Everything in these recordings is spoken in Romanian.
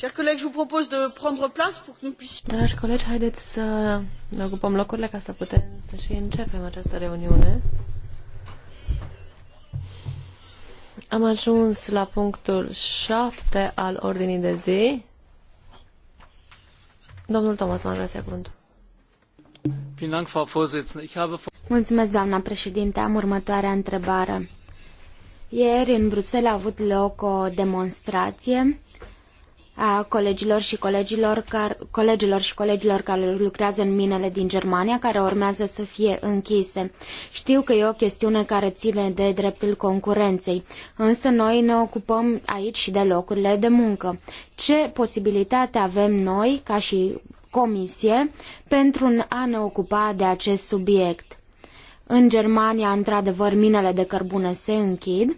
Chers collègues, je vous propose de prendre place pour que nous puissions... Dragi colegi, haideți să ne ocupăm locurile ca să putem să și începem această reuniune. Am ajuns la punctul 7 al ordinii de zi. Domnul Thomas, mă Mulțumesc, doamna președinte. Am următoarea întrebare. Ieri în Bruxelles a avut loc o demonstrație a colegilor și colegilor, care, colegilor și colegilor care lucrează în minele din Germania, care urmează să fie închise. Știu că e o chestiune care ține de dreptul concurenței, însă noi ne ocupăm aici și de locurile de muncă. Ce posibilitate avem noi, ca și comisie, pentru a ne ocupa de acest subiect? În Germania, într-adevăr, minele de cărbune se închid,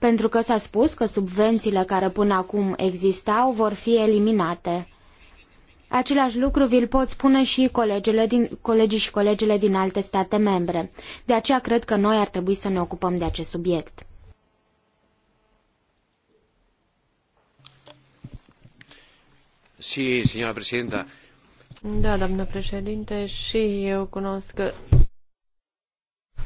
pentru că s-a spus că subvențiile care până acum existau vor fi eliminate. Același lucru vi-l pot spune și colegele din, colegii și colegele din alte state membre. De aceea cred că noi ar trebui să ne ocupăm de acest subiect. Sí, da, doamnă președinte, și eu cunosc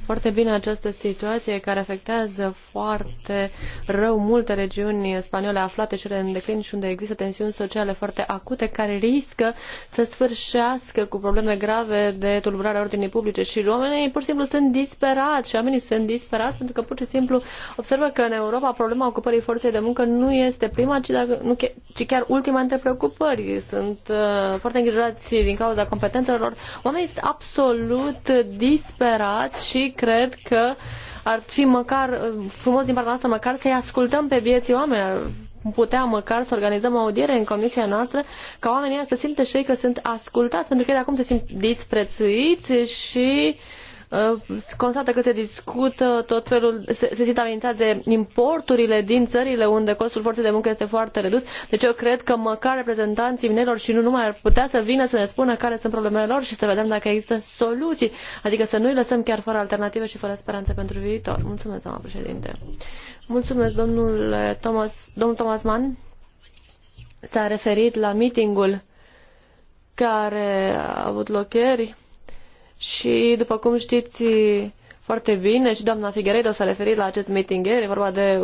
foarte bine această situație care afectează foarte rău multe regiuni spaniole aflate și în declin și unde există tensiuni sociale foarte acute care riscă să sfârșească cu probleme grave de tulburare a ordinii publice și oamenii pur și simplu sunt disperați și oamenii sunt disperați pentru că pur și simplu observă că în Europa problema ocupării forței de muncă nu este prima, ci, dacă, nu, ci chiar ultima între preocupări. Sunt uh, foarte îngrijorați din cauza competențelor. lor. Oamenii sunt absolut disperați și cred că ar fi măcar frumos din partea noastră măcar să-i ascultăm pe vieții oameni. Putea măcar să organizăm o audiere în comisia noastră ca oamenii să simtă și ei că sunt ascultați, pentru că ei de acum se simt disprețuiți și uh, Uh, constată că se discută tot felul, se, se simt amenințat de importurile din țările unde costul forței de muncă este foarte redus. Deci eu cred că măcar reprezentanții minerilor și nu numai ar putea să vină să ne spună care sunt problemele lor și să vedem dacă există soluții. Adică să nu-i lăsăm chiar fără alternative și fără speranțe pentru viitor. Mulțumesc, doamna președinte. Mulțumesc, domnule Thomas, domnul Thomas Mann. S-a referit la meetingul care a avut loc ieri și, după cum știți foarte bine, și doamna Figueiredo s-a referit la acest meeting ieri, e vorba de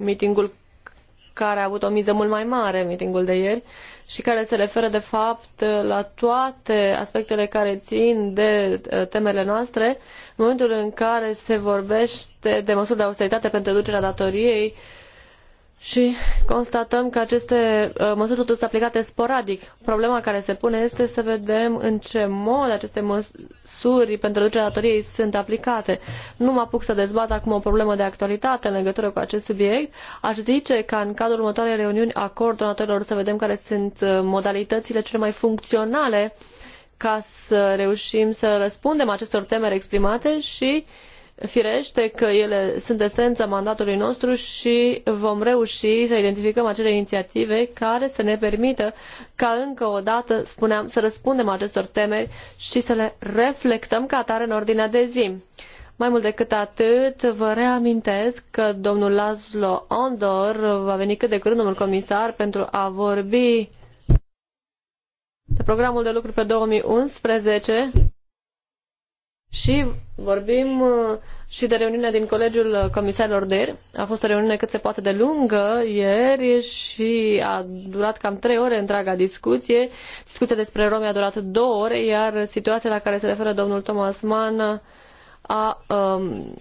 meetingul care a avut o miză mult mai mare, meetingul de ieri, și care se referă, de fapt, la toate aspectele care țin de uh, temele noastre, în momentul în care se vorbește de măsuri de austeritate pentru reducerea datoriei, uh, și constatăm că aceste uh, măsuri totuși sunt aplicate sporadic. Problema care se pune este să vedem în ce mod aceste măsuri pentru reducerea datoriei sunt aplicate. Nu mă apuc să dezbat acum o problemă de actualitate în legătură cu acest subiect. Aș zice că în cadrul următoarei reuniuni a coordonatorilor să vedem care sunt uh, modalitățile cele mai funcționale ca să reușim să răspundem acestor temeri exprimate și uh, Firește că ele sunt esena mandatului nostru și vom reuși să identificăm acele inițiative care să ne permită ca încă o dată, spuneam, să răspundem acestor temeri și să le reflectăm ca atare în ordinea de zi. Mai mult decât atât, vă reamintesc că domnul Laszlo Andor va veni cât de curând, domnul comisar, pentru a vorbi de programul de lucru pe 2011 și vorbim uh, și de reuniunea din Colegiul Comisarilor de ieri. A fost o reuniune cât se poate de lungă ieri și a durat cam trei ore întreaga discuție. Discuția despre Romi a durat două ore, iar situația la care se referă domnul Thomas Mann a um,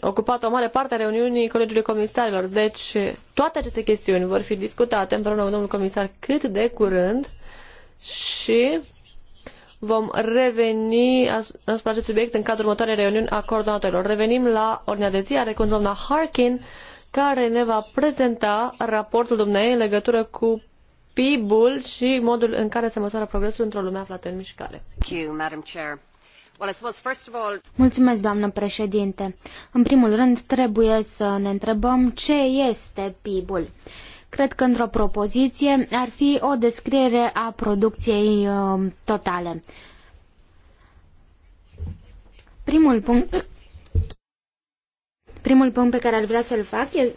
ocupat o mare parte a reuniunii Colegiului Comisarilor. Deci toate aceste chestiuni vor fi discutate împreună cu domnul comisar cât de curând și Vom reveni asupra acest subiect în cadrul următoarei reuniuni a coordonatorilor. Revenim la ordinea de zi, are cu doamna Harkin, care ne va prezenta raportul dumneei în legătură cu PIB-ul și modul în care se măsoară progresul într-o lume aflată în mișcare. Mulțumesc, doamnă președinte. În primul rând, trebuie să ne întrebăm ce este PIB-ul. Cred că într-o propoziție ar fi o descriere a producției uh, totale. Primul punct, primul punct pe care ar vrea să-l fac, e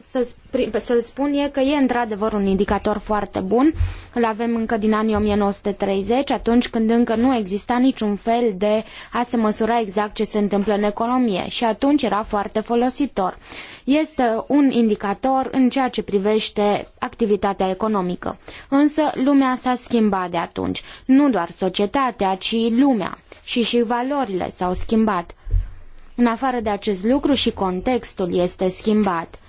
să, l spun, e că e într-adevăr un indicator foarte bun. Îl avem încă din anii 1930, atunci când încă nu exista niciun fel de a se măsura exact ce se întâmplă în economie și atunci era foarte folositor. Este un indicator în ceea ce privește activitatea economică. Însă lumea s-a schimbat de atunci. Nu doar societatea, ci lumea. Și și valorile s-au schimbat. În afară de acest lucru și contextul este schimbat.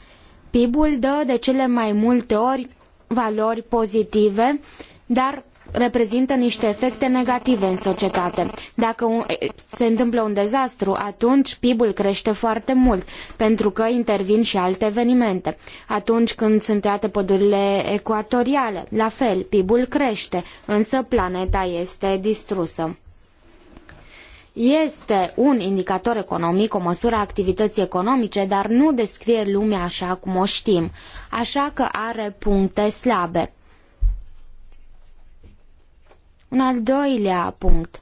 PIB-ul dă de cele mai multe ori valori pozitive, dar reprezintă niște efecte negative în societate. Dacă se întâmplă un dezastru, atunci PIB-ul crește foarte mult, pentru că intervin și alte evenimente. Atunci când sunt tăiate pădurile ecuatoriale, la fel, PIB-ul crește, însă planeta este distrusă este un indicator economic, o măsură a activității economice, dar nu descrie lumea așa cum o știm, așa că are puncte slabe. Un al doilea punct,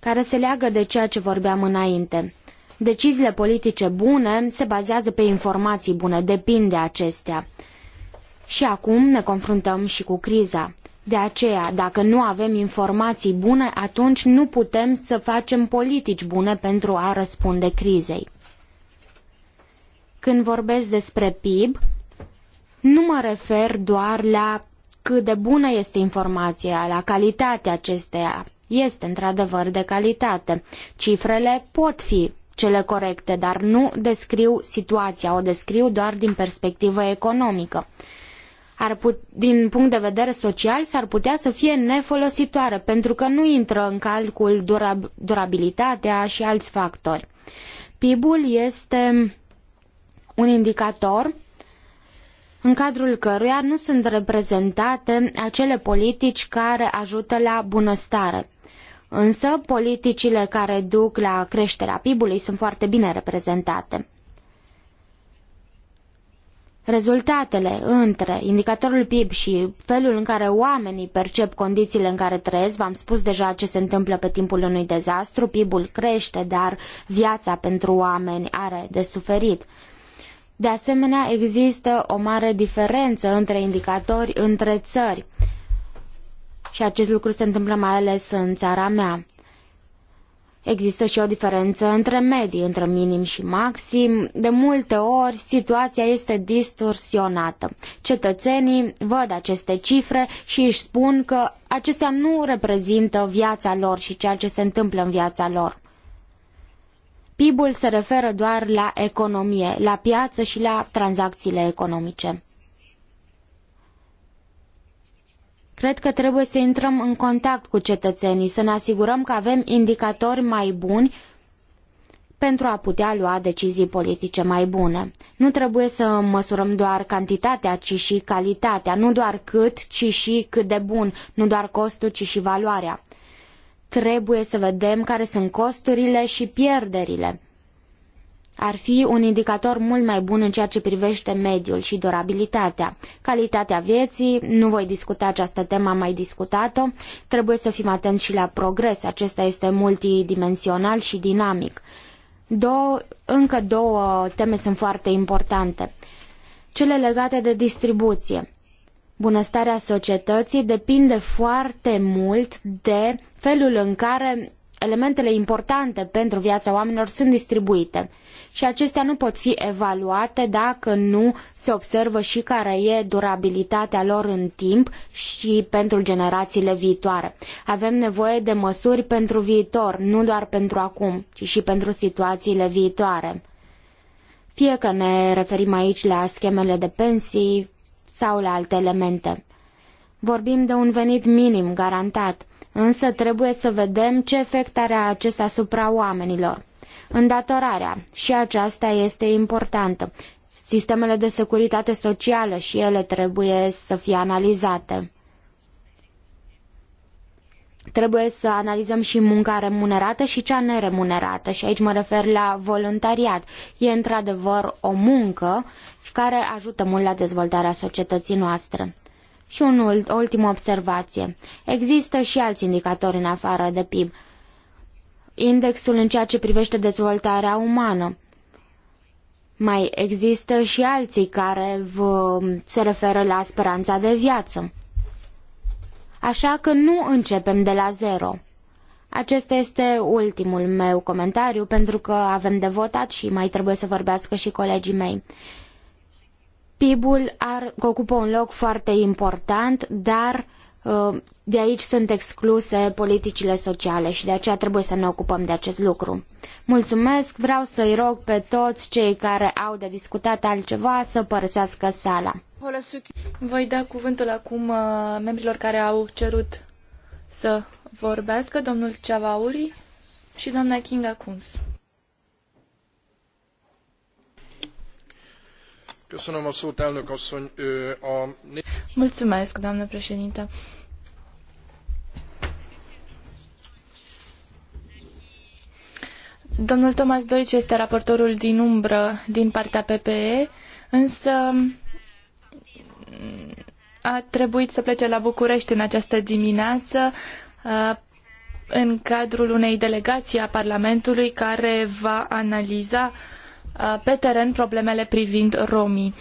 care se leagă de ceea ce vorbeam înainte. Deciziile politice bune se bazează pe informații bune, depind de acestea. Și acum ne confruntăm și cu criza. De aceea, dacă nu avem informații bune, atunci nu putem să facem politici bune pentru a răspunde crizei. Când vorbesc despre PIB, nu mă refer doar la cât de bună este informația, la calitatea acesteia. Este într-adevăr de calitate. Cifrele pot fi cele corecte, dar nu descriu situația, o descriu doar din perspectivă economică. Ar put, din punct de vedere social, s-ar putea să fie nefolositoare, pentru că nu intră în calcul durab, durabilitatea și alți factori. PIB-ul este un indicator în cadrul căruia nu sunt reprezentate acele politici care ajută la bunăstare. Însă, politicile care duc la creșterea PIB-ului sunt foarte bine reprezentate. Rezultatele între indicatorul PIB și felul în care oamenii percep condițiile în care trăiesc, v-am spus deja ce se întâmplă pe timpul unui dezastru, PIB-ul crește, dar viața pentru oameni are de suferit. De asemenea, există o mare diferență între indicatori între țări. Și acest lucru se întâmplă mai ales în țara mea. Există și o diferență între medii, între minim și maxim. De multe ori, situația este distorsionată. Cetățenii văd aceste cifre și își spun că acestea nu reprezintă viața lor și ceea ce se întâmplă în viața lor. PIB-ul se referă doar la economie, la piață și la tranzacțiile economice. Cred că trebuie să intrăm în contact cu cetățenii, să ne asigurăm că avem indicatori mai buni pentru a putea lua decizii politice mai bune. Nu trebuie să măsurăm doar cantitatea, ci și calitatea, nu doar cât, ci și cât de bun, nu doar costul, ci și valoarea trebuie să vedem care sunt costurile și pierderile. Ar fi un indicator mult mai bun în ceea ce privește mediul și durabilitatea. Calitatea vieții, nu voi discuta această temă, am mai discutat-o, trebuie să fim atenți și la progres, acesta este multidimensional și dinamic. Două, încă două teme sunt foarte importante. Cele legate de distribuție bunăstarea societății depinde foarte mult de felul în care elementele importante pentru viața oamenilor sunt distribuite și acestea nu pot fi evaluate dacă nu se observă și care e durabilitatea lor în timp și pentru generațiile viitoare. Avem nevoie de măsuri pentru viitor, nu doar pentru acum, ci și pentru situațiile viitoare. Fie că ne referim aici la schemele de pensii, sau la alte elemente. Vorbim de un venit minim garantat, însă trebuie să vedem ce efect are acesta asupra oamenilor. Îndatorarea, și aceasta este importantă. Sistemele de securitate socială și ele trebuie să fie analizate trebuie să analizăm și munca remunerată și cea neremunerată și aici mă refer la voluntariat. E într-adevăr o muncă care ajută mult la dezvoltarea societății noastre. Și un, o ultimă observație. Există și alți indicatori în afară de PIB. Indexul în ceea ce privește dezvoltarea umană. Mai există și alții care se referă la speranța de viață. Așa că nu începem de la zero. Acesta este ultimul meu comentariu, pentru că avem de votat și mai trebuie să vorbească și colegii mei. PIB-ul ar, ocupă un loc foarte important, dar ă, de aici sunt excluse politicile sociale și de aceea trebuie să ne ocupăm de acest lucru. Mulțumesc, vreau să-i rog pe toți cei care au de discutat altceva să părăsească sala. Voi da cuvântul acum uh, membrilor care au cerut să vorbească, domnul Ceavauri și doamna Kinga Kunz. Mulțumesc, doamnă președintă. Domnul Thomas Deutsch este raportorul din umbră din partea PPE, însă a trebuit să plece la București în această dimineață în cadrul unei delegații a Parlamentului care va analiza pe teren problemele privind romii.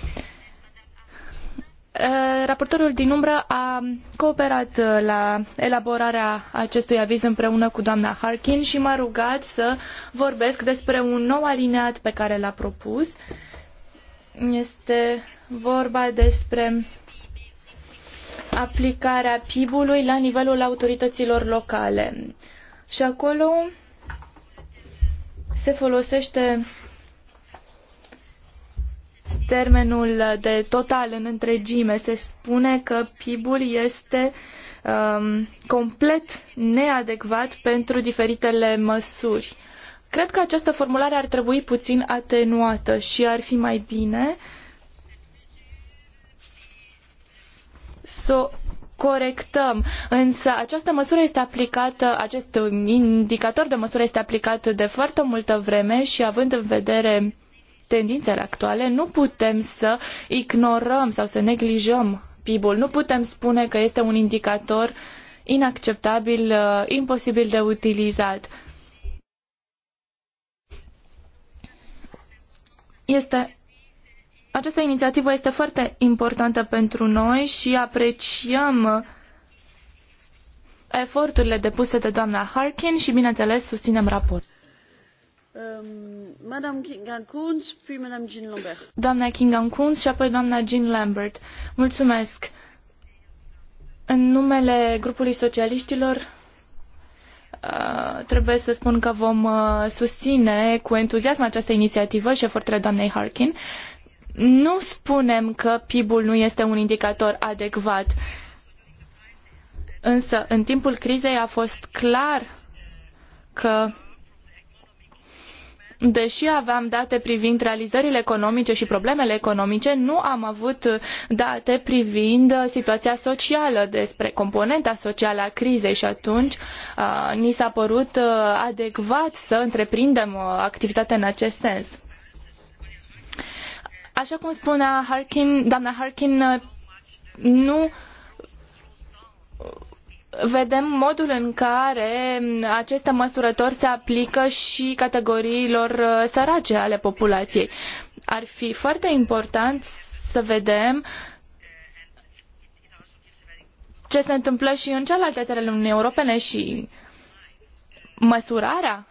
Raportorul din umbră a cooperat la elaborarea acestui aviz împreună cu doamna Harkin și m-a rugat să vorbesc despre un nou alineat pe care l-a propus. Este vorba despre aplicarea PIB-ului la nivelul autorităților locale. Și acolo se folosește termenul de total în întregime. Se spune că PIB-ul este um, complet neadecvat pentru diferitele măsuri. Cred că această formulare ar trebui puțin atenuată și ar fi mai bine uh, să o corectăm. Însă această măsură este aplicată, acest indicator de măsură este aplicat de foarte multă vreme și având în vedere tendințele actuale, nu putem să ignorăm sau să neglijăm PIB-ul. Nu putem spune că este un indicator inacceptabil, uh, imposibil de utilizat. Este această inițiativă este foarte importantă pentru noi și apreciem eforturile depuse de doamna Harkin și, bineînțeles, susținem raportul. Um, Madame Kingan Kunz, puis Jean Lambert. Doamna Kingan Kunz și apoi doamna Jean Lambert. Mulțumesc. În numele grupului socialiștilor uh, trebuie să spun că vom uh, susține cu entuziasm această inițiativă și eforturile doamnei Harkin nu spunem că PIB-ul nu este un indicator adecvat, însă în timpul crizei a fost clar că deși aveam date privind realizările economice și problemele economice, nu am avut date privind situația socială, despre componenta socială a crizei și atunci uh, ni s-a părut uh, adecvat să întreprindem o activitate în acest sens. Așa cum spunea Harkin, doamna Harkin, nu vedem modul în care aceste măsurători se aplică și categoriilor uh, sărace ale populației. Ar fi foarte important să vedem ce se întâmplă și în celelalte țări ale Uniunii Europene și măsurarea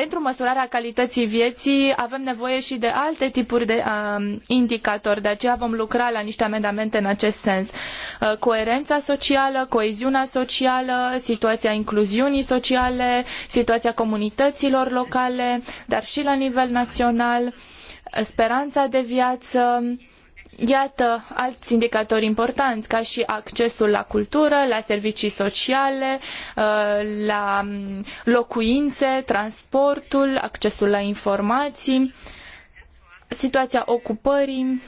pentru măsurarea calității vieții avem nevoie și de alte tipuri de um, indicatori, de aceea vom lucra la niște amendamente în acest sens. Uh, coerența socială, coeziunea socială, situația incluziunii sociale, situația comunităților locale, dar și la nivel național, speranța de viață, uh, Iată alți indicatori importanți, ca și accesul la cultură, la servicii sociale, uh, la locuințe, transportul, accesul la informații, situația ocupării.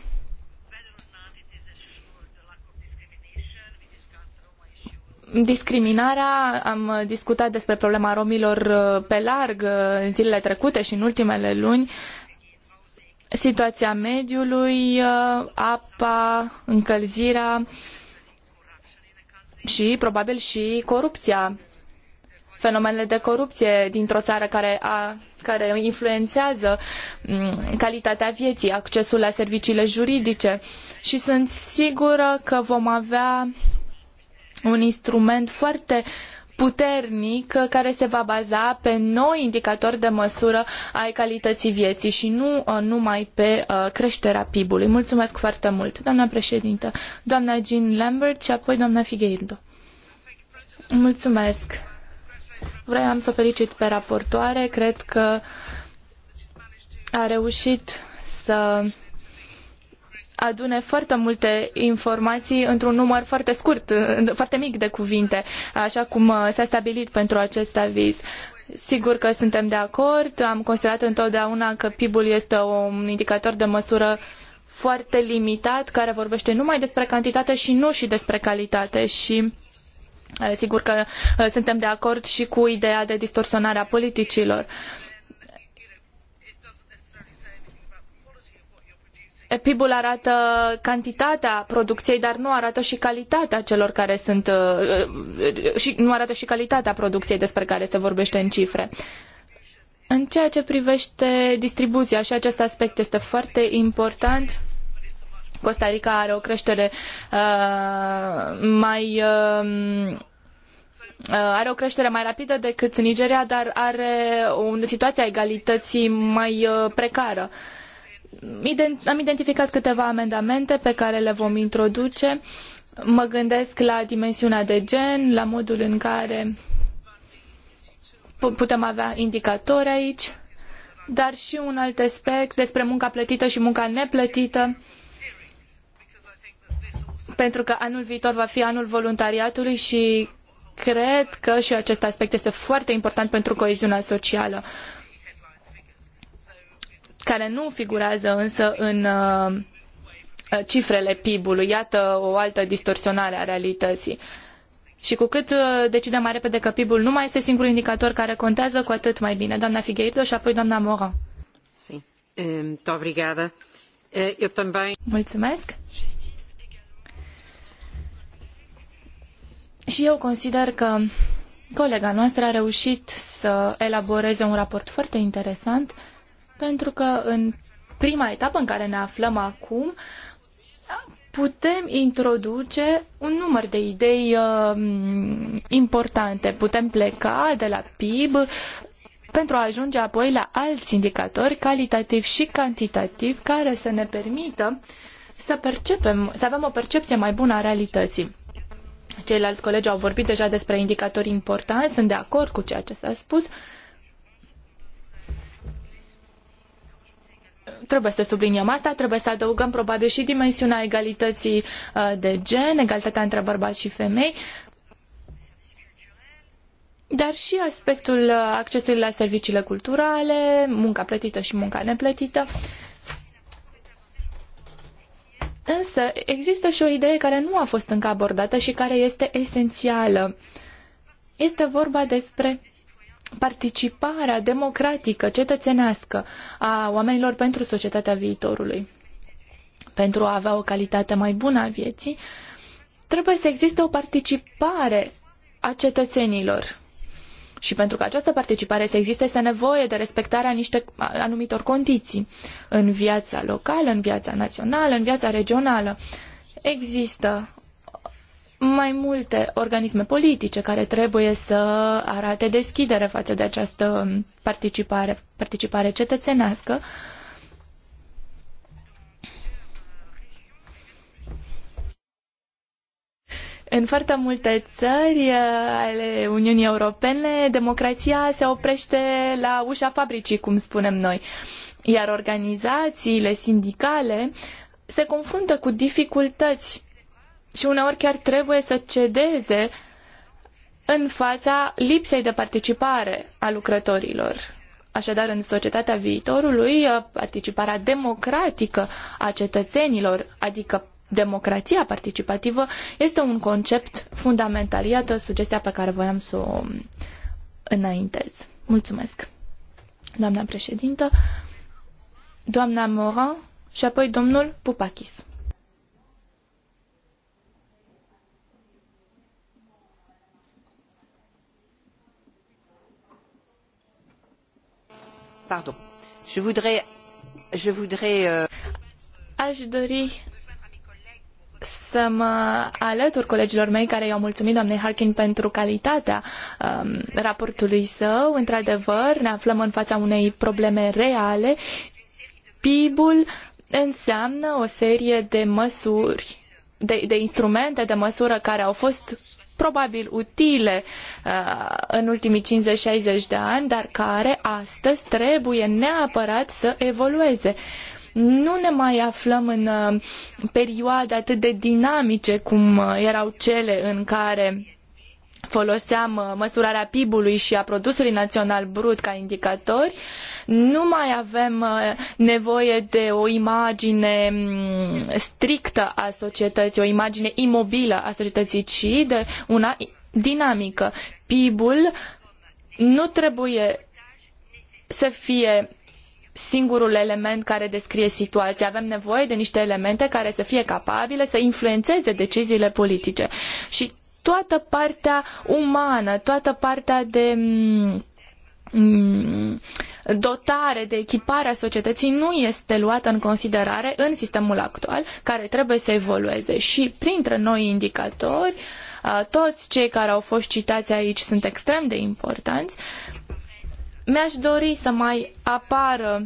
discriminarea, am discutat despre problema romilor uh, pe larg uh, în zilele trecute și în ultimele luni. Uh, situația mediului, uh, apa, încălzirea și probabil și corupția. Fenomenele de corupție dintr-o țară care, a, care influențează mm, calitatea vieții, accesul la serviciile juridice și sunt sigură că vom avea un instrument foarte puternic care se va baza pe noi indicatori de măsură ai calității vieții și nu uh, numai pe uh, creșterea PIB-ului. Mulțumesc foarte mult, doamna președintă, doamna Jean Lambert și apoi doamna Figueiredo. Mulțumesc. Vreau să o felicit pe raportoare. Cred că a reușit să adune foarte multe informații într-un număr foarte scurt, foarte mic de cuvinte, așa cum uh, s-a stabilit pentru acest aviz. Sigur că suntem de acord, am considerat întotdeauna că PIB-ul este un indicator de măsură foarte limitat, care vorbește numai despre cantitate și nu și despre calitate și uh, sigur că uh, suntem de acord și cu ideea de distorsionare a politicilor. Uh, PIB-ul arată cantitatea producției, dar nu arată și calitatea celor care sunt uh, și nu arată și calitatea producției despre care se vorbește în cifre. În ceea ce privește distribuția și acest aspect este foarte important. Costa Rica are o creștere uh, mai um, uh, are o creștere mai rapidă decât Nigeria, dar are o situație a egalității mai uh, precară. Uh, am identificat câteva amendamente pe care le vom introduce. Mă gândesc la dimensiunea de gen, la modul în care putem avea indicatori aici, dar și un alt aspect despre munca plătită și munca neplătită, pentru că anul viitor va fi anul voluntariatului și cred că și acest aspect este foarte important pentru coeziunea socială. Uh, care nu figurează însă în uh, cifrele PIB-ului. Iată o altă distorsionare a realității. Și cu cât uh, decidem mai repede că PIB-ul nu mai este singurul indicator care contează, cu atât mai bine. Doamna Figueiredo și apoi doamna Moran. Sí. Eh, obrigada. Eh, eu também. Mulțumesc. Și eu consider că colega noastră a reușit să elaboreze un raport foarte interesant uh, pentru că în prima etapă în care ne aflăm acum, putem introduce un număr de idei uh, importante. Putem pleca de la PIB pentru a ajunge apoi la alți indicatori calitativ și cantitativ care să ne permită să percepem, să avem o percepție mai bună a realității. Ceilalți colegi au vorbit deja despre indicatori importanți, sunt de acord cu ceea ce s-a spus. Uh, trebuie să subliniem asta, trebuie să adăugăm probabil și dimensiunea egalității uh, de gen, egalitatea între bărbați și femei, dar și aspectul uh, accesului la serviciile culturale, munca plătită și munca neplătită. Însă există și o idee care nu a fost încă abordată și care este esențială. Este vorba despre participarea democratică, cetățenească a oamenilor pentru societatea viitorului, pentru a avea o calitate mai bună a vieții, trebuie să existe o participare a cetățenilor. Și pentru că această participare să existe, este nevoie de respectarea niște anumitor condiții în viața locală, în viața națională, în viața regională. Există mai multe organisme politice care trebuie să arate deschidere față de această participare, participare cetățenească. În foarte multe țări uh, ale Uniunii Europene, democrația se oprește la ușa fabricii, cum spunem noi, iar organizațiile sindicale se confruntă cu dificultăți și uneori chiar trebuie să cedeze în fața lipsei de participare a lucrătorilor. Așadar, în societatea viitorului, uh, participarea democratică a cetățenilor, adică democrația participativă, este un concept fundamental. Iată sugestia pe care voiam să o um, înaintez. Mulțumesc, doamna președintă, doamna Moran și apoi domnul Pupakis. je voudrais, euh, Aș dori să mă alătur colegilor mei care i-au mulțumit doamnei Harkin pentru calitatea um, raportului său. Într-adevăr, ne aflăm în fața unei probleme reale. PIB-ul înseamnă o serie de măsuri, de, de instrumente de măsură care au fost probabil utile uh, în ultimii 50-60 de ani, dar care astăzi trebuie neapărat să evolueze nu ne mai aflăm în uh, perioade atât de dinamice cum uh, erau cele în care foloseam uh, măsurarea PIB-ului și a produsului național brut ca indicatori, nu mai avem uh, nevoie de o imagine mm, strictă a societății, o imagine imobilă a societății, ci de una dinamică. PIB-ul nu trebuie să fie singurul element care descrie situația. Avem nevoie de niște elemente care să fie capabile să influențeze deciziile politice. Și toată partea umană, toată partea de mm, dotare, de echipare a societății nu este luată în considerare în sistemul actual, care trebuie să evolueze. Și printre noi indicatori, toți cei care au fost citați aici sunt extrem de importanți. Mi-aș dori să mai apară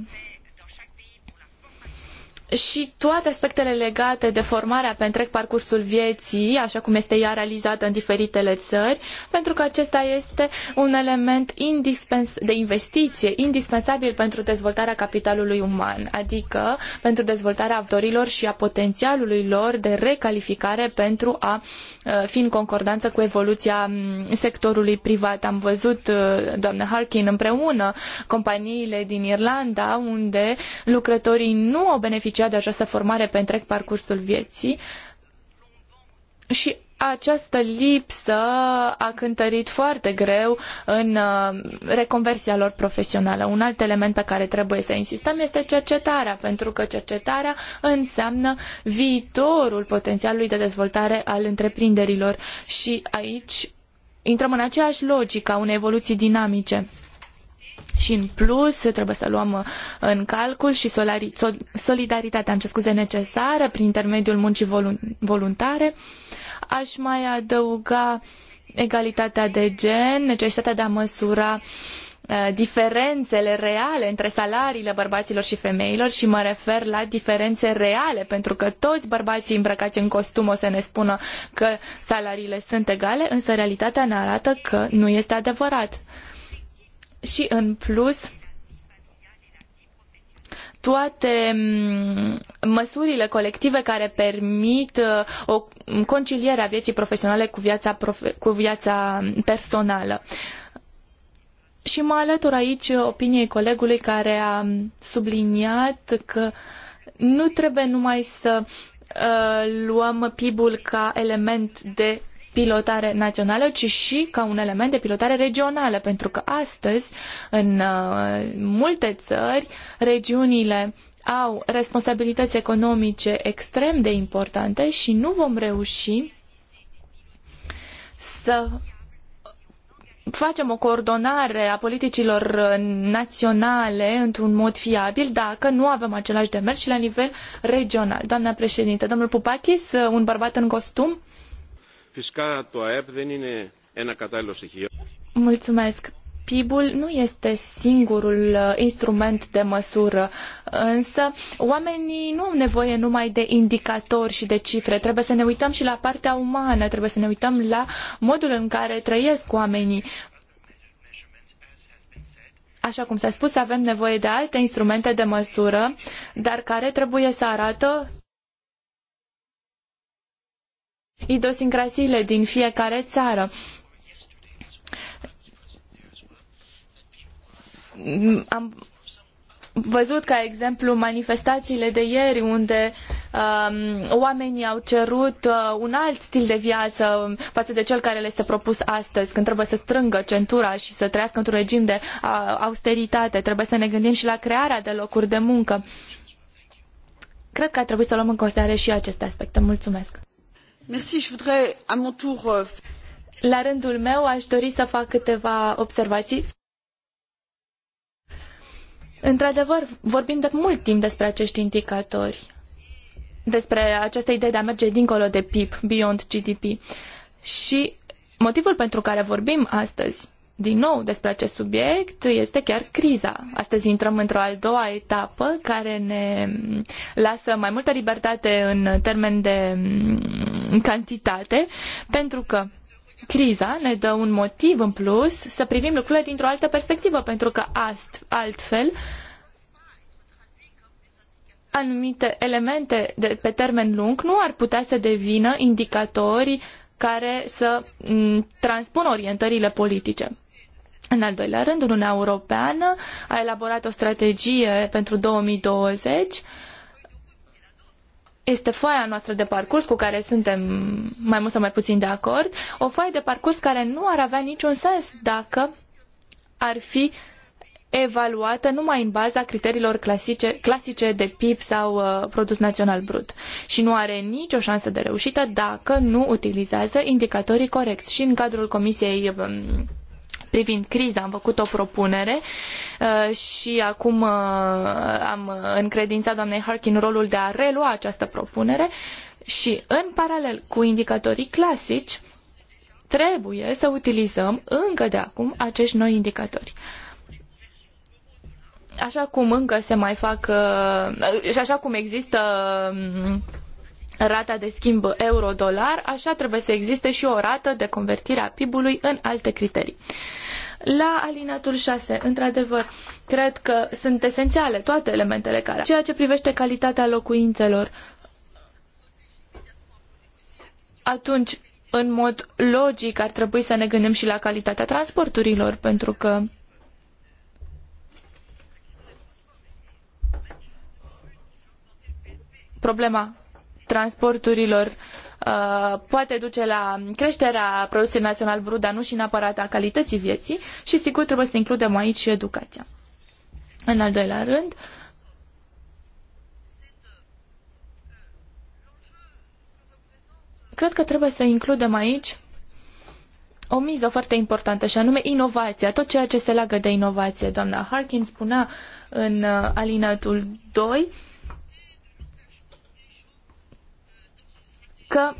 și toate aspectele legate de formarea pe întreg parcursul vieții, așa cum este ea realizată în diferitele țări, pentru că acesta este un element de investiție indispensabil pentru dezvoltarea capitalului uman, adică pentru dezvoltarea avtorilor și a potențialului lor de recalificare pentru a uh, fi în concordanță cu evoluția sectorului privat. Am văzut, uh, doamnă Harkin, împreună companiile din Irlanda, unde lucrătorii nu au beneficiat beneficia de această formare pe întreg parcursul vieții și această lipsă a cântărit foarte greu în uh, reconversia lor profesională. Un alt element pe care trebuie să insistăm este cercetarea, pentru că cercetarea înseamnă viitorul potențialului de dezvoltare al întreprinderilor și aici intrăm în aceeași logică a unei evoluții dinamice și în plus trebuie să luăm uh, în calcul și solidaritatea, am ce scuze, necesară prin intermediul muncii voluntare. Aș mai adăuga egalitatea de gen, necesitatea de a măsura uh, diferențele reale între salariile bărbaților și femeilor și mă refer la diferențe reale, pentru că toți bărbații îmbrăcați în costum o să ne spună că salariile sunt egale, însă realitatea ne arată că nu este adevărat și în plus toate mm, măsurile colective care permit uh, o conciliere a vieții profesionale cu viața, profe cu viața personală. Și mă alătur aici opiniei colegului care a subliniat că nu trebuie numai să uh, luăm PIB-ul ca element de pilotare națională, ci și ca un element de pilotare regională, pentru că astăzi, în uh, multe țări, regiunile au responsabilități economice extrem de importante și nu vom reuși să facem o coordonare a politicilor naționale într-un mod fiabil dacă nu avem același demers și la nivel regional. Doamna președinte, domnul Pupakis, un bărbat în costum? Fisca το Mulțumesc. PIB-ul nu este singurul uh, instrument de măsură, însă oamenii nu au nevoie numai de indicatori și de cifre. Trebuie să ne uităm și la partea umană, trebuie să ne uităm la modul în care trăiesc oamenii. Așa cum s-a spus, avem nevoie de alte instrumente de măsură, dar care trebuie să arată idiosincrasiile din fiecare țară. Am văzut, ca exemplu, manifestațiile de ieri unde um, oamenii au cerut uh, un alt stil de viață față de cel care le este propus astăzi, când trebuie să strângă centura și să trăiască într-un regim de uh, austeritate. Trebuie să ne gândim și la crearea de locuri de muncă. Cred că ar trebui să luăm în considerare și aceste aspecte. Mulțumesc! Euh, La rândul meu aș dori să fac câteva observații. Într-adevăr, vorbim de mult timp despre acești indicatori, despre această idee de a merge dincolo de PIB, beyond GDP. Și motivul pentru care vorbim astăzi din nou despre acest subiect este chiar criza. Astăzi intrăm într-o a doua etapă care ne lasă mai multă libertate în termen de mm, cantitate, pentru că criza ne dă un motiv în plus să privim lucrurile dintr-o altă perspectivă, pentru că ast, altfel anumite elemente de, pe termen lung nu ar putea să devină indicatori care să mm, transpună orientările politice. În al doilea rând, Uniunea Europeană a elaborat o strategie pentru 2020. Este foaia noastră de parcurs cu care suntem mai mult sau mai puțin de acord. O foaie de parcurs care nu ar avea niciun sens dacă ar fi evaluată numai în baza criteriilor clasice, clasice de PIB sau uh, produs național brut și nu are nicio șansă de reușită dacă nu utilizează indicatorii corecți. Și în cadrul Comisiei um, privind criza am făcut o propunere uh, și acum uh, am încredințat doamnei Harkin rolul de a relua această propunere și în paralel cu indicatorii clasici trebuie să utilizăm încă de acum acești noi indicatori așa cum încă se mai fac uh, și așa cum există um, rata de schimb euro-dolar, așa trebuie să existe și o rată de convertire a PIB-ului în alte criterii. La alineatul 6, într-adevăr, cred că sunt esențiale toate elementele care. Ceea ce privește calitatea locuințelor, atunci, în mod logic, ar trebui să ne gândim și la calitatea transporturilor, pentru că problema transporturilor Uh, poate duce la creșterea produsului național brut, dar nu și neapărat a calității vieții și sigur trebuie să includem aici și educația. În al doilea rând, cred că trebuie să includem aici o miză foarte importantă și anume inovația, tot ceea ce se leagă de inovație. Doamna Harkin spunea în uh, alinatul 2 că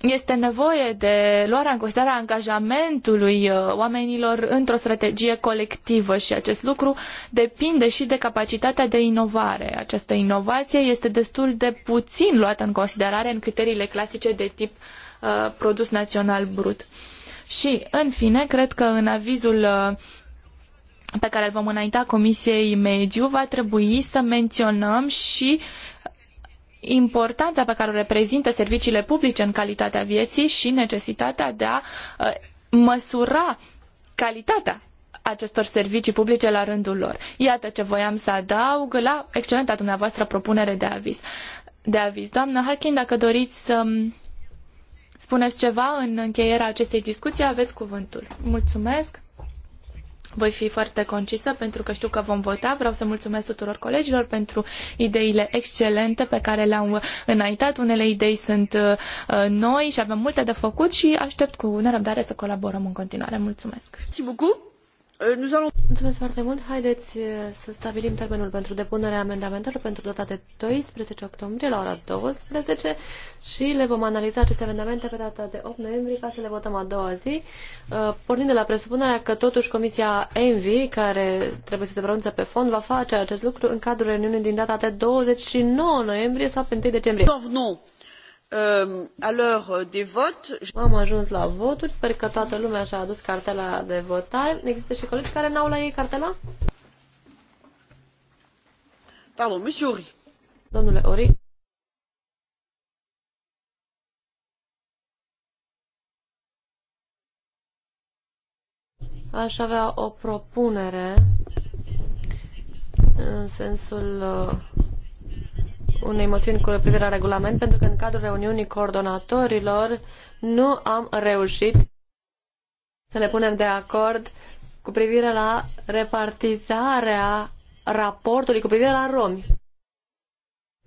este nevoie de luarea în considerare a angajamentului uh, oamenilor într-o strategie colectivă și acest lucru depinde și de capacitatea de inovare. Această inovație este destul de puțin luată în considerare în criteriile clasice de tip uh, produs național brut. Și, în fine, cred că în avizul uh, pe care îl vom înainta Comisiei Mediu, va trebui să menționăm și uh, importanța pe care o reprezintă serviciile publice în calitatea vieții și necesitatea de a uh, măsura calitatea acestor servicii publice la rândul lor. Iată ce voiam să adaug la excelenta dumneavoastră propunere de aviz. De aviz. Doamnă Harkin, dacă doriți să spuneți ceva în încheierea acestei discuții, aveți cuvântul. Mulțumesc. Voi fi foarte concisă pentru că știu că vom vota. Vreau să mulțumesc tuturor colegilor pentru ideile excelente pe care le-au înaintat. Unele idei sunt uh, noi și avem multe de făcut și aștept cu nerăbdare să colaborăm în continuare. Mulțumesc! Mulțumesc. Eh, Mulțumesc foarte mult. Haideți eh, să stabilim termenul pentru depunerea amendamentelor pentru data de 12 octombrie la ora 12 și le vom analiza aceste amendamente pe data de 8 noiembrie ca să le votăm a doua zi, eh, pornind de la presupunerea că totuși Comisia ENVI, care trebuie să se pronunțe pe fond, va face acest lucru în cadrul reuniunii din data de 29 noiembrie sau pe 1 decembrie. No, Euh, Am ajuns la voturi, sper că toată lumea și-a adus cartela de votare. Există și colegi care n-au la ei cartela? Pardon, monsieur Ori. Domnule Ori. Aș avea o propunere în sensul uh, unei moțiuni cu privire la regulament, pentru că în cadrul reuniunii coordonatorilor nu am reușit să ne punem de acord cu privire la repartizarea raportului cu privire la romi.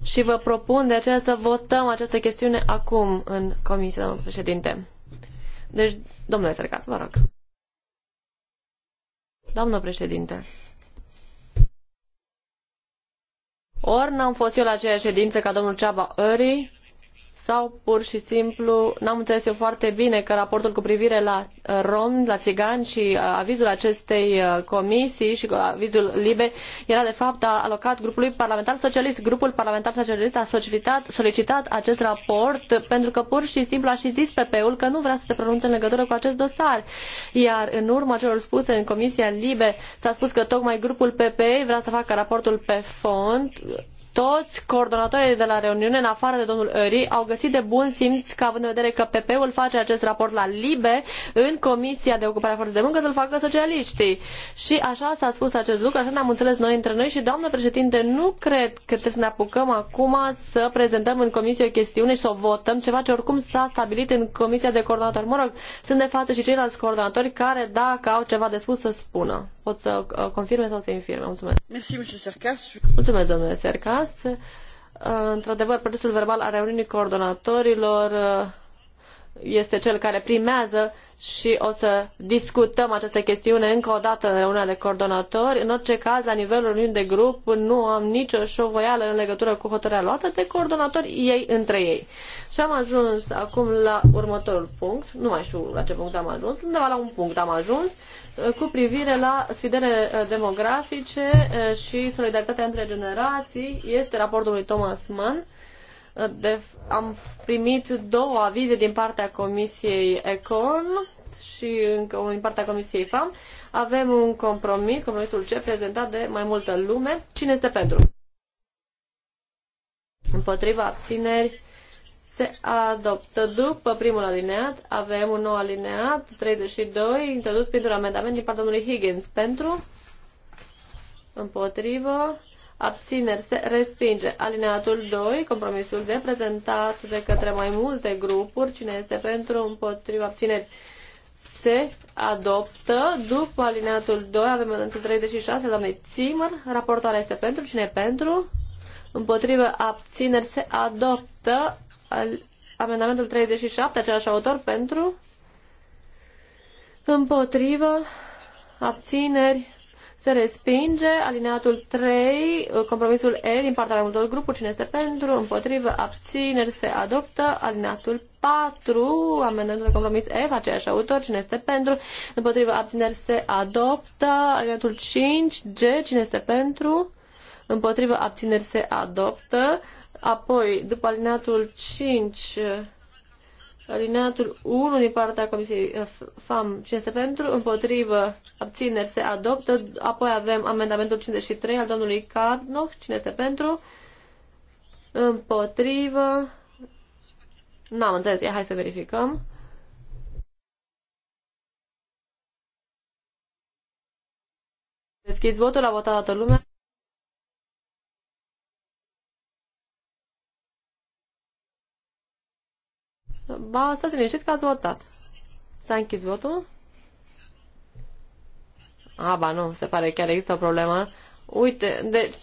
Și vă propun de aceea să votăm această chestiune acum în comisie, domnul președinte. Deci, domnule Sercas, vă rog. Doamnă președinte. Ori n-am fost eu la aceeași ședință ca domnul Ceaba Ării, sau pur și simplu n-am înțeles eu foarte bine că raportul cu privire la uh, rom, la țigani și uh, avizul acestei uh, comisii și avizul LIBE era de fapt alocat grupului parlamentar socialist. Grupul parlamentar socialist a solicitat, solicitat acest raport pentru că pur și simplu a și zis PP-ul că nu vrea să se pronunțe în legătură cu acest dosar. Iar în urma celor spuse în comisia LIBE s-a spus că tocmai grupul PPE vrea să facă raportul pe fond toți coordonatorii de la reuniune, în afară de domnul Ări, au găsit de bun simț că având în vedere că PP-ul face acest raport la LIBE în Comisia de Ocupare a Forței de Muncă să-l facă socialiștii. Și așa s-a spus acest lucru, așa ne-am înțeles noi între noi și doamnă președinte, nu cred că trebuie să ne apucăm acum să prezentăm în comisie o chestiune și să o votăm, ceva ce oricum s-a stabilit în Comisia de Coordonatori. Mă rog, sunt de față și ceilalți coordonatori care, dacă au ceva de spus, să spună. Pot să uh, confirme sau să infirme. Mulțumesc. Mulțumesc, domnule Sercas. Uh, într-adevăr, produsul verbal al reuniunii coordonatorilor uh, este cel care primează și o să discutăm această chestiune încă o dată în reuniunea de coordonatori. În orice caz, la nivelul unui de grup, nu am nicio șovoială în legătură cu hotărârea luată de coordonatori ei între ei. Și am ajuns acum la următorul punct, nu mai știu la ce punct am ajuns, undeva la un punct am ajuns, cu privire la sfidele uh, demografice uh, și solidaritatea între generații, este raportul lui Thomas Mann de, am primit două avize din partea Comisiei Econ și încă unul din partea Comisiei FAM. Avem un compromis, compromisul ce prezentat de mai multă lume. Cine este pentru? Împotriva abțineri se adoptă după primul alineat. Avem un nou alineat, 32, introdus printr-un amendament din partea domnului Higgins. Pentru? Împotrivă? abțineri se respinge. Alineatul 2, compromisul de prezentat de către mai multe grupuri, cine este pentru, împotriva, abțineri se adoptă. După alineatul 2 avem în 36 doamne Țimăr, Raportoarea este pentru. Cine e pentru? împotriva, abțineri se adoptă. Amendamentul 37, același autor, pentru. Împotrivă abțineri se respinge alineatul 3, compromisul E din partea mai multor grupuri. Cine este pentru? Împotrivă? Abțineri? Se adoptă. Alineatul 4, amendamentul de compromis F, aceeași autor. Cine este pentru? Împotrivă? Abțineri? Se adoptă. Alineatul 5, G. Cine este pentru? Împotrivă? Abțineri? Se adoptă. Apoi, după alineatul 5, alineatul 1 din partea Comisiei eh, FAM 5 pentru, împotrivă, abțineri se adoptă. Apoi avem amendamentul 53 al domnului Carnoch, cine este pentru, împotrivă, n-am înțeles, ia hai să verificăm. Deschizi votul, a votat toată lumea. Ba, stați liniștit că ați votat. S-a închis votul? A, ba nu, se pare chiar există o problemă. Uite, deci...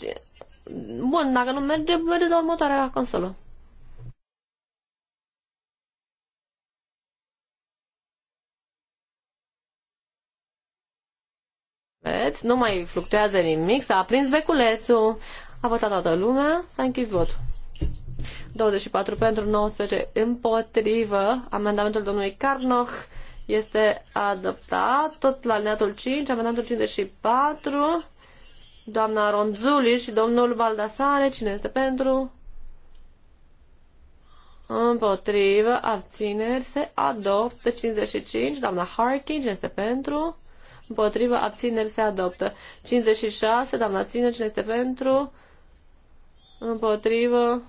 Bun, dacă nu merge, vedeți la următoarea consolă. Vezi, nu mai fluctuează nimic, s-a aprins beculețul. A votat toată lumea, s-a închis votul. 24 pentru 19 împotrivă. Amendamentul domnului Carnoch este adoptat. Tot la alineatul 5, amendamentul 54. Doamna Ronzuli și domnul Baldasare, cine este pentru? Împotrivă, abțineri, se adoptă 55. Doamna Harkin, cine este pentru? Împotrivă, abțineri, se adoptă 56. Doamna Țină, cine este pentru? Împotrivă,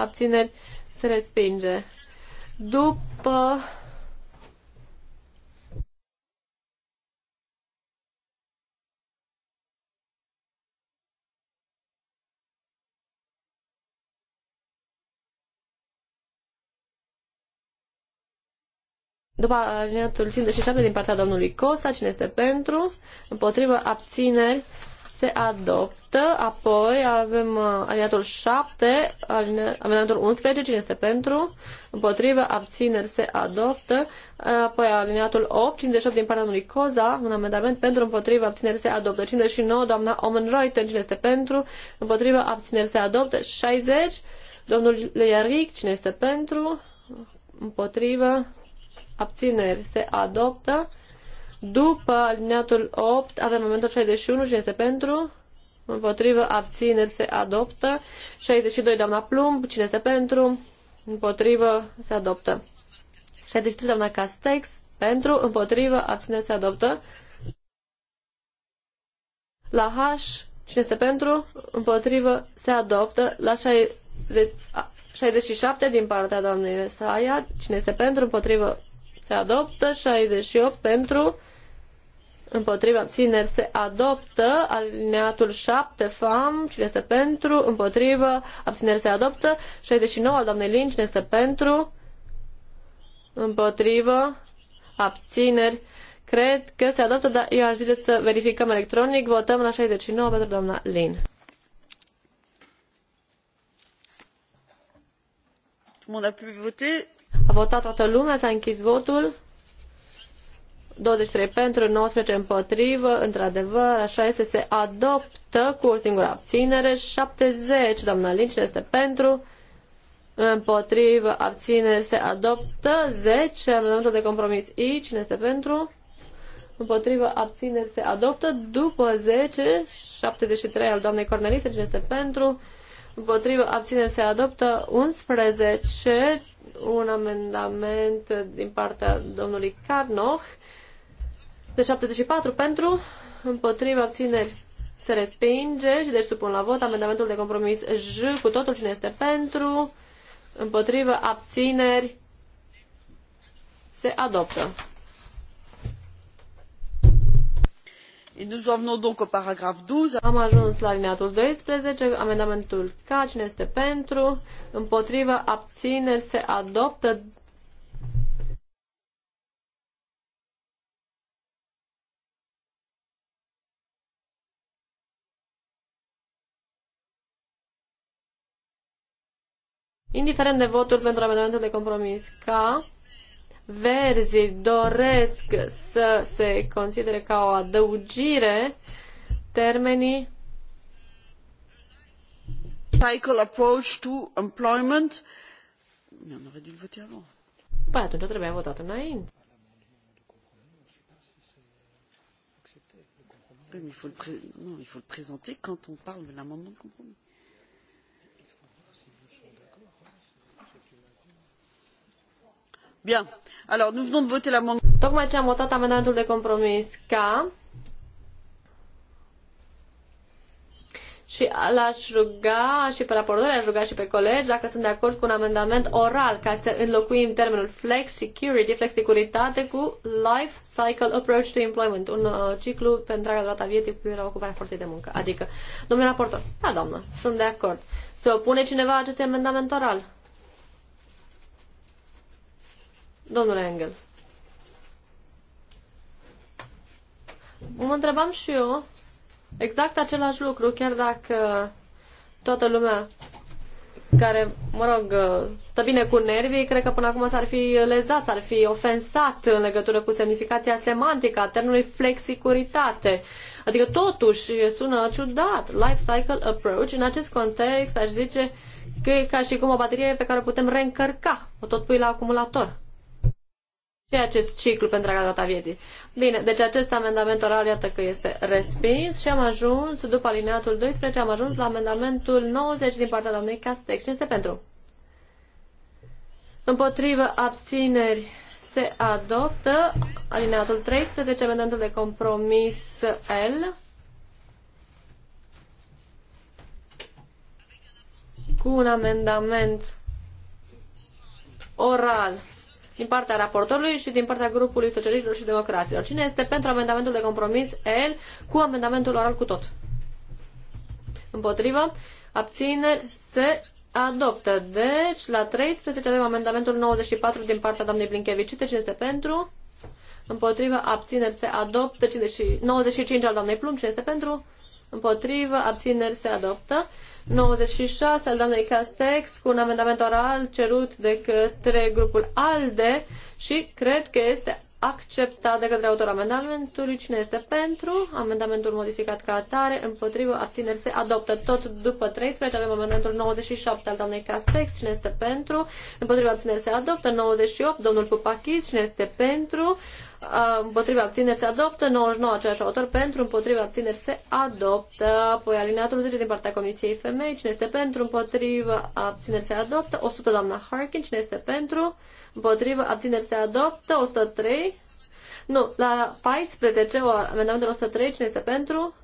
abțineri, se respinge. După După alineatul 57 din partea domnului Cosa, cine este pentru, împotrivă, abțineri, se adoptă. Apoi avem uh, alineatul 7, alineatul 11, cine este pentru, împotrivă, abțineri, se adoptă. Apoi aliniatul 8, 58 din partea domnului Coza, un amendament pentru, împotrivă, abțineri, se adoptă. 59, doamna Omen Reuter, cine este pentru, împotrivă, abțineri, se adoptă. 60, domnul Leiaric, cine este pentru, împotrivă, abțineri, se adoptă. După alineatul 8 avem momentul 61, cine este pentru? Împotrivă, abțineri, se adoptă. 62, doamna Plumb, cine este pentru? Împotrivă, se adoptă. 63, doamna Castex, pentru, împotrivă, abțineri, se adoptă. La H, cine este pentru? Împotrivă, se adoptă. La 67 din partea doamnei Vesaia, cine este pentru, împotrivă, se adoptă. 68 pentru, împotriva abțineri se adoptă, alineatul 7 FAM, cine este pentru, împotriva abțineri se adoptă, 69 al doamnei Lin, cine este pentru, împotriva abțineri, cred că se adoptă, dar eu aș zice să verificăm electronic, votăm la 69 pentru doamna Lin. A votat toată lumea, s-a închis votul. 23 pentru, 19 împotrivă, într-adevăr, așa este, se adoptă cu o singură abținere, 70, doamna Lynch este pentru, împotrivă, abținere, se adoptă, 10, amendamentul de compromis I, cine este pentru, împotrivă, abținere, se adoptă, după 10, 73 al doamnei Cornelise, cine este pentru, împotrivă, abțineri, se adoptă, 11, un amendament din partea domnului Carnoch, 74 pentru, împotriva abțineri se respinge și deci supun la vot amendamentul de compromis J cu totul cine este pentru, împotriva abțineri se adoptă. Et nous donc au 12. Am ajuns la alineatul 12, amendamentul K, cine este pentru, împotriva, abțineri, se adoptă indiferent de votul pentru amendamentul de compromis ca verzii doresc să se considere ca o adăugire termenii cycle approach to employment. Păi atunci trebuia votat înainte. Nu, păi mais il faut, le pré... non, il faut le présenter quand on parle de l'amendement de compromis. Bien. Alors, nous venons de voter l'amendement. Tocmai ce am votat amendamentul de compromis Ca, Și l-aș ruga și pe raportor, l-aș ruga și pe colegi dacă sunt de acord cu un amendament oral ca să înlocuim termenul flex security, flex securitate cu life cycle approach to employment, un uh, ciclu pe întreaga durata vieții cu la ocuparea forței de muncă. Adică, domnule raportor, da, doamnă, sunt de acord. Se opune cineva acestui amendament oral? Domnule Engels. Mă întrebam și eu exact același lucru, chiar dacă toată lumea care, mă rog, stă bine cu nervii, cred că până acum s-ar fi lezat, s-ar fi ofensat în legătură cu semnificația semantică a termenului flexicuritate. Adică totuși sună ciudat. Life cycle approach, în acest context aș zice că e ca și cum o baterie pe care o putem reîncărca, o tot pui la acumulator și acest ciclu pentru a data vieții. Bine, deci acest amendament oral iată că este respins și am ajuns, după alineatul 12, am ajuns la amendamentul 90 din partea doamnei Castex. Cine este pentru? Împotrivă abțineri se adoptă alineatul 13, amendamentul de compromis L. cu un amendament oral din partea raportorului și din partea grupului socialiștilor și democraților. Cine este pentru amendamentul de compromis L cu amendamentul oral cu tot? Împotrivă? Abține? Se adoptă. Deci, la 13 avem amendamentul 94 din partea doamnei Blinchevici. Cine este pentru? Împotrivă? Abțineri? Se adoptă. 95 al doamnei Plum. Cine este pentru? Împotrivă, abțineri se adoptă. 96 al doamnei Castex cu un amendament oral cerut de către grupul ALDE și cred că este acceptat de către autorul amendamentului. Cine este pentru? Amendamentul modificat ca atare. Împotrivă. Abțineri se adoptă. Tot după 13 avem amendamentul 97 al doamnei Castex. Cine este pentru? Împotrivă. Abțineri se adoptă. 98. Domnul Pupachis. Cine este pentru? împotriva abțineri se adoptă, 99 același autor pentru, împotriva abțineri se adoptă, apoi alineatul 10 din partea Comisiei Femei, cine este pentru, împotriva abțineri se adoptă, 100 doamna Harkin, cine este pentru, împotriva abțineri se adoptă, 103, nu, la 14, o, amendamentul 103, cine este pentru,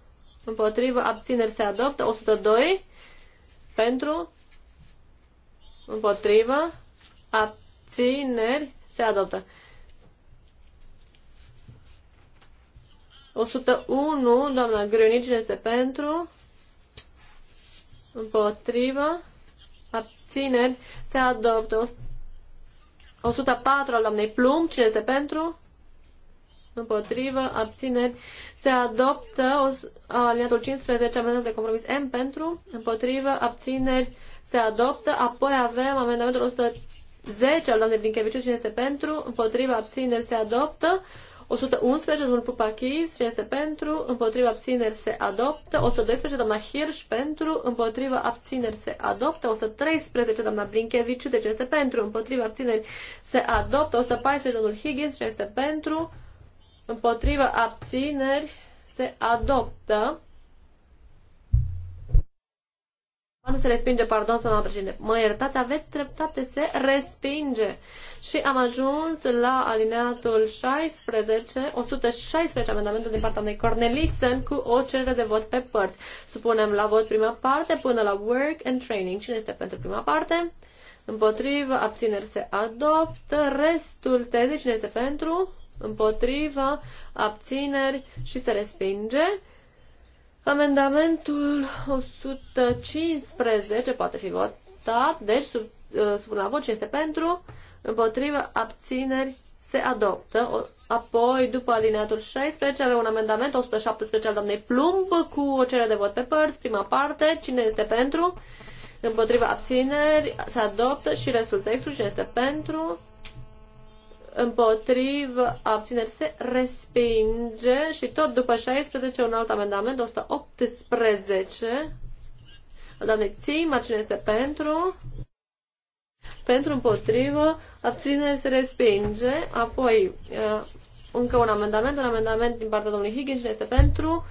împotriva abțineri se adoptă, 102, pentru, împotriva, abțineri se adoptă. 101, doamna Grânici este pentru, împotrivă, abțineri, se adoptă 104 al doamnei Plum, cine este pentru, împotrivă, abțineri, se adoptă aliniatul 15, amendamentul de compromis M pentru, împotrivă, abțineri, se adoptă, apoi avem amendamentul 110 al doamnei Brincheviciu, cine este pentru, împotrivă, abțineri, se adoptă, 111, domnul Chis, cine este pentru, împotriva abțineri se adoptă. 112, doamna Hirsch, pentru, împotriva abțineri se adoptă. 113, doamna Brinkeviciu, deci este pentru, împotriva abțineri se adoptă. 114, domnul Higgins, ce este pentru, împotriva abțineri se adoptă. Nu se respinge, pardon, doamna președinte. Mă iertați, aveți dreptate, se respinge. Și am ajuns la alineatul 16, 116 amendamentul din partea unei Cornelisen cu o cerere de vot pe părți. Supunem la vot prima parte până la work and training. Cine este pentru prima parte? Împotrivă, abțineri se adoptă. Restul tezei, cine este pentru? Împotrivă, abțineri și se respinge. Amendamentul 115 poate fi votat, deci sub, uh, sub la vot cine este pentru, împotriva abțineri, se adoptă. Apoi, după alineatul 16, avem un amendament 117 al doamnei Plumb cu o cerere de vot pe părți. Prima parte, cine este pentru? Împotriva abțineri, se adoptă și restul textului, cine este pentru? împotrivă, abțineri se respinge și tot după 16 un alt amendament, 118. Doamne, țin, cine este pentru? Pentru, împotrivă, abțineri se respinge. Apoi, uh, încă un amendament, un amendament din partea domnului Higgins, cine este pentru?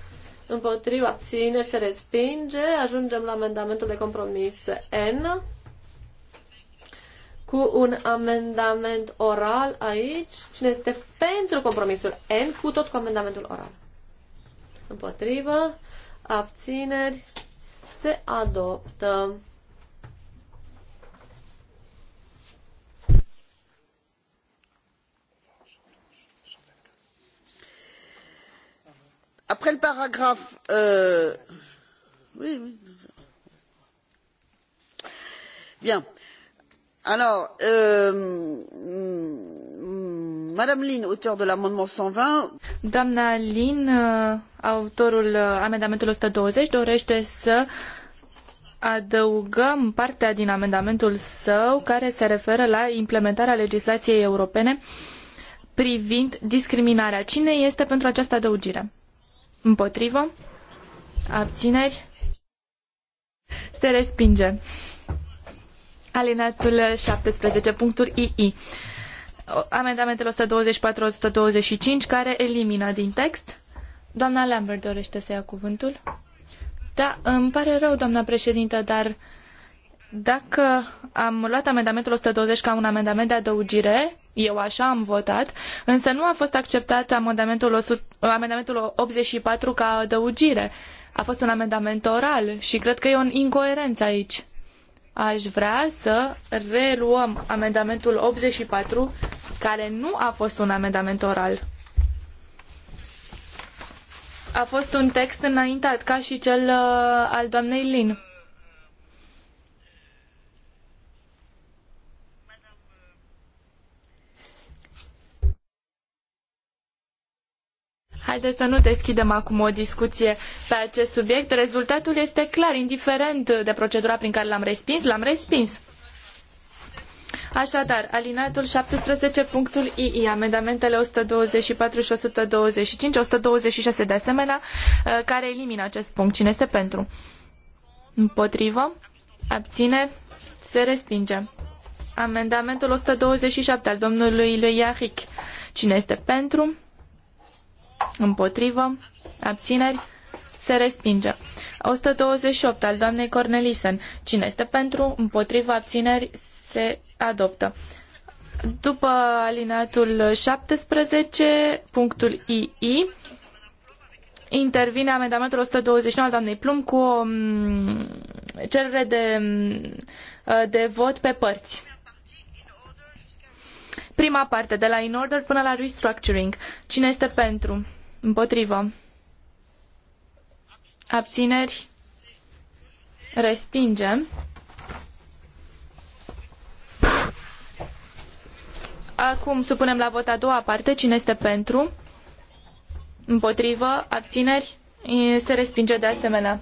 Împotriva, abțineri se respinge. Ajungem la amendamentul de compromis N cu un amendament oral aici. Cine este pentru compromisul N cu tot cu amendamentul oral? Împotrivă. Abțineri. Se adoptă. Après le paragraphe euh... oui, oui. Bien. Euh, Madame Doamna Lin, euh, autorul euh, amendamentului 120, dorește să adăugăm partea din amendamentul său care se referă la implementarea legislației europene privind discriminarea. Cine este pentru această adăugire? Împotrivă? Abțineri? Se respinge. Alinatul 17, punctul II. Amendamentele 124-125 care elimina din text. Doamna Lambert dorește să ia cuvântul. Da, îmi pare rău, doamna președintă, dar dacă am luat amendamentul 120 ca un amendament de adăugire, eu așa am votat, însă nu a fost acceptat amendamentul, 100, amendamentul 84 ca adăugire. A fost un amendament oral și cred că e o incoerență aici aș vrea să reluăm amendamentul 84, care nu a fost un amendament oral. A fost un text înaintat, ca și cel uh, al doamnei Lin. Haideți să nu deschidem acum o discuție pe acest subiect. Rezultatul este clar, indiferent de procedura prin care l-am respins, l-am respins. Așadar, alinatul 17 punctul II, amendamentele 124 și 125, 126 de asemenea, uh, care elimină acest punct. Cine este pentru? Împotrivă? Abține? Se respinge. Amendamentul 127 al domnului lui Iahic. Cine este pentru? împotrivă, abțineri, se respinge. 128 al doamnei Cornelisen. Cine este pentru, împotrivă, abțineri, se adoptă. După alineatul 17, punctul II, intervine amendamentul 129 al doamnei Plum cu o um, cerere de, um, de vot pe părți. Prima parte, de la in order până la restructuring. Cine este pentru? Împotrivă. Abțineri? Respingem. Acum supunem la vot a doua parte. Cine este pentru? Împotrivă? Abțineri? Se respinge de asemenea.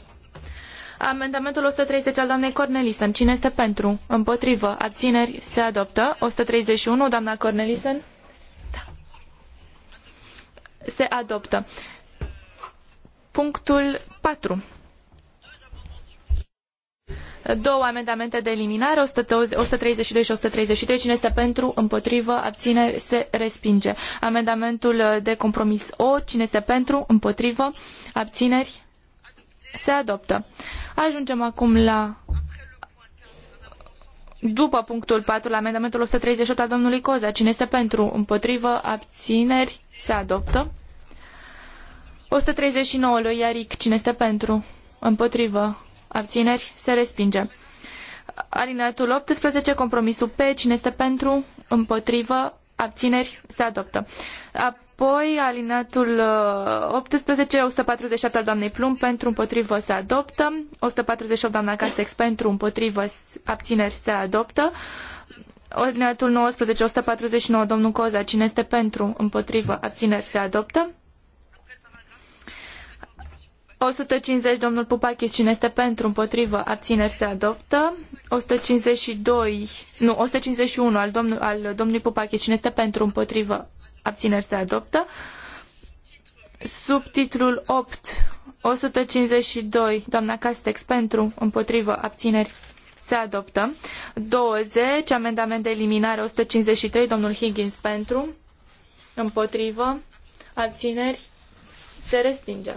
Amendamentul 130 al doamnei Cornelisen. Cine este pentru? Împotrivă. Abțineri. Se adoptă. 131, doamna Cornelisen. Da. Se adoptă. Punctul 4. Două amendamente de eliminare, 132 și 133. Cine este pentru, împotrivă, abțineri, se respinge. Amendamentul de compromis O. Cine este pentru, împotrivă, abțineri, se adoptă. Ajungem acum la după punctul 4 la amendamentul 138 al domnului Coza. Cine este pentru? Împotrivă? Abțineri? Se adoptă. 139 lui Iaric. Cine este pentru? Împotrivă? Abțineri? Se respinge. Alineatul 18, compromisul P. Cine este pentru? Împotrivă? Abțineri? Se adoptă. A, Apoi, alineatul 18, uh, 147 al doamnei Plum pentru împotrivă se adoptă, 148 doamna Castex pentru împotrivă abțineri se adoptă, alineatul 19, 149 domnul Coza, cine este pentru împotrivă abțineri se adoptă, 150 domnul Pupachis, cine este pentru împotrivă abțineri se adoptă, 152, nu, 151 al, domnul, al domnului Pupachis, cine este pentru împotrivă abțineri se adoptă. Subtitlul 8, 152, doamna Castex, pentru, împotrivă, abțineri se adoptă. 20, amendament de eliminare 153, domnul Higgins, pentru, împotrivă, abțineri se respinge.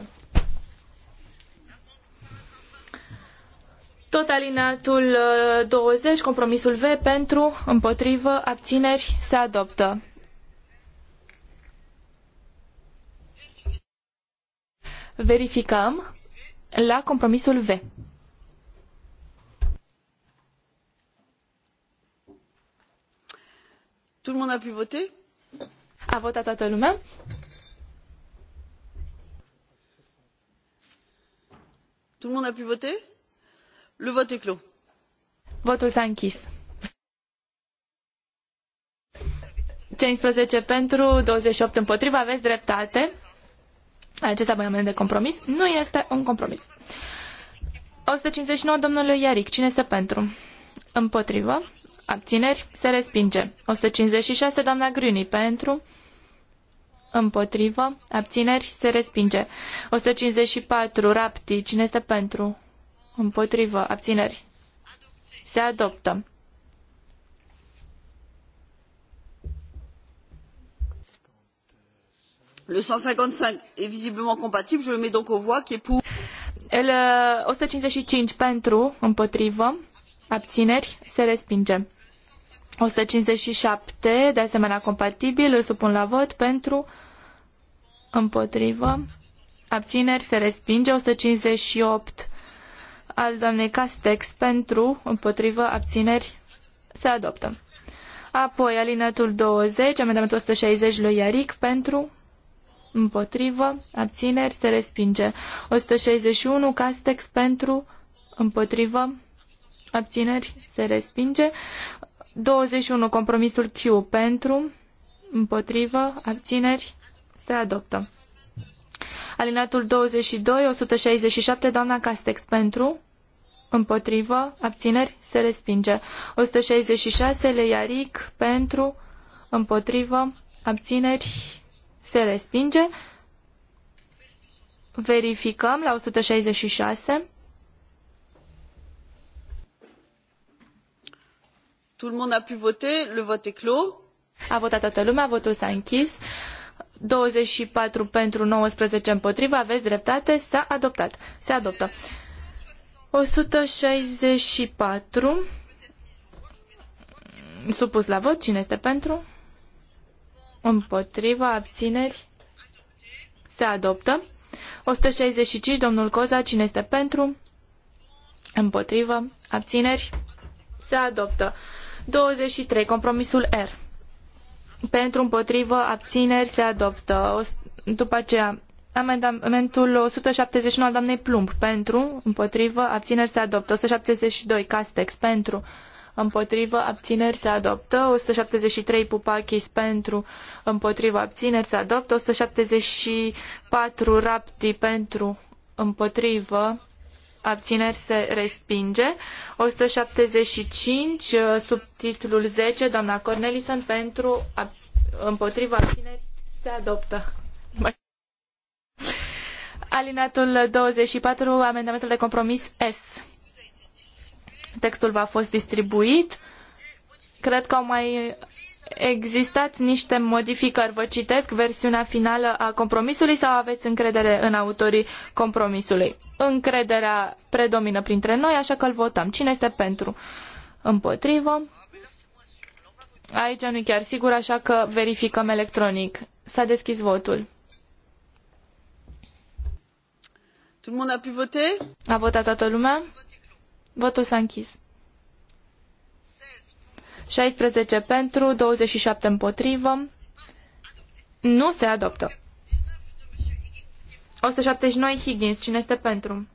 Tot alineatul 20, uh, compromisul V pentru, împotrivă, abțineri, se adoptă. verificăm la compromisul V. Tout le monde a pu voter? A votat toată lumea? Tout le monde a pu voter? Le vote est clos. Votul s-a închis. 15 pentru, 28 împotriva, aveți dreptate acest amendament de compromis nu este un compromis. 159, domnului Iaric, cine este pentru? Împotrivă. Abțineri, se respinge. 156, doamna Gruni, pentru? Împotrivă. Abțineri, se respinge. 154, Rapti, cine este pentru? Împotrivă. Abțineri. Se adoptă. le cent cinquante cinq est visiblement compatible je le mets donc aux voix qui est pour el 155 uh, pentru împotrivă abțineri se respinge 157 de asemenea compatibil îl supun la vot pentru împotrivă abțineri se respinge 158 al doamnei Castex pentru împotrivă abțineri se adoptă Apoi, alinatul 20, amendamentul 160 lui Iaric pentru împotrivă, abțineri, se respinge. 161, Castex pentru, împotrivă, abțineri, se respinge. 21, compromisul Q pentru, împotrivă, abțineri, se adoptă. Alinatul 22, 167, doamna Castex pentru, împotrivă, abțineri, se respinge. 166, Leiaric pentru, împotrivă, abțineri, se respinge. Verificăm la 166. Tout le monde a pu voter, le vote est clos. A votat toată lumea, votul s-a închis. 24 pentru 19 împotriva, aveți dreptate, s-a adoptat. Se adoptă. 164 supus la vot, cine este pentru? împotriva, abțineri, se adoptă. 165, domnul Coza, cine este pentru, împotrivă, abțineri, se adoptă. 23, compromisul R. Pentru, împotrivă, abțineri, se adoptă. După aceea, Amendamentul 179 al doamnei Plumb pentru, împotrivă, abțineri se adoptă. 172 Castex pentru, împotrivă, abțineri se adoptă, 173 pupachis pentru, împotrivă, abțineri se adoptă, 174 rapti pentru, împotrivă, abțineri se respinge, 175 uh, subtitlul 10, doamna Cornelison pentru, ab, împotrivă, abțineri se adoptă. Alinatul 24, amendamentul de compromis S Textul v-a fost distribuit. Cred că au mai existat niște modificări. Vă citesc versiunea finală a compromisului sau aveți încredere în autorii compromisului? Încrederea predomină printre noi, așa că îl votăm. Cine este pentru? Împotrivă? Aici nu chiar sigur, așa că verificăm electronic. S-a deschis votul. Tout le monde a pu voter? A votat toată lumea? Votul s-a închis. 16 pentru, 27 împotrivă. Nu se adoptă. 179 Higgins. Cine este pentru?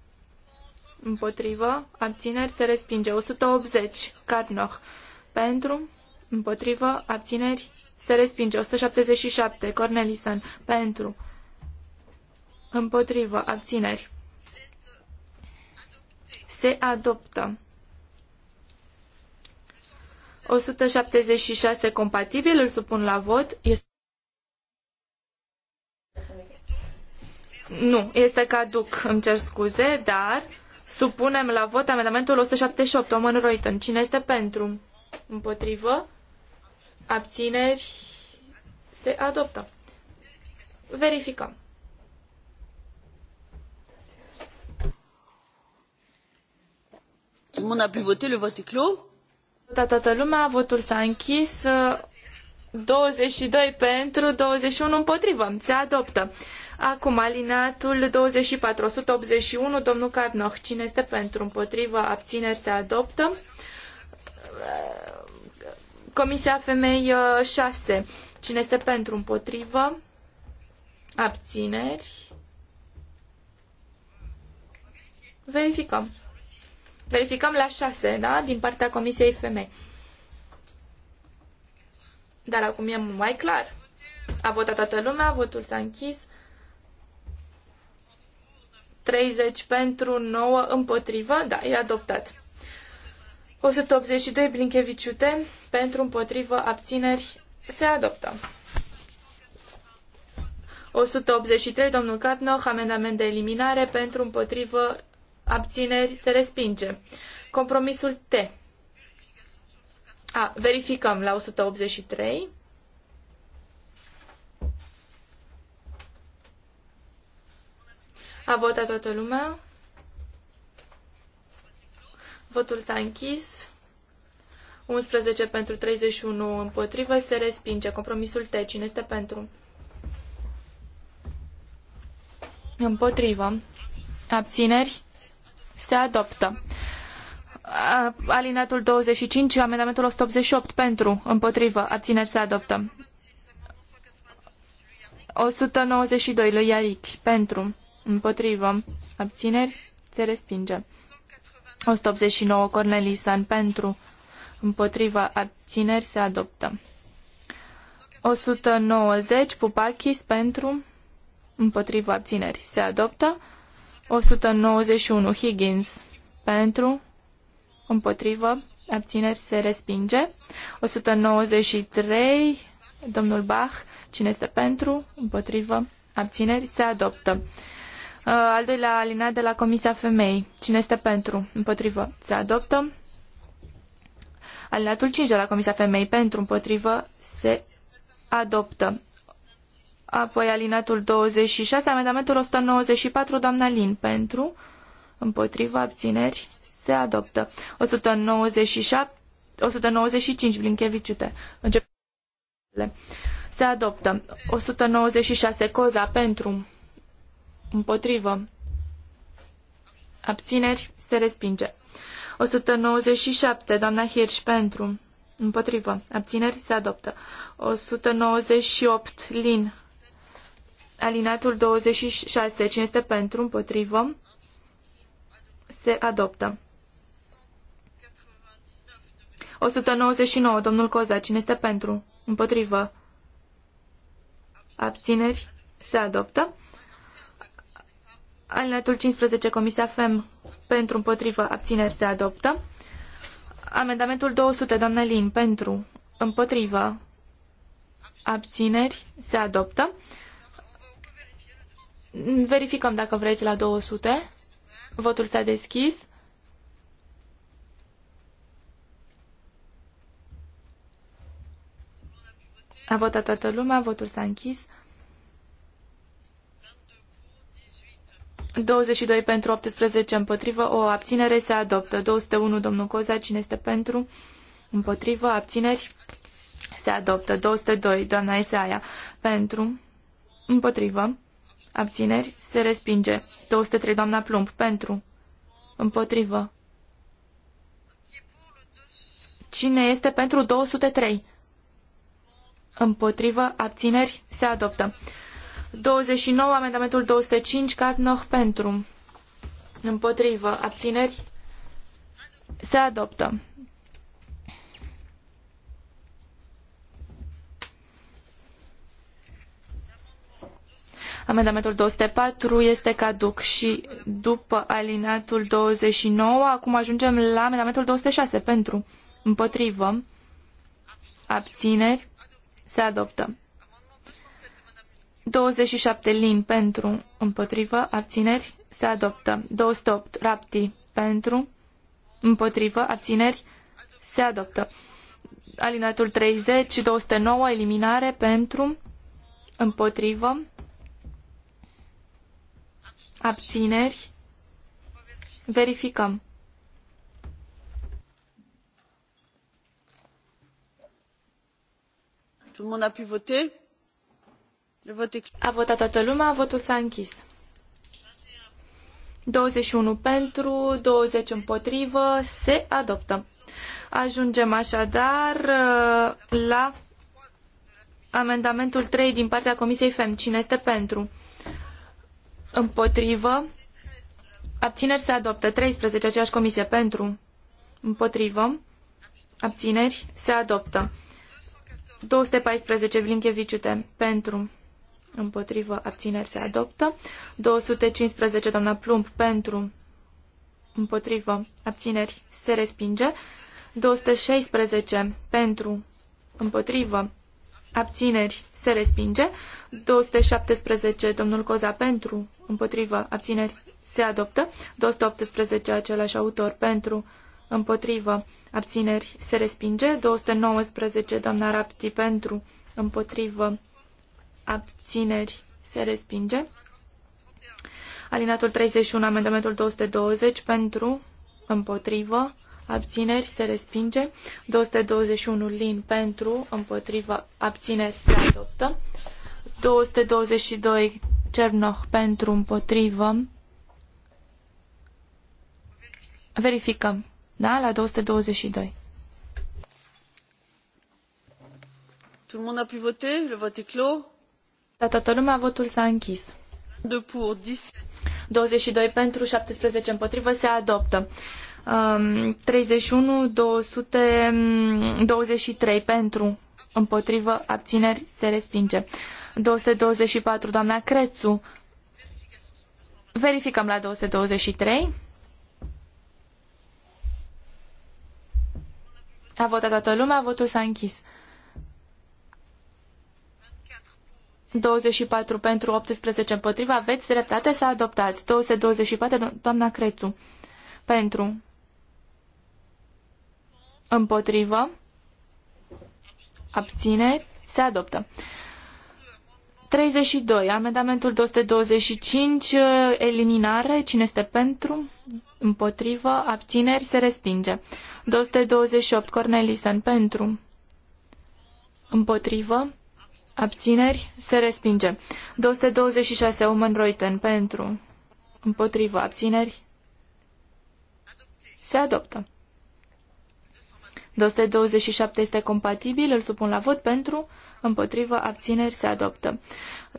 Împotrivă. Abțineri. Se respinge. 180. Carnoch. Pentru. Împotrivă. Abțineri. Se respinge. 177. Cornelison. Pentru. Împotrivă. Abțineri se adoptă. 176 compatibil, îl supun la vot. Este... Nu, este caduc, îmi cer scuze, dar supunem la vot amendamentul 178, Oman Reuten. Cine este pentru? Împotrivă? Abțineri? Se adoptă. Verificăm. Tout le monde a pu le vote est clos. Da toată lumea, votul s-a închis. 22 uh, pentru, 21 împotrivă. Se adoptă. Acum, alinatul 2481 domnul Carnoch. Cine este pentru, împotrivă, abțineri, se adoptă. Comisia Femei 6. Uh, Cine este pentru, împotrivă, abțineri. Verificăm. Verificăm la 6, da? Din partea Comisiei Femei. Dar acum e mai clar. A votat toată lumea, votul s-a închis. 30 pentru, 9 împotrivă, da, e adoptat. 182 Blincheviciute, pentru, împotrivă, abțineri, se adoptă. 183, domnul Capnoch, amendament de eliminare, pentru, împotrivă, abțineri, se respinge. Compromisul T. A, verificăm la 183. A votat toată lumea. Votul s-a închis. 11 pentru 31 împotrivă se respinge. Compromisul T. Cine este pentru? Împotrivă. Abțineri? se adoptă. Alineatul 25, amendamentul 188 pentru, împotrivă, abțineri se adoptă. 192 lui Iaric pentru, împotrivă, abțineri se respinge. 189 Cornelisan pentru, împotriva abțineri se adoptă. 190 Pupachis pentru, împotriva abțineri se adoptă. 191 Higgins pentru, împotrivă, abțineri se respinge. 193 domnul Bach, cine este pentru, împotrivă, abțineri se adoptă. Uh, al doilea alinat de la Comisia Femei. Cine este pentru? Împotrivă. Se adoptă. Alinatul 5 de la Comisia Femei. Pentru. Împotrivă. Se adoptă. Apoi alinatul 26, amendamentul 194, doamna Lin, pentru, împotriva, abțineri, se adoptă. 197, 195, Blinkeviciute, încep. Se adoptă. 196, Coza, pentru, împotrivă, abțineri, se respinge. 197, doamna Hirsch, pentru, împotrivă, abțineri, se adoptă. 198, Lin, Alinatul 26. Cine este pentru? Împotrivă? Se adoptă. 199. Domnul Coza. Cine este pentru? Împotrivă? Abțineri? Se adoptă. Alinatul 15. Comisia FEM. Pentru? Împotrivă? Abțineri? Se adoptă. Amendamentul 200. Doamnă Lin. Pentru? Împotrivă? Abțineri? Se adoptă. Verificăm dacă vreți la 200. Votul s-a deschis. A votat toată lumea, votul s-a închis. 22 pentru 18 împotrivă, o abținere se adoptă. 201 domnul Coza, cine este pentru? Împotrivă, abțineri se adoptă. 202 doamna Isaia pentru, împotrivă, Abțineri. Se respinge. 203. Doamna Plumb. Pentru. Împotrivă. Cine este pentru 203? Împotrivă. Abțineri. Se adoptă. 29. Amendamentul 205. Carnoch. Pentru. Împotrivă. Abțineri. Se adoptă. Amendamentul 204 este caduc și după alinatul 29, acum ajungem la amendamentul 206 pentru, împotrivă, abțineri, se adoptă. 27 lin pentru, împotrivă, abțineri, se adoptă. 208 rapti pentru, împotrivă, abțineri, se adoptă. Alinatul 30, 209, eliminare pentru, împotrivă, Abțineri. Verificăm. Tout le monde a pu voter? A votat toată lumea, votul s-a închis. 21 pentru, 20 împotrivă, se adoptă. Ajungem așadar uh, la amendamentul 3 din partea Comisiei FEM. Cine este pentru? Împotrivă. Abțineri se adoptă. 13. Aceeași comisie pentru. Împotrivă. Abțineri se adoptă. 214. Blinkeviciute pentru. Împotrivă. Abțineri se adoptă. 215. Doamna Plumb pentru. Împotrivă. Abțineri se respinge. 216. Pentru. Împotrivă. Abțineri se respinge. 217, domnul Coza pentru, împotrivă, abțineri, se adoptă. 218, același autor pentru, împotrivă, abțineri, se respinge. 219, doamna Rapti pentru, împotrivă, abțineri, se respinge. Alinatul 31, amendamentul 220 pentru, împotrivă, abțineri se respinge. 221 lin pentru, împotriva, abțineri se adoptă. 222 Cernoh pentru, împotrivă. Verificăm. Da? La 222. Tout le monde a pu voter? Le vote est clos? Da, toată lumea votul s-a închis. 22 pentru, 17 împotrivă se adoptă. 31, um, 223 um, pentru, împotrivă, abțineri, se respinge. 224, doamna Crețu. Verificăm la 223. A votat toată lumea, votul s-a închis. 24 pentru, 18 împotriva, aveți dreptate, s-a adoptat. 224, doamna Crețu. Pentru. Împotrivă. Abțineri. Se adoptă. 32. Amendamentul 225. Eliminare. Cine este pentru? Împotrivă. Abțineri. Se respinge. 228. Cornelisen. Pentru. Împotrivă. Abțineri. Se respinge. 226. Omen Reuten. Pentru. Împotrivă. Abțineri. Se adoptă. 227 este compatibil, îl supun la vot pentru, împotrivă, abțineri, se adoptă.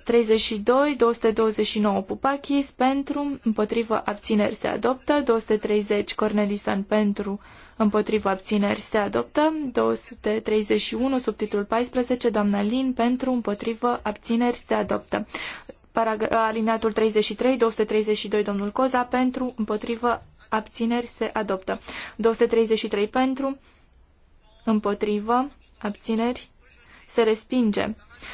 32, 229 Pupachis, pentru, împotrivă, abțineri, se adoptă. 230 Cornelisan, pentru, împotrivă, abțineri, se adoptă. 231, subtitlul 14, doamna Lin, pentru, împotrivă, abțineri, se adoptă. Parag- alineatul 33, 232, domnul Coza, pentru, împotrivă, abțineri, se adoptă. 233 pentru, împotrivă, abțineri, se respinge.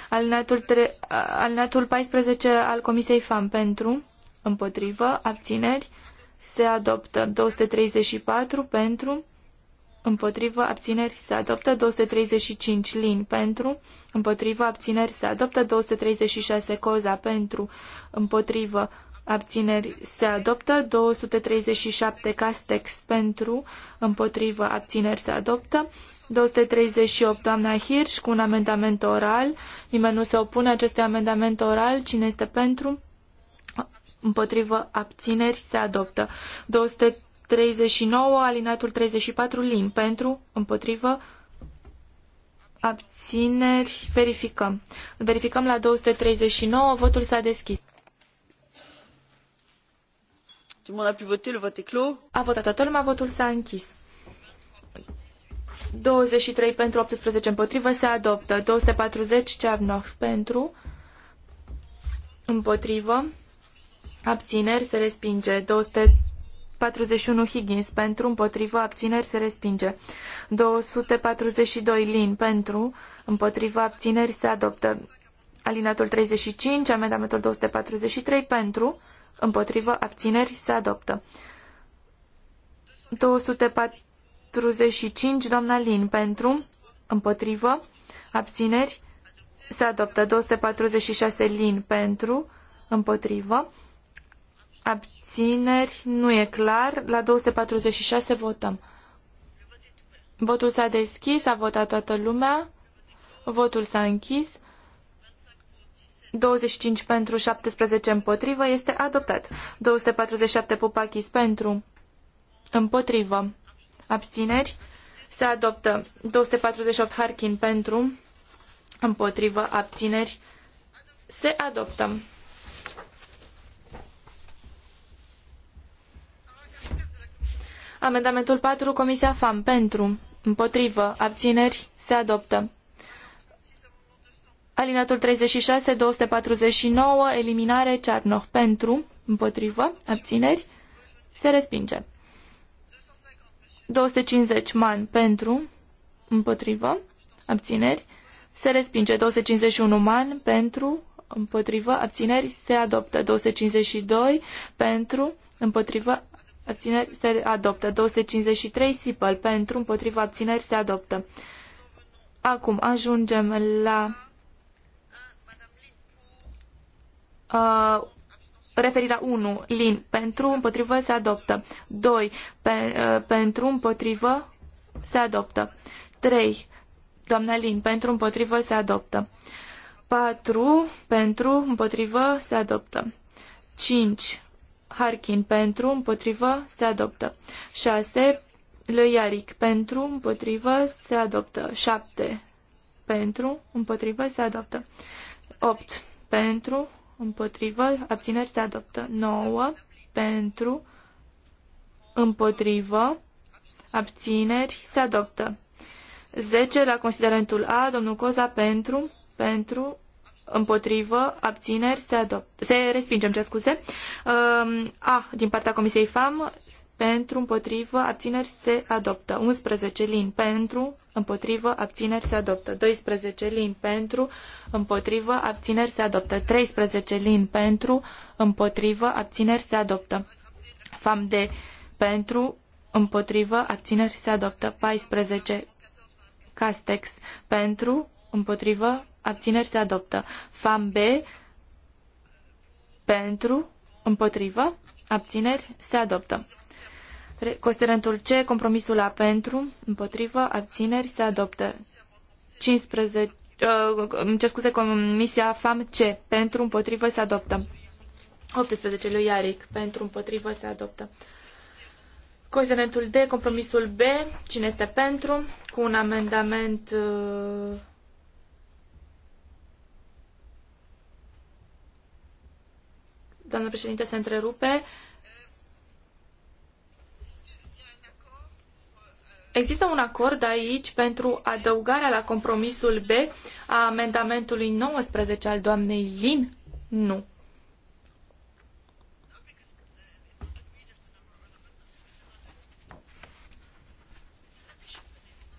Alinatul, tre- alinatul 14 al Comisiei FAM pentru, împotrivă, abțineri, se adoptă. 234 pentru, împotrivă, abțineri, se adoptă. 235 lin pentru, împotrivă, abțineri, se adoptă. 236 coza pentru, împotrivă, Abțineri se adoptă 237 castex pentru, împotrivă abțineri se adoptă 238, doamna Hirș, cu un amendament oral. Nimeni nu se opune acestui amendament oral. Cine este pentru? Împotrivă abțineri se adoptă. 239, alinatul 34, lin. Pentru? Împotrivă? Abțineri. Verificăm. Verificăm la 239. Votul s-a deschis. clos. A votat toată lumea, votul s-a închis. 23 pentru 18 împotrivă se adoptă. 240 Cernov pentru împotrivă. Abțineri se respinge. 241 Higgins pentru împotrivă. Abțineri se respinge. 242 Lin pentru împotrivă. Abțineri se adoptă. Alinatul 35, amendamentul 243 pentru împotrivă. Abțineri se adoptă. 204 45, doamna Lin, pentru, împotrivă, abțineri, se adoptă 246 lin pentru, împotrivă, abțineri, nu e clar, la 246 votăm. Votul s-a deschis, a votat toată lumea, votul s-a închis, 25 pentru, 17 împotrivă, este adoptat. 247 pupachis pentru, împotrivă, abțineri, se adoptă 248 Harkin pentru, împotrivă, abțineri, se adoptă. Amendamentul 4, Comisia FAM, pentru, împotrivă, abțineri, se adoptă. Alinatul 36, 249, eliminare, Cearnoh, pentru, împotrivă, abțineri, se respinge. 250 man pentru, împotrivă, abțineri, se respinge 251 man pentru, împotrivă, abțineri, se adoptă 252 pentru, împotrivă, abțineri, se adoptă 253 sipăl pentru, împotrivă, abțineri, se adoptă. Acum ajungem la uh, referirea 1, lin, pentru, împotrivă, se adoptă. 2, pe, uh, pentru, împotrivă, se adoptă. 3, doamna lin, pentru, împotrivă, se adoptă. 4, pentru, împotrivă, se adoptă. 5, Harkin, pentru, împotrivă, se adoptă. 6, Lăiaric, pentru, împotrivă, se adoptă. 7, pentru, împotrivă, se adoptă. 8, pentru, împotrivă, abțineri se adoptă. 9 pentru, împotrivă, abțineri se adoptă. 10 la considerentul A, domnul Coza pentru, pentru, împotrivă, abțineri se adoptă. Se respingem, ce scuze. A, din partea Comisiei FAM, pentru, împotrivă, abțineri se adoptă. 11 lin pentru, împotrivă, abțineri se adoptă. 12 lin pentru, împotrivă, abțineri se adoptă. 13 lin pentru, împotrivă, abțineri se adoptă. Fam de pentru, împotrivă, abțineri se adoptă. 14 castex pentru, împotrivă, abțineri se adoptă. Fam B pentru, împotrivă, abțineri se adoptă. Considerentul C, compromisul A pentru, împotrivă, abțineri, se adoptă. 15, uh, îmi cer scuze, comisia FAM C, pentru, împotrivă, se adoptă. 18 lui Iaric, pentru, împotrivă, se adoptă. Considerentul D, compromisul B, cine este pentru, cu un amendament... Uh, Doamna președinte, se întrerupe. Uh, Există un acord aici pentru adăugarea la compromisul B a amendamentului 19 al doamnei Lin? Nu.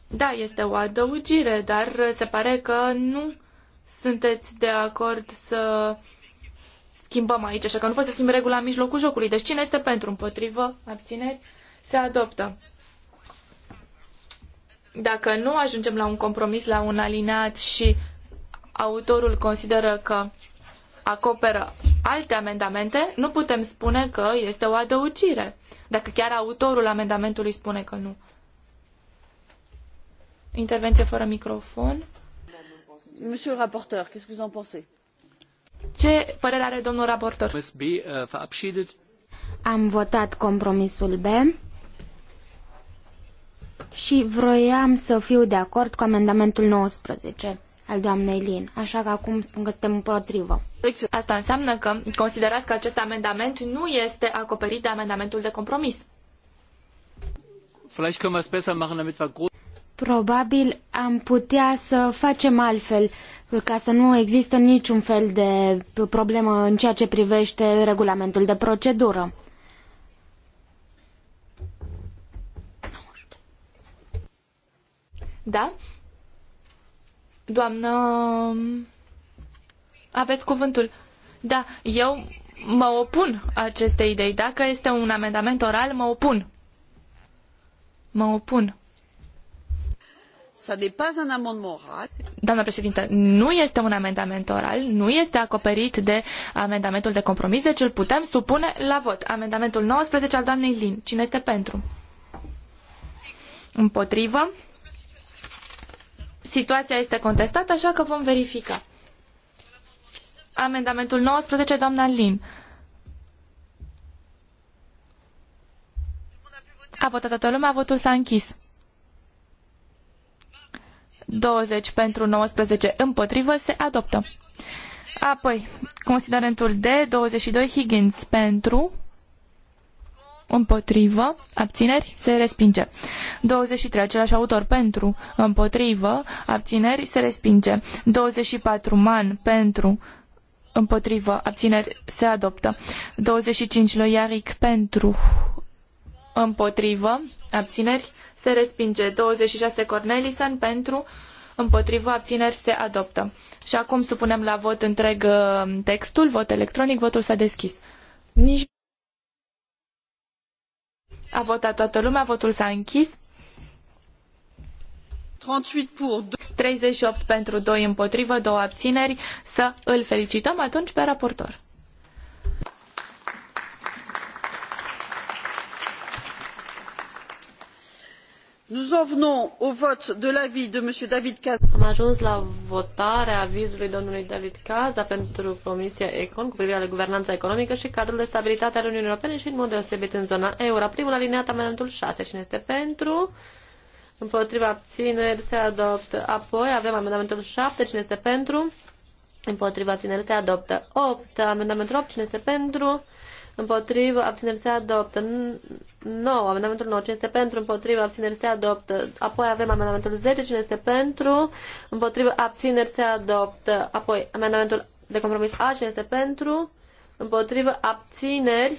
Da, este o adăugire, dar se pare că nu sunteți de acord să schimbăm aici, așa că nu poți să schimbi regula în mijlocul jocului. Deci cine este pentru, împotrivă, abțineri, se adoptă. Dacă nu ajungem la un compromis, la un alineat și autorul consideră că acoperă alte amendamente, nu putem spune că este o adăugire, dacă chiar autorul amendamentului spune că nu. Intervenție fără microfon. Monsieur le qu'est-ce que vous en pensez? Ce părere are domnul raportor? Uh, Am votat compromisul B și vroiam să fiu de acord cu amendamentul 19 al doamnei Lin, așa că acum spun că suntem împotrivă. Asta înseamnă că considerați că acest amendament nu este acoperit de amendamentul de compromis. Probabil am putea să facem altfel, ca să nu există niciun fel de problemă în ceea ce privește regulamentul de procedură. Da? Doamnă, aveți cuvântul. Da, eu mă opun acestei idei. Dacă este un amendament oral, mă opun. Mă opun. Doamna președintă, nu este un amendament oral, nu este acoperit de amendamentul de compromis, deci îl putem supune la vot. Amendamentul 19 al doamnei Lin. Cine este pentru? Împotrivă? situația este contestată, așa că vom verifica. Amendamentul 19, doamna Lin. A votat toată lumea, votul s-a închis. 20 pentru 19 împotrivă se adoptă. Apoi, considerentul D, 22 Higgins pentru împotrivă, abțineri, se respinge. 23, același autor pentru, împotrivă, abțineri, se respinge. 24, man, pentru, împotrivă, abțineri, se adoptă. 25, loiaric, pentru, împotrivă, abțineri, se respinge. 26, Cornelison, pentru, împotrivă, abțineri, se adoptă. Și acum supunem la vot întreg uh, textul, vot electronic, votul s-a deschis. Nici a votat toată lumea, votul s-a închis. 38 pentru 2 împotrivă, 2 abțineri. Să îl felicităm atunci pe raportor. Nous en venons au vote de l'avis de M. David Casa. Am ajuns la votarea avizului domnului David Casa pentru Comisia Econ cu privire la guvernanța economică și cadrul de stabilitate al Uniunii Europene și în mod deosebit în zona euro. Primul alineat, amendamentul 6. Cine este pentru? Împotriva abțineri se adoptă. Apoi avem amendamentul 7. Cine este pentru? Împotriva abțineri se adoptă. 8. Amendamentul 8. Cine este pentru? Împotriva abțineri se adoptă. 9. Amendamentul 9. Cine este pentru? Împotriva. Abțineri se adoptă. Apoi avem amendamentul 10. Cine este pentru? Împotriva. Abțineri se adoptă. Apoi amendamentul de compromis A. Cine este pentru? Împotriva. Abțineri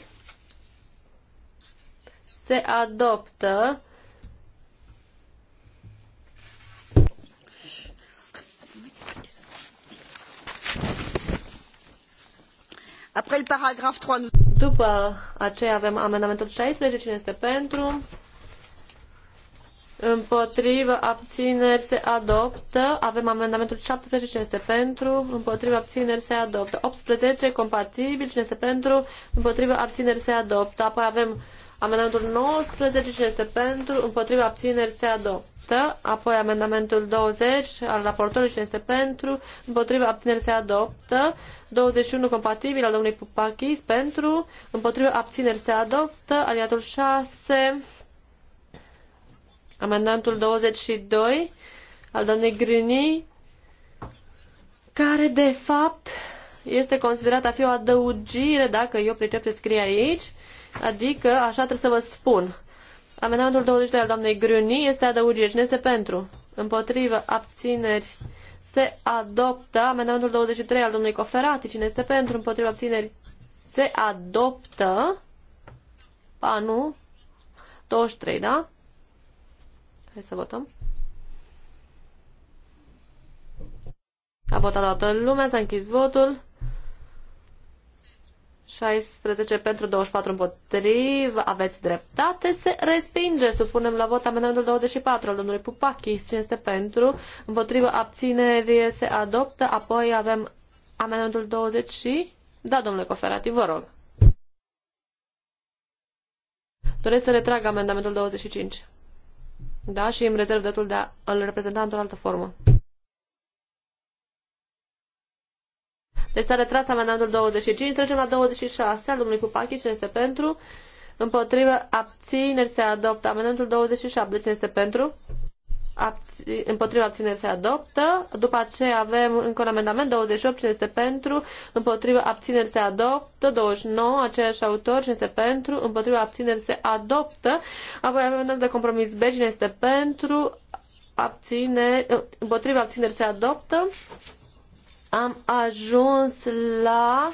se adoptă. Après le paragraphe 3, nous... După aceea avem amendamentul 16. Cine este pentru? Împotrivă, abțineri, se adoptă. Avem amendamentul 17, cine este pentru? Împotrivă, abțineri, se adoptă. 18, compatibil, cine este pentru? Împotrivă, abțineri, se adoptă. Apoi avem Amendamentul 19, cine este pentru, împotriva abțineri se adoptă. Apoi amendamentul 20 al raportorului, cine este pentru, împotriva abțineri se adoptă. 21 compatibil al domnului Pupachis, pentru, împotriva abțineri se adoptă. Aliatul 6, amendamentul 22 al domnului Grini care de fapt este considerat a fi o adăugire, dacă eu pricep ce scrie aici, Adică, așa trebuie să vă spun. Amendamentul 22 al doamnei Gruni este adăugire. Cine este pentru? Împotrivă. Abțineri. Se adoptă. Amendamentul 23 al domnului Coferati. Cine este pentru? Împotrivă. Abțineri. Se adoptă. A, nu. 23, da? Hai să votăm. A votat toată lumea, s-a închis votul. 16 pentru 24 împotrivă. Aveți dreptate. Se respinge. Supunem la vot amendamentul 24 al domnului Pupachis. Cine este pentru? Împotrivă abțineri se adoptă. Apoi avem amendamentul 20 și... Da, domnule Coferati, vă rog. Doresc să retrag amendamentul 25. Da, și îmi rezerv dreptul de a îl reprezenta într-o altă formă. Deci s-a retras amendamentul 25. Trecem la 26 al domnului Pupachi. Cine este pentru? Împotrivă. Abțineri se adoptă. Amendamentul 27. Cine este pentru? Abține, împotriva abțineri se adoptă. După aceea avem încă un amendament, 28, cine este pentru, împotriva abțineri se adoptă, 29, aceeași autor, cine este pentru, împotriva abțineri se adoptă. Apoi avem amendament de compromis B, cine este pentru, abține, împotriva abțineri se adoptă am ajuns la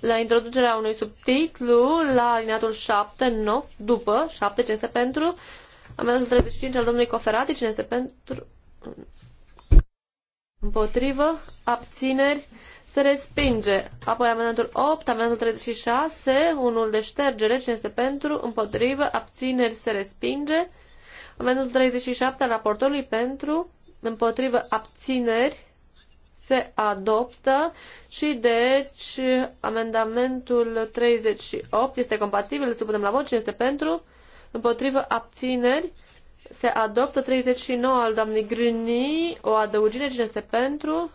la introducerea unui subtitlu la alineatul 7, no, după 7, cine este pentru, amendamentul 35 al domnului Coferati, cine este pentru, împotrivă, abțineri, se respinge. Apoi amendamentul 8, amendamentul 36, unul de ștergere, cine este pentru, împotrivă, abțineri, se respinge. Amendamentul 37 al raportorului pentru, împotrivă abțineri se adoptă și deci amendamentul 38 este compatibil, îl putem la vot, cine este pentru, împotrivă abțineri se adoptă 39 al doamnei Grâni, o adăugire, cine este pentru,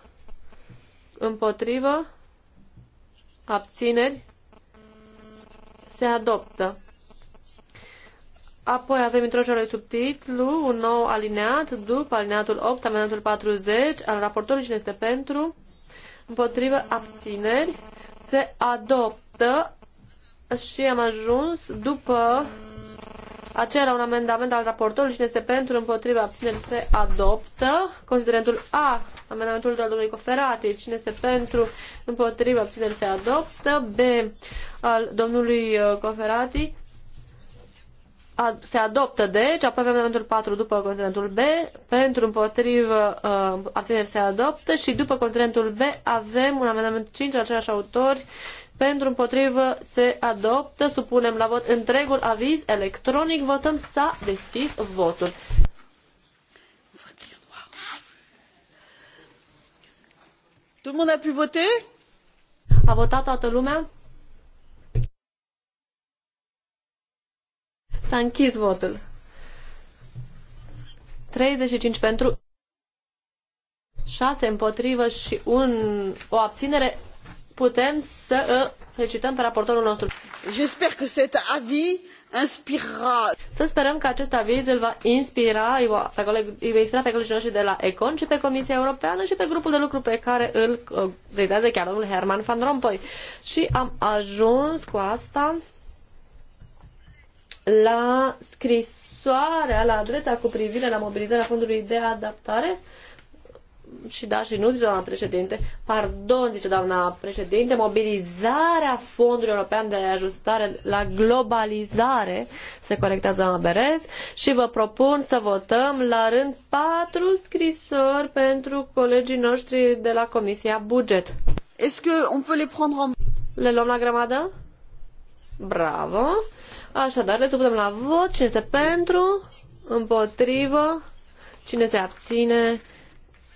împotrivă, abțineri, se adoptă. Apoi avem introducerea subtitlu, un nou alineat, după alineatul 8, amendamentul 40, al raportului cine este pentru, împotrivă, abțineri, se adoptă și am ajuns după acela un amendament al raportorului, cine este pentru, împotriva, abțineri, se adoptă. Considerentul A, amendamentul de al domnului Coferati, cine este pentru, împotriva, abțineri, se adoptă. B, al domnului uh, Coferati, se adoptă, deci, apoi avem amendamentul 4 după considerentul B, pentru împotrivă uh, abțineri se adoptă și după considerentul B avem un amendament 5 al același autori, pentru împotrivă se adoptă, supunem la vot întregul aviz electronic, votăm s-a deschis votul. Tout le monde a pu voter? A votat toată lumea? S-a închis votul. 35 pentru, 6 împotrivă și un, o abținere. Putem să felicităm pe raportorul nostru. J'espère que cet avis inspirera. Să sperăm că acest aviz îl va inspira, îi va, pe coleg, îi va inspira pe colegii noștri de la Econ și pe Comisia Europeană și pe grupul de lucru pe care îl uh, realizează chiar domnul Herman Van Rompuy. Și am ajuns cu asta la scrisoarea la adresa cu privire la mobilizarea fondului de adaptare și da și nu, zice doamna președinte, pardon, zice doamna președinte, mobilizarea Fondului European de Ajustare la Globalizare, se corectează doamna Berez, și vă propun să votăm la rând patru scrisori pentru colegii noștri de la Comisia Buget. Est-ce que on peut les prendre en... Le luăm la grămadă? Bravo! Așadar, le supunem la vot. Cine este pentru? Împotrivă? Cine se abține?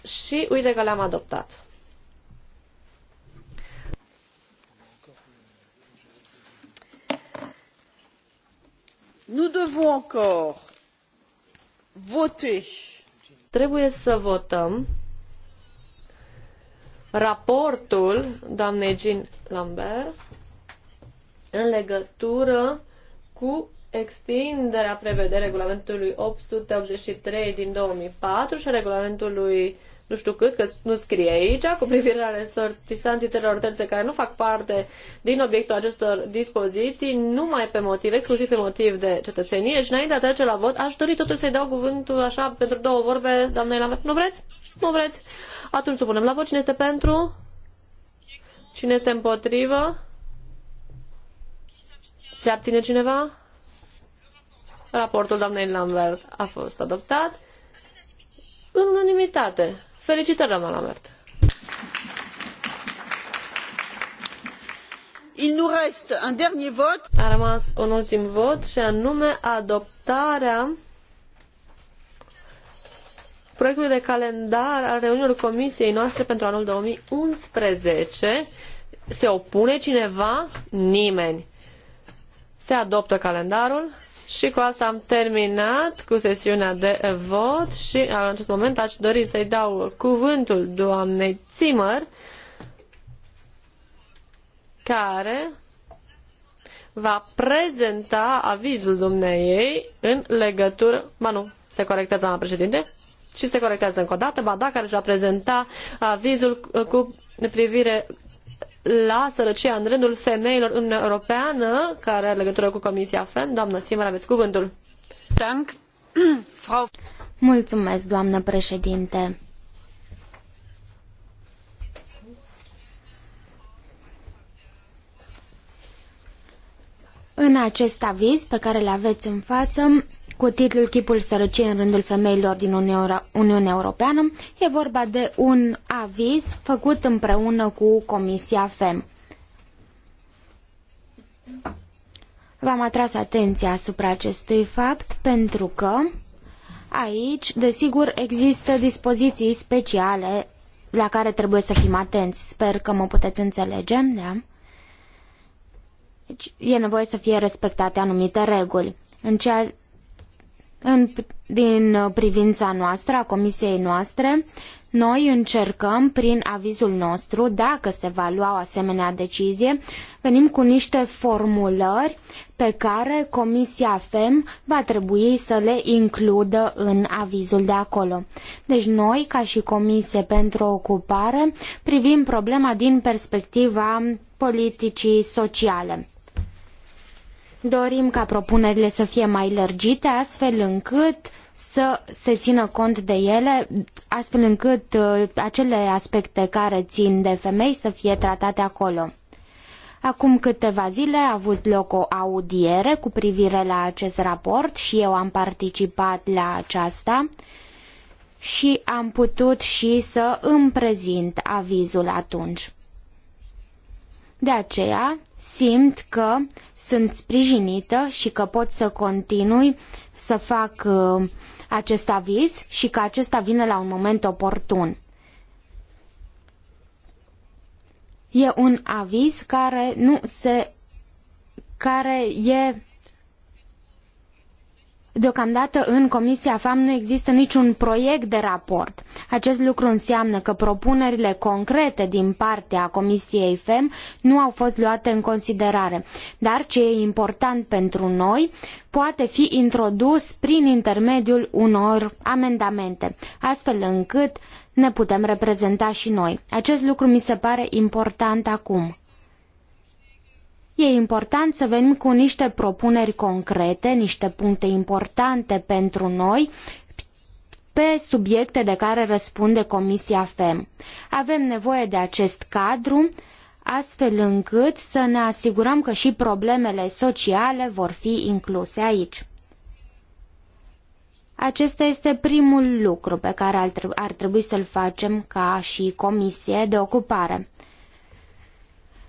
Și uite că le-am adoptat. Nu devons encore voter. Trebuie să votăm raportul doamnei Jean Lambert în legătură cu extinderea prevederii regulamentului 883 din 2004 și regulamentului nu știu cât, că nu scrie aici, cu privire la resortisanții țărilor terțe care nu fac parte din obiectul acestor dispoziții, numai pe motiv, exclusiv pe motiv de cetățenie. Și înainte de a trece la vot, aș dori totuși să-i dau cuvântul așa pentru două vorbe, doamnei la Nu vreți? Nu vreți? Atunci supunem la vot. Cine este pentru? Cine este împotrivă? Se abține cineva? Raportul doamnei Lambert a fost adoptat în unanimitate. Felicitări, doamna Lambert! Il nous reste un dernier vot. A rămas un ultim vot și anume adoptarea proiectului de calendar al reuniunilor comisiei noastre pentru anul 2011. Se opune cineva? Nimeni. Se adoptă calendarul și cu asta am terminat cu sesiunea de vot și în acest moment aș dori să-i dau cuvântul doamnei Zimmer care va prezenta avizul dumneiei în legătură... Ba nu, se corectează doamna președinte și se corectează încă o dată, ba da, care își va prezenta avizul cu privire la sărăcia în rândul femeilor în Europeană, care are legătură cu Comisia FEM. Doamnă Țimăr, aveți cuvântul. Mulțumesc, doamnă președinte. În acest aviz pe care îl aveți în față, cu titlul Chipul sărăciei în rândul femeilor din Uniunea Europeană. E vorba de un aviz făcut împreună cu Comisia FEM. V-am atras atenția asupra acestui fapt pentru că aici, desigur, există dispoziții speciale la care trebuie să fim atenți. Sper că mă puteți înțelege, da? Deci e nevoie să fie respectate anumite reguli. În ceea în, din uh, privința noastră, a comisiei noastre, noi încercăm, prin avizul nostru, dacă se va lua o asemenea decizie, venim cu niște formulări pe care Comisia FEM va trebui să le includă în avizul de acolo. Deci noi, ca și Comisie pentru Ocupare, privim problema din perspectiva politicii sociale. Dorim ca propunerile să fie mai lărgite, astfel încât să se țină cont de ele, astfel încât uh, acele aspecte care țin de femei să fie tratate acolo. Acum câteva zile a avut loc o audiere cu privire la acest raport și eu am participat la aceasta și am putut și să îmi prezint avizul atunci. De aceea simt că sunt sprijinită și că pot să continui să fac uh, acest aviz și că acesta vine la un moment oportun. E un aviz care nu se care e Deocamdată în Comisia FAM nu există niciun proiect de raport. Acest lucru înseamnă că propunerile concrete din partea Comisiei FEM nu au fost luate în considerare. Dar ce e important pentru noi poate fi introdus prin intermediul unor amendamente, astfel încât ne putem reprezenta și noi. Acest lucru mi se pare important acum. E important să venim cu niște propuneri concrete, niște puncte importante pentru noi pe subiecte de care răspunde Comisia FEM. Avem nevoie de acest cadru astfel încât să ne asigurăm că și problemele sociale vor fi incluse aici. Acesta este primul lucru pe care ar trebui să-l facem ca și Comisie de Ocupare.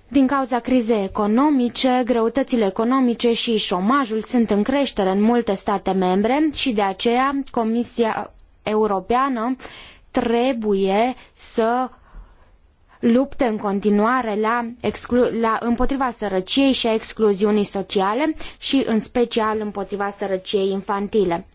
Din cauza crizei economice, greutățile economice și șomajul sunt în creștere în multe state membre și de aceea Comisia Europeană trebuie să lupte în continuare la, la, împotriva sărăciei și a excluziunii sociale și în special împotriva sărăciei infantile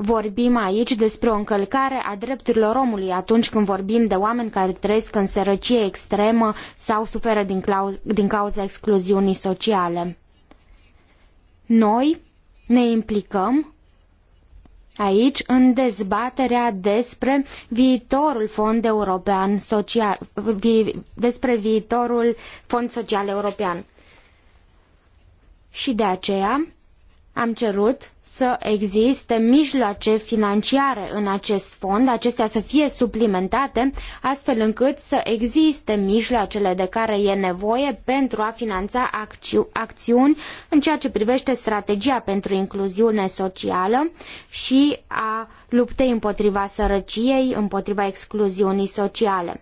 vorbim aici despre o încălcare a drepturilor omului atunci când vorbim de oameni care trăiesc în sărăcie extremă sau suferă din, din cauza excluziunii sociale. Noi ne implicăm aici în dezbaterea despre viitorul fond european social, vi, despre viitorul fond social european. Și de aceea am cerut să existe mijloace financiare în acest fond, acestea să fie suplimentate, astfel încât să existe mijloacele de care e nevoie pentru a finanța acțiu- acțiuni în ceea ce privește strategia pentru incluziune socială și a luptei împotriva sărăciei, împotriva excluziunii sociale.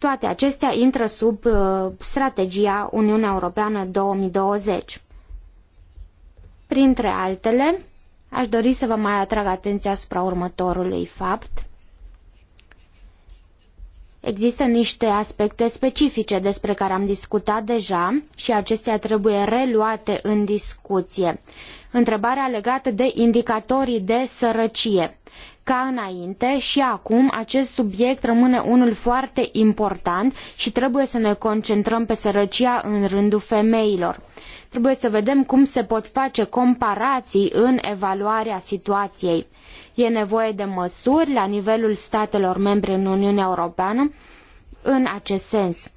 Toate acestea intră sub uh, strategia Uniunea Europeană 2020. Printre altele, aș dori să vă mai atrag atenția asupra următorului fapt. Există niște aspecte specifice despre care am discutat deja și acestea trebuie reluate în discuție. Întrebarea legată de indicatorii de sărăcie. Ca înainte și acum, acest subiect rămâne unul foarte important și trebuie să ne concentrăm pe sărăcia în rândul femeilor. Trebuie să vedem cum se pot face comparații în evaluarea situației. E nevoie de măsuri la nivelul statelor membre în Uniunea Europeană în acest sens.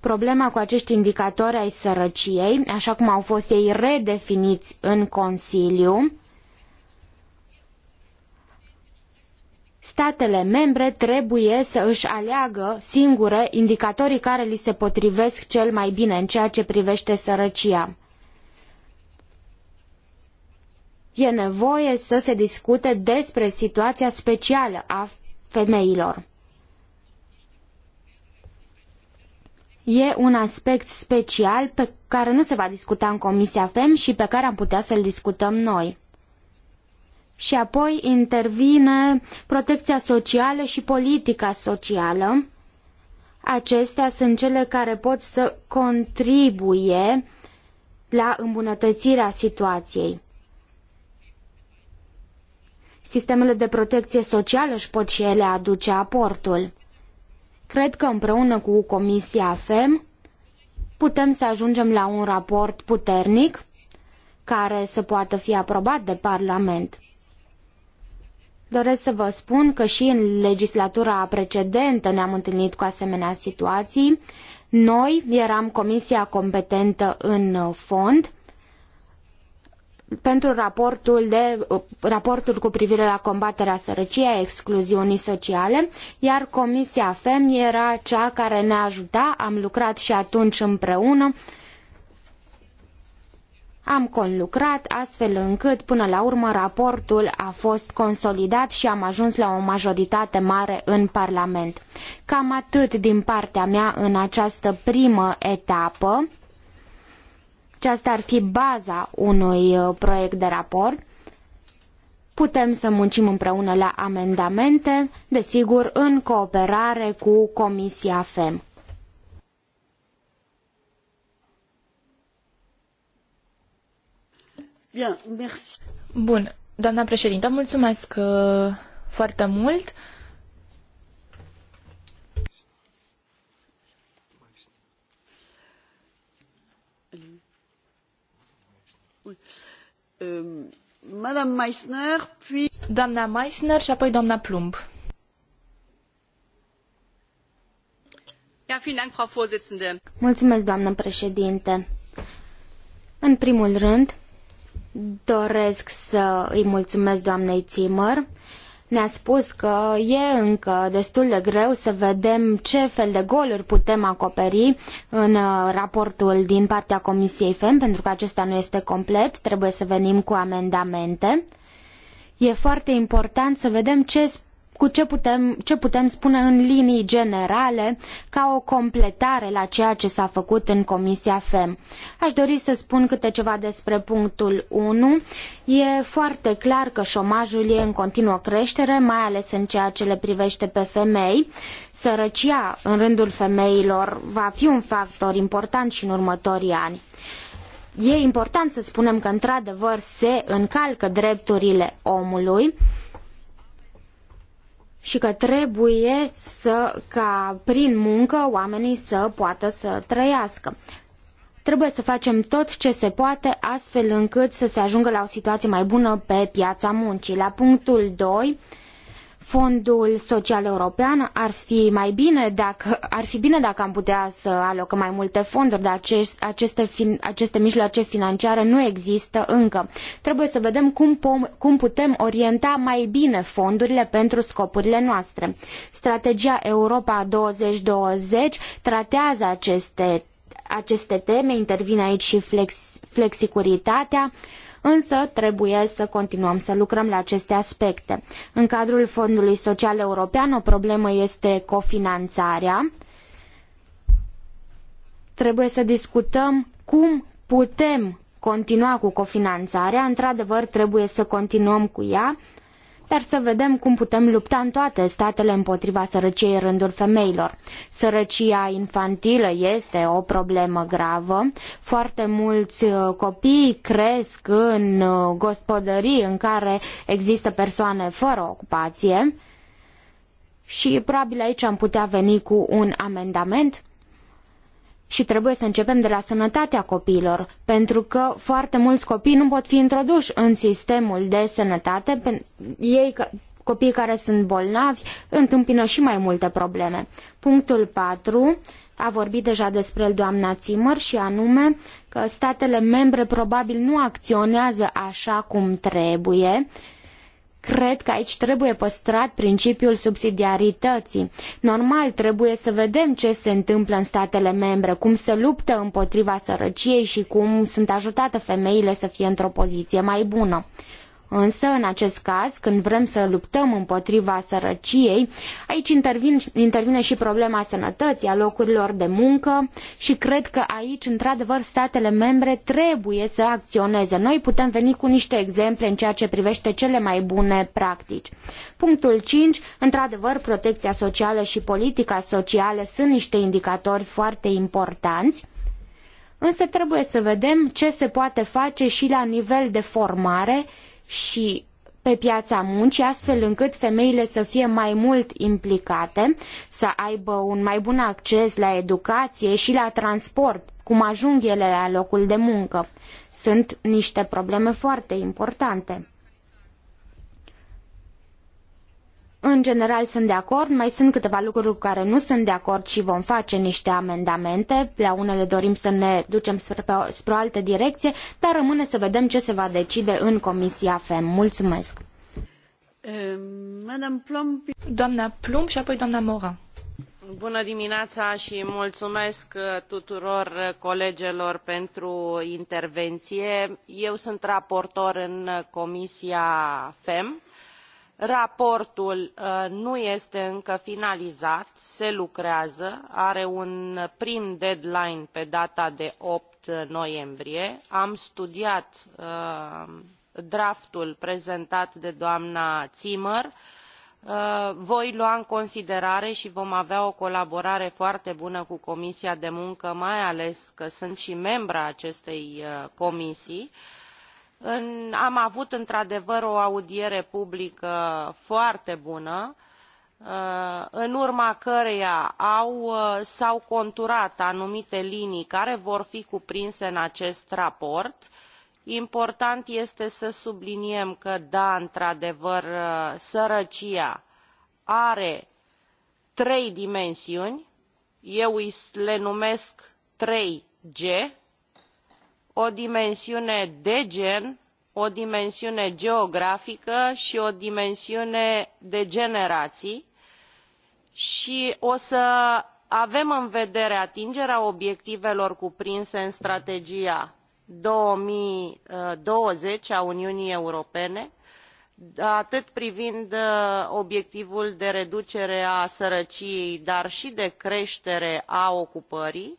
Problema cu acești indicatori ai sărăciei, așa cum au fost ei redefiniți în Consiliu, statele membre trebuie să își aleagă singure indicatorii care li se potrivesc cel mai bine în ceea ce privește sărăcia. E nevoie să se discute despre situația specială a femeilor. E un aspect special pe care nu se va discuta în Comisia FEM și pe care am putea să-l discutăm noi și apoi intervine protecția socială și politica socială. Acestea sunt cele care pot să contribuie la îmbunătățirea situației. Sistemele de protecție socială își pot și ele aduce aportul. Cred că împreună cu Comisia FEM putem să ajungem la un raport puternic care să poată fi aprobat de Parlament. Doresc să vă spun că și în legislatura precedentă ne-am întâlnit cu asemenea situații. Noi eram comisia competentă în fond pentru raportul, de, raportul cu privire la combaterea sărăciei, a excluziunii sociale, iar Comisia FEM era cea care ne ajuta, am lucrat și atunci împreună, uh, am conlucrat astfel încât până la urmă raportul a fost consolidat și am ajuns la o majoritate mare în Parlament. Cam atât din partea mea în această primă etapă. Aceasta ar fi baza unui uh, proiect de raport. Putem să muncim împreună la amendamente, desigur, în cooperare cu Comisia FEM. Bun, doamna președintă, mulțumesc uh, foarte mult. Euh, Madame Meissner, puis... Doamna Meissner și apoi doamna Plumb. Mulțumesc, doamnă președinte. În primul rând, Doresc să îi mulțumesc doamnei Zimmer. Ne-a spus că e încă destul de greu să vedem ce fel de goluri putem acoperi în uh, raportul din partea Comisiei FEM, pentru că acesta nu este complet, trebuie să venim cu amendamente. E foarte important să vedem ce cu ce putem, ce putem spune în linii generale ca o completare la ceea ce s-a făcut în Comisia FEM. Aș dori să spun câte ceva despre punctul 1. E foarte clar că șomajul e în continuă creștere, mai ales în ceea ce le privește pe femei. Sărăcia în rândul femeilor va fi un factor important și în următorii ani. E important să spunem că într-adevăr se încalcă drepturile omului, și că trebuie să, ca prin muncă oamenii să poată să trăiască. Trebuie să facem tot ce se poate astfel încât să se ajungă la o situație mai bună pe piața muncii. La punctul 2 Fondul Social European ar fi mai bine dacă, ar fi bine dacă am putea să alocăm mai multe fonduri, dar acest, aceste, fin, aceste mijloace financiare nu există încă. Trebuie să vedem cum, pom, cum putem orienta mai bine fondurile pentru scopurile noastre. Strategia Europa 2020 tratează aceste aceste teme, intervine aici și flex, flexicuritatea însă trebuie să continuăm să lucrăm la aceste aspecte. În cadrul Fondului Social European o problemă este cofinanțarea. Trebuie să discutăm cum putem continua cu cofinanțarea. Într-adevăr, trebuie să continuăm cu ea dar să vedem cum putem lupta în toate statele împotriva sărăciei în rândul femeilor. Sărăcia infantilă este o problemă gravă. Foarte mulți uh, copii cresc în uh, gospodării în care există persoane fără ocupație și probabil aici am putea veni cu un amendament și trebuie să începem de la sănătatea copiilor, pentru că foarte mulți copii nu pot fi introduși în sistemul de sănătate. Ei, copiii care sunt bolnavi, întâmpină și mai multe probleme. Punctul patru a vorbit deja despre el doamna Zimmer și anume că statele membre probabil nu acționează așa cum trebuie uh, Cred că aici trebuie păstrat principiul subsidiarității. Normal, trebuie să vedem ce se întâmplă în statele membre, cum se luptă împotriva sărăciei și cum sunt ajutate femeile să fie într-o poziție mai bună. Însă, în acest caz, când vrem să luptăm împotriva sărăciei, aici intervin, intervine și problema sănătății, a locurilor de muncă și cred că aici, într-adevăr, statele membre trebuie să acționeze. Noi putem veni cu niște exemple în ceea ce privește cele mai bune practici. Punctul 5. Într-adevăr, protecția socială și politica socială sunt niște indicatori foarte importanți însă trebuie să vedem ce se poate face și la nivel de formare și pe piața muncii, astfel încât femeile să fie mai mult implicate, să aibă un mai bun acces la educație și la transport, cum ajung ele la locul de muncă. Sunt niște probleme foarte importante. În general sunt de acord, mai sunt câteva lucruri cu care nu sunt de acord și vom face niște amendamente. La unele dorim să ne ducem spre, spre o altă direcție, dar rămâne să vedem ce se va decide în Comisia FEM. Mulțumesc! Plumb... Doamna Plumb și apoi doamna Moran. Bună dimineața și mulțumesc uh, tuturor uh, colegelor pentru intervenție. Eu sunt raportor în uh, Comisia FEM raportul uh, nu este încă finalizat se lucrează are un prim deadline pe data de opt noiembrie am studiat uh, draftul prezentat de doamna zimmer uh, voi lua în considerare i vom avea o colaborare foarte bună cu comisia de muncă mai ales că sunt i membră a acestei comisii i am avut într adevăr o audiere publică foarte bună uh, în urma căreia s au uh, conturat anumite linii care vor fi cuprinse în acest raport important este să subliniem că da într adevăr uh, sărăcia are trei dimensiuni eu le numesc trei g o dimensiune de gen o dimensiune geografică i o dimensiune de generaii i o să avem în vedere atingerea obiectivelor cuprinse în strategia două mii douăzeci a uniunii europene atât privind uh, obiectivul de reducere a sărăciei dar i de cretere a ocupării i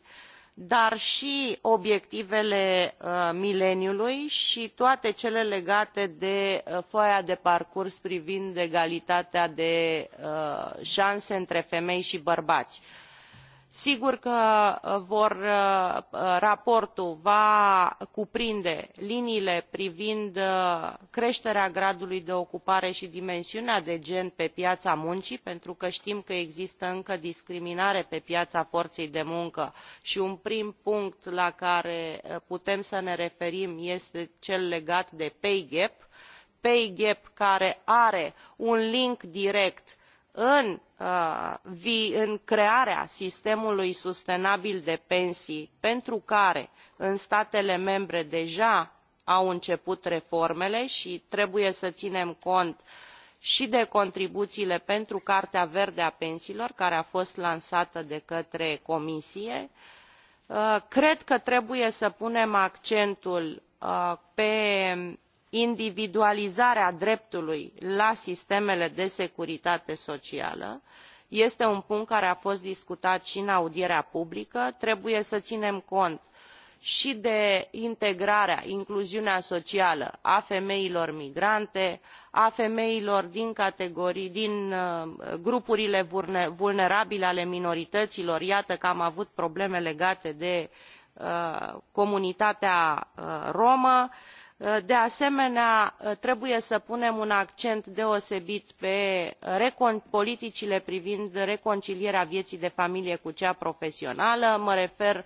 dar și obiectivele uh, mileniului și toate cele legate de uh, foaia de parcurs privind egalitatea de uh, șanse între femei și bărbați sigur că uh, vor, uh, raportul va cuprinde liniile privind uh, creterea gradului de ocupare i dimensiunea de gen pe piaa muncii pentru că tim că există încă discriminare pe piaa forei de muncă i un prim punct la care putem să ne referim este cel legat de pay gap pay gap care are un link direct în, uh, în crearea sistemului sustenabil de pensii pentru care în statele membre deja au început reformele i trebuie să inem cont i de contribuiile pentru cartea verde a pensiilor care a fost lansată de către comisie uh, cred că trebuie să punem accentul uh, pe individualizarea dreptului la sistemele de securitate socială este un punct care a fost discutat i în audierea publică trebuie să inem cont i de integrarea incluziunea socială a femeilor migrante a femeilor din categorii din uh, grupurile vulnerabile ale minorităilor iată că am avut probleme legate de uh, comunitatea uh, romă i de asemenea trebuie să punem un accent deosebit pe politicile privind reconcilierea vieii de familie cu cea profesională mă refer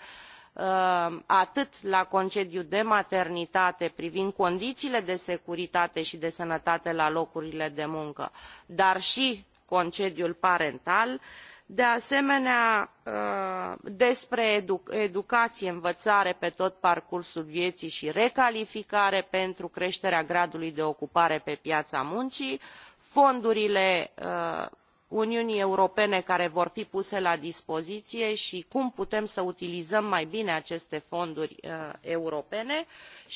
uh, atât la concediul de maternitate privind condiiile de securitate i de sănătate la locurile de muncă dar i concediul parental cât de asemenea uh, despre educaie învăare pe tot parcursul vieii i recalificare pentru creterea gradului de ocupare pe piaa muncii fondurile uh, uniunii europene care vor fi puse la dispoziie i cum putem să utilizăm mai bine aceste fonduri uh, europene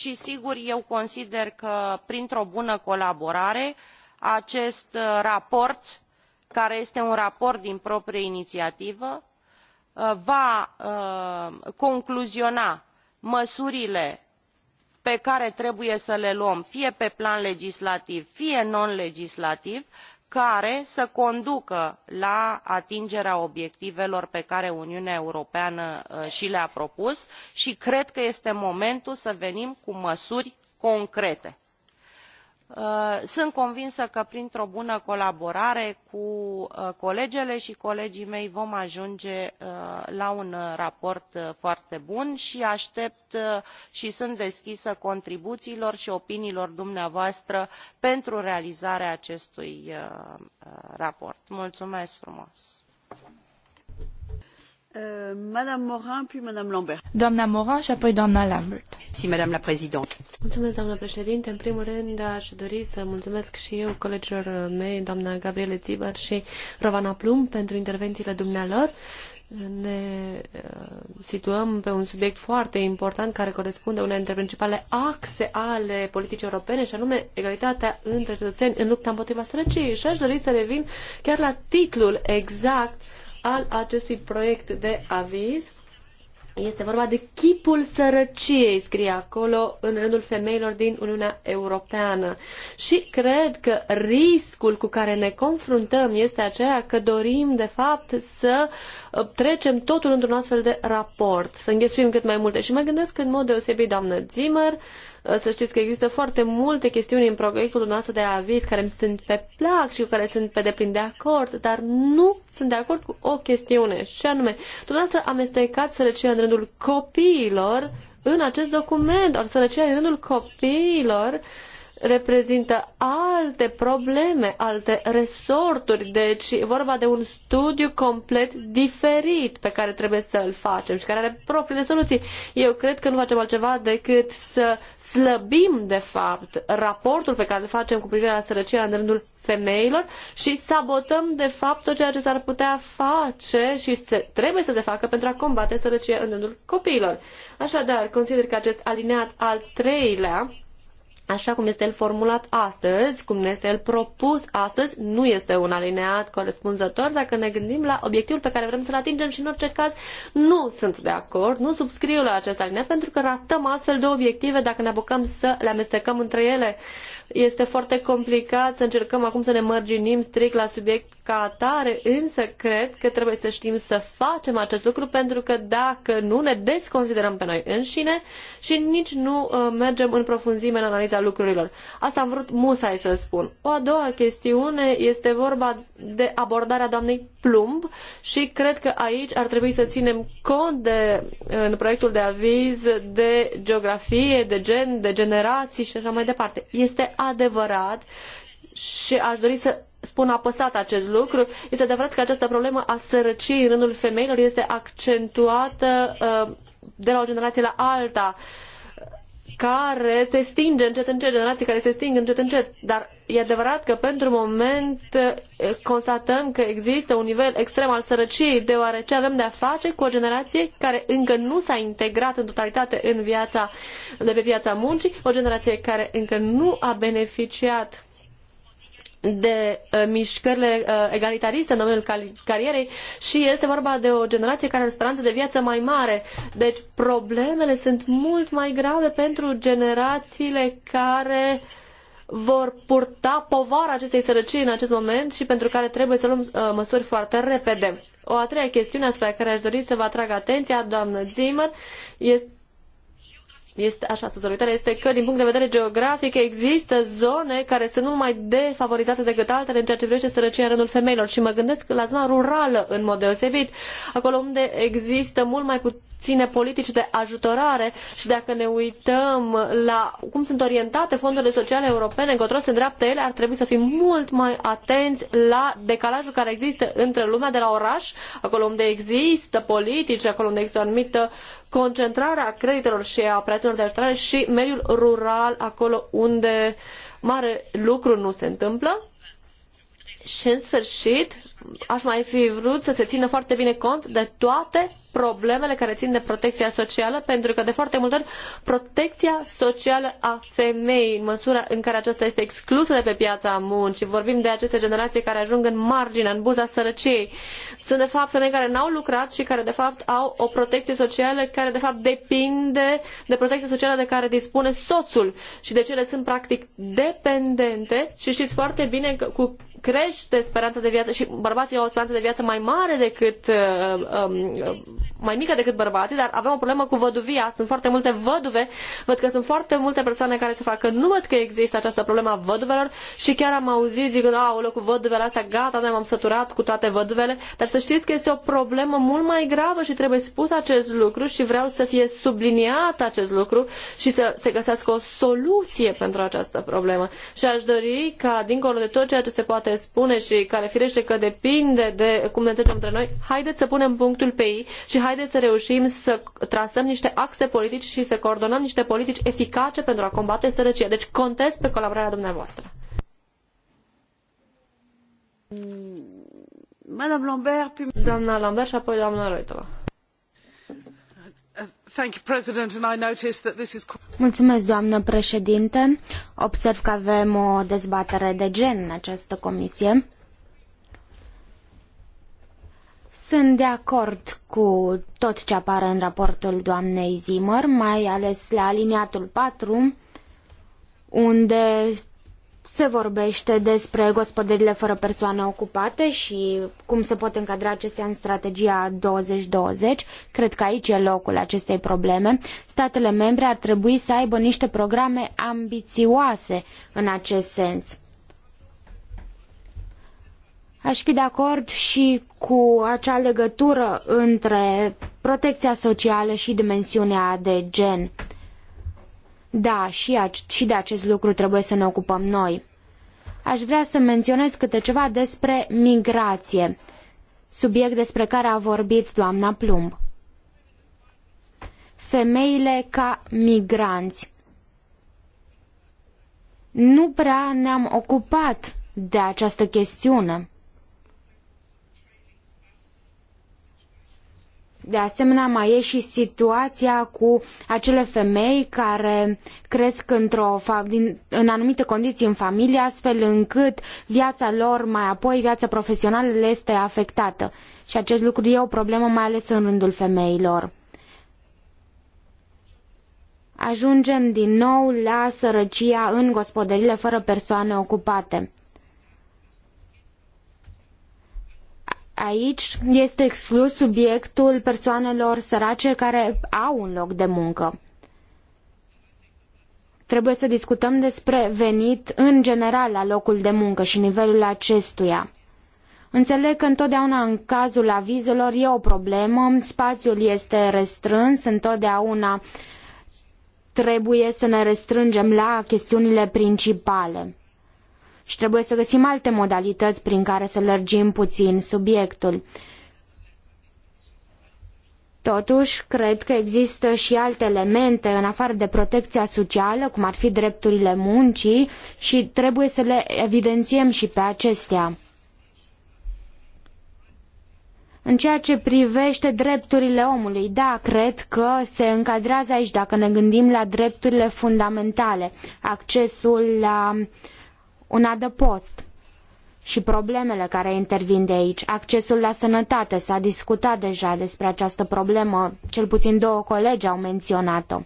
i sigur eu consider că printr o bună colaborare acest raport care este un raport din proprie iniiativă uh, va uh, concluziona măsurile pe care trebuie să le luăm fie pe plan legislativ fie non legislativ care să conducă la atingerea obiectivelor pe care uniunea europeană uh, i le a propus i cred că este momentul să venim cu măsuri concrete. Uh, sunt convinsă că printr o bună colaborare cu uh, colegele i colegii mei vom ajunge uh, la un raport foarte bun i atept i sunt deschisă contribuiilor i opiniilor dumneavoastră pentru realizarea acestui raport. mulumesc frumos! Euh, Morin, Madame Lambert. Doamna Morin și apoi doamna Lambert. Si, Madame la Présidente. Mulțumesc, doamna președinte. În primul rând, aș dori să mulțumesc și eu colegilor mei, doamna Gabriele Țibar și Rovana Plum, pentru intervențiile dumnealor. Ne uh, situăm pe un subiect foarte important care corespunde unei dintre principale axe ale politicii europene și anume egalitatea între cetățeni în lupta împotriva sărăciei. Și aș dori să revin chiar la titlul exact al acestui proiect de aviz. Este vorba de chipul sărăciei, scrie acolo, în rândul femeilor din Uniunea Europeană. Și cred că riscul cu care ne confruntăm este aceea că dorim, de fapt, să uh, trecem totul într-un astfel de raport, să înghesuim cât mai multe. Și mă gândesc în mod deosebit, doamnă Zimmer, Uh, să știți că există foarte multe chestiuni în proiectul dumneavoastră de aviz care îmi sunt pe plac și cu care sunt pe deplin de acord, dar nu sunt de acord cu o chestiune, și anume, dumneavoastră amestecați sărăcia în rândul copiilor în acest document, ori sărăcia în rândul copiilor uh, reprezintă alte probleme, alte resorturi, deci e vorba de un studiu complet diferit pe care trebuie să îl facem și care are propriile soluții. Eu cred că nu facem altceva decât să slăbim, de fapt, raportul pe care îl facem cu privire la sărăcia în rândul femeilor și sabotăm, de fapt, tot ceea ce s-ar putea face și se, trebuie să se facă pentru a combate sărăcia în rândul copiilor. Așadar, consider că acest alineat al treilea așa cum este el formulat astăzi, cum este el propus astăzi, nu este un alineat corespunzător dacă ne gândim la obiectivul pe care vrem să-l atingem și în orice caz nu sunt de acord, nu subscriu la acest alineat pentru că ratăm astfel de obiective dacă ne apucăm să le amestecăm între ele. Este foarte complicat să încercăm acum să ne mărginim strict la subiect ca atare, însă cred că trebuie să știm să facem acest lucru pentru că dacă nu ne desconsiderăm pe noi înșine și nici nu uh, mergem în profunzime în analiza lucrurilor. Asta am vrut musai să spun. O a doua chestiune este vorba de abordarea doamnei Plumb și cred că aici ar trebui să ținem cont de, în proiectul de aviz de geografie, de gen, de generații și așa mai departe. Este adevărat și aș dori să spun apăsat acest lucru, este adevărat că această problemă a sărăciei în rândul femeilor este accentuată uh, de la o generație la alta. Uh, care se stinge încet încet, generații care se sting încet încet. Dar e adevărat că pentru moment constatăm că există un nivel extrem al sărăciei, deoarece avem de-a face cu o generație care încă nu s-a integrat în totalitate în viața de pe piața muncii, o generație care încă nu a beneficiat de uh, mișcările uh, egalitariste în domeniul carierei și este vorba de o generație care are o speranță de viață mai mare. Deci problemele sunt mult mai grave pentru generațiile care vor purta povara acestei sărăcii în acest moment și pentru care trebuie să luăm uh, măsuri foarte repede. O a treia chestiune asupra care aș dori să vă atrag atenția, doamnă Zimmer, este este, așa, soluționarea este că, din punct de vedere geografic, există zone care sunt mult mai defavorizate decât altele în ceea ce privește sărăcia în rândul femeilor. Și mă gândesc la zona rurală, în mod deosebit, acolo unde există mult mai puțin ține politici de ajutorare și dacă ne uităm la cum sunt orientate fondurile sociale europene, încotro se îndreaptă ele, ar trebui să fim mult mai atenți la decalajul care există între lumea de la oraș, acolo unde există politici, acolo unde există o anumită concentrarea creditelor și a operațiunilor de ajutorare și mediul rural, acolo unde mare lucru nu se întâmplă. Și în sfârșit, aș mai fi vrut să se țină foarte bine cont de toate problemele care țin de protecția socială, pentru că de foarte multe ori protecția socială a femeii, în măsura în care aceasta este exclusă de pe piața muncii, vorbim de aceste generații care ajung în margine, în buza sărăciei, sunt de fapt femei care n-au lucrat și care de fapt au o protecție socială care de fapt depinde de protecția socială de care dispune soțul și de deci ce sunt practic dependente și știți foarte bine că cu crește speranța de viață și bărbații au o speranță de viață mai mare decât uh, um, uh, mai mică decât bărbații, dar avem o problemă cu văduvia. Sunt foarte multe văduve, văd că sunt foarte multe persoane care se fac că Nu văd că există această problemă a văduvelor și chiar am auzit zicând, aoleu, cu văduvele astea, gata, noi m-am săturat cu toate văduvele, dar să știți că este o problemă mult mai gravă și trebuie spus acest lucru și vreau să fie subliniat acest lucru și să se găsească o soluție pentru această problemă. Și aș dori ca, dincolo de tot ceea ce se poate poate spune și care firește că depinde de cum ne întâlnim între noi, haideți să punem punctul pe ei și haideți să reușim să trasăm niște axe politici și să coordonăm niște politici eficace pentru a combate sărăcia. Deci contez pe colaborarea dumneavoastră. Doamna Lambert și apoi doamna Roitova. Mulțumesc, doamnă președinte. Observ că avem o dezbatere de gen în această comisie. Sunt de acord cu tot ce apare în raportul doamnei Zimmer, mai ales la aliniatul patru, unde se vorbește despre gospodările fără persoane ocupate și cum se pot încadra acestea în strategia 2020. Cred că aici e locul acestei probleme. Statele membre ar trebui să aibă niște programe ambițioase în acest sens. Aș fi de acord și cu acea legătură între protecția socială și dimensiunea de gen. Da, și, și de acest lucru trebuie să ne ocupăm noi. Aș vrea să menționez câte ceva despre migrație, subiect despre care a vorbit doamna Plumb. Femeile ca migranți. Nu prea ne-am ocupat de această chestiune. De asemenea, mai e și situația cu acele femei care cresc într-o, în anumite condiții în familie, astfel încât viața lor, mai apoi viața profesională, le este afectată. Și acest lucru e o problemă mai ales în rândul femeilor. Ajungem din nou la sărăcia în gospodările fără persoane ocupate. Aici este exclus subiectul persoanelor sărace care au un loc de muncă. Trebuie să discutăm despre venit în general la locul de muncă și nivelul acestuia. Înțeleg că întotdeauna în cazul avizelor e o problemă, spațiul este restrâns, întotdeauna trebuie să ne restrângem la chestiunile principale și trebuie să găsim alte modalități prin care să lărgim puțin subiectul. Totuși, cred că există și alte elemente în afară de protecția socială, cum ar fi drepturile muncii și trebuie să le evidențiem și pe acestea. În ceea ce privește drepturile omului, da, cred că se încadrează aici dacă ne gândim la drepturile fundamentale, accesul la uh, un adăpost și problemele care intervin de aici. Accesul la sănătate, s-a discutat deja despre această problemă, cel puțin două colegi au menționat-o.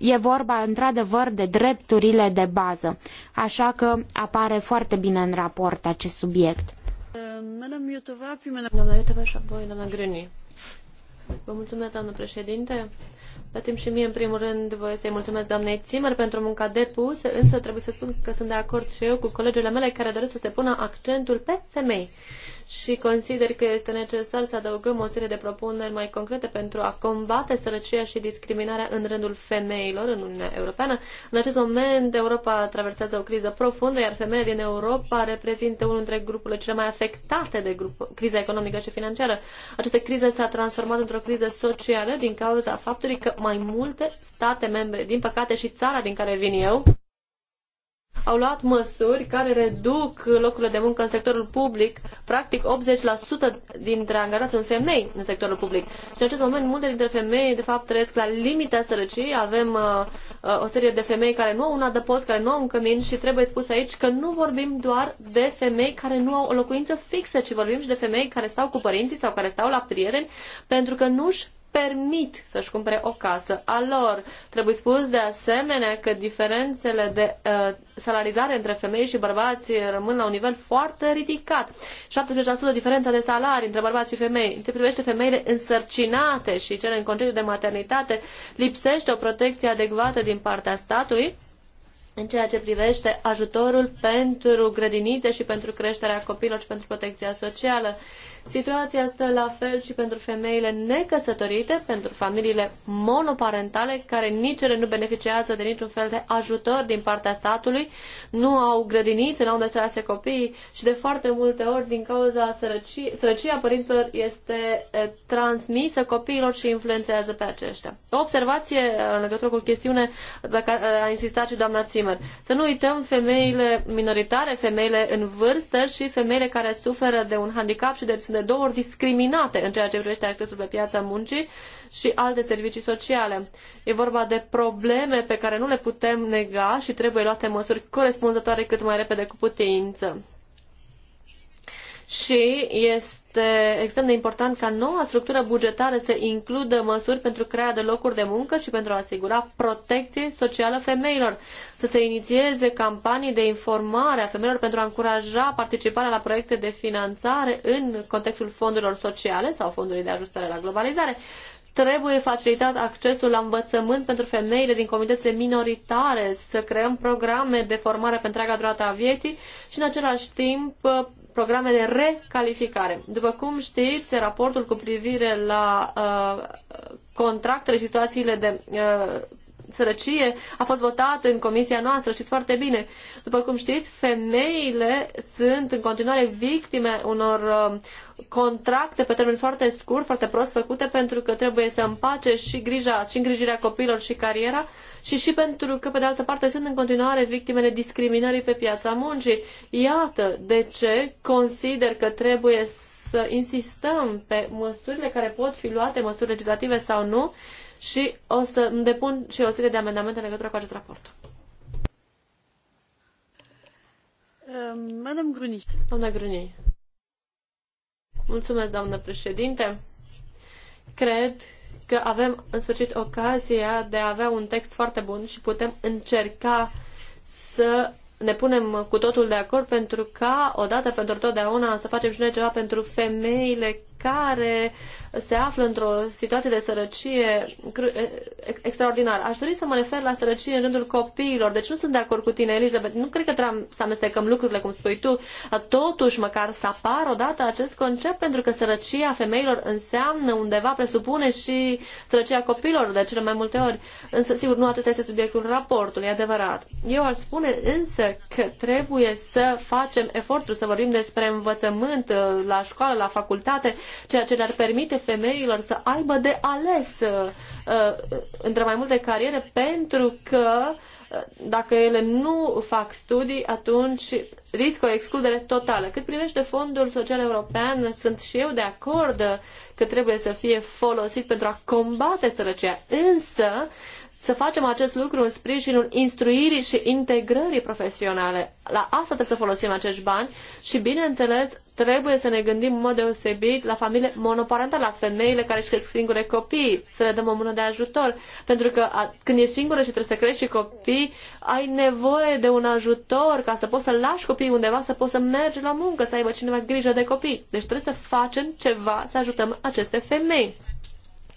E vorba într-adevăr de drepturile de bază, așa că apare foarte bine în raport acest subiect. Madame Iotova, doamna Iotova și apoi doamna Grâni. Vă mulțumesc, doamnă președinte. Dați-mi și mie, în primul rând, voi să-i mulțumesc doamnei Zimmer pentru munca depusă, însă trebuie să spun că sunt de acord și eu cu colegele mele care doresc să se pună accentul pe femei și consider că este necesar să adăugăm o serie de propuneri mai concrete pentru a combate sărăcia și discriminarea în rândul femeilor în Uniunea Europeană. În acest moment, Europa traversează o criză profundă, iar femeile din Europa reprezintă unul dintre grupurile cele mai afectate de grup, criza economică și financiară. Această criză s-a transformat într-o criză socială din cauza faptului că mai multe state membre, din păcate și țara din care vin eu, au luat măsuri care reduc locurile de muncă în sectorul public. Practic 80% dintre angajați sunt femei în sectorul public. Și în acest moment multe dintre femei de fapt trăiesc la limita sărăciei. Avem uh, uh, o serie de femei care nu au un adăpost, care nu au un cămin și trebuie spus aici că nu vorbim doar de femei care nu au o locuință fixă, ci vorbim și de femei care stau cu părinții sau care stau la prieteni pentru că nu-și permit să-și cumpere o casă a lor. Trebuie spus de asemenea că diferențele de uh, salarizare între femei și bărbați rămân la un nivel foarte ridicat. 70% diferența de salarii între bărbați și femei. În ce privește femeile însărcinate și cele în concediu de maternitate, lipsește o protecție adecvată din partea statului în ceea ce privește ajutorul pentru grădinițe și pentru creșterea copiilor și pentru protecția socială. Situația stă la fel și pentru femeile necăsătorite, pentru familiile monoparentale, care nici ele nu beneficiază de niciun fel de ajutor din partea statului, nu au grădinițe la unde să lase copiii și de foarte multe ori, din cauza sărăcii, sărăcia părinților este transmisă copiilor și influențează pe aceștia. O observație în legătură cu o chestiune pe care a insistat și doamna Zimmer. Să nu uităm femeile minoritare, femeile în vârstă și femeile care suferă de un handicap și de de două ori discriminate în ceea ce privește accesul pe piața muncii și alte servicii sociale. E vorba de probleme pe care nu le putem nega și trebuie luate măsuri corespunzătoare cât mai repede cu putință. Și este este extrem de important ca noua structură bugetară să includă măsuri pentru crearea de locuri de muncă și pentru a asigura protecție socială femeilor, să se inițieze campanii de informare a femeilor pentru a încuraja participarea la proiecte de finanțare în contextul fondurilor sociale sau fondului de ajustare la globalizare, trebuie facilitat accesul la învățământ pentru femeile din comunitățile minoritare, să creăm programe de formare pe întreaga durată a vieții și în același timp programe de recalificare. După cum știți, raportul cu privire la uh, contractele și situațiile de uh, sărăcie a fost votat în comisia noastră, știți foarte bine. După cum știți, femeile sunt în continuare victime unor um, contracte pe termen foarte scurt, foarte prost făcute, pentru că trebuie să împace și grija, și îngrijirea copiilor și cariera și și pentru că, pe de altă parte, sunt în continuare victimele discriminării pe piața muncii. Iată de ce consider că trebuie să insistăm pe măsurile care pot fi luate, măsuri legislative sau nu, și o să depun și o serie de amendamente în legătură cu acest raport. Uh, Madame Gruny. Doamna Gruny. Mulțumesc, doamnă președinte. Cred că avem în sfârșit ocazia de a avea un text foarte bun și putem încerca să ne punem cu totul de acord pentru ca, odată pentru totdeauna, să facem și noi ceva pentru femeile care se află într-o situație de sărăcie extraordinară. Aș dori să mă refer la sărăcie în rândul copiilor. Deci nu sunt de acord cu tine, Elizabeth. Nu cred că trebuie să amestecăm lucrurile, cum spui tu. Totuși, măcar să apar odată acest concept, pentru că sărăcia femeilor înseamnă undeva, presupune și sărăcia copiilor de cele mai multe ori. Însă, sigur, nu acesta este subiectul raportului, e adevărat. Eu aș spune însă că trebuie să facem eforturi, să vorbim despre învățământ la școală, la facultate, ceea ce le-ar permite femeilor să aibă de ales uh, uh între mai multe cariere, pentru că uh, dacă ele nu fac studii, atunci riscă o excludere totală. Cât privește Fondul Social European, sunt și eu de acord că trebuie să fie folosit pentru a combate sărăcia, însă să facem acest lucru în sprijinul instruirii și integrării profesionale. La asta trebuie să folosim acești bani și, bineînțeles, trebuie să ne gândim în mod deosebit la familie monoparentale, la femeile care își cresc singure copii, să le dăm o mână de ajutor. Pentru că a, când ești singură și trebuie să crești și copii, ai nevoie de un ajutor ca să poți să lași copiii undeva, să poți să mergi la muncă, să aibă cineva grijă de copii. Deci trebuie să facem ceva să ajutăm aceste femei.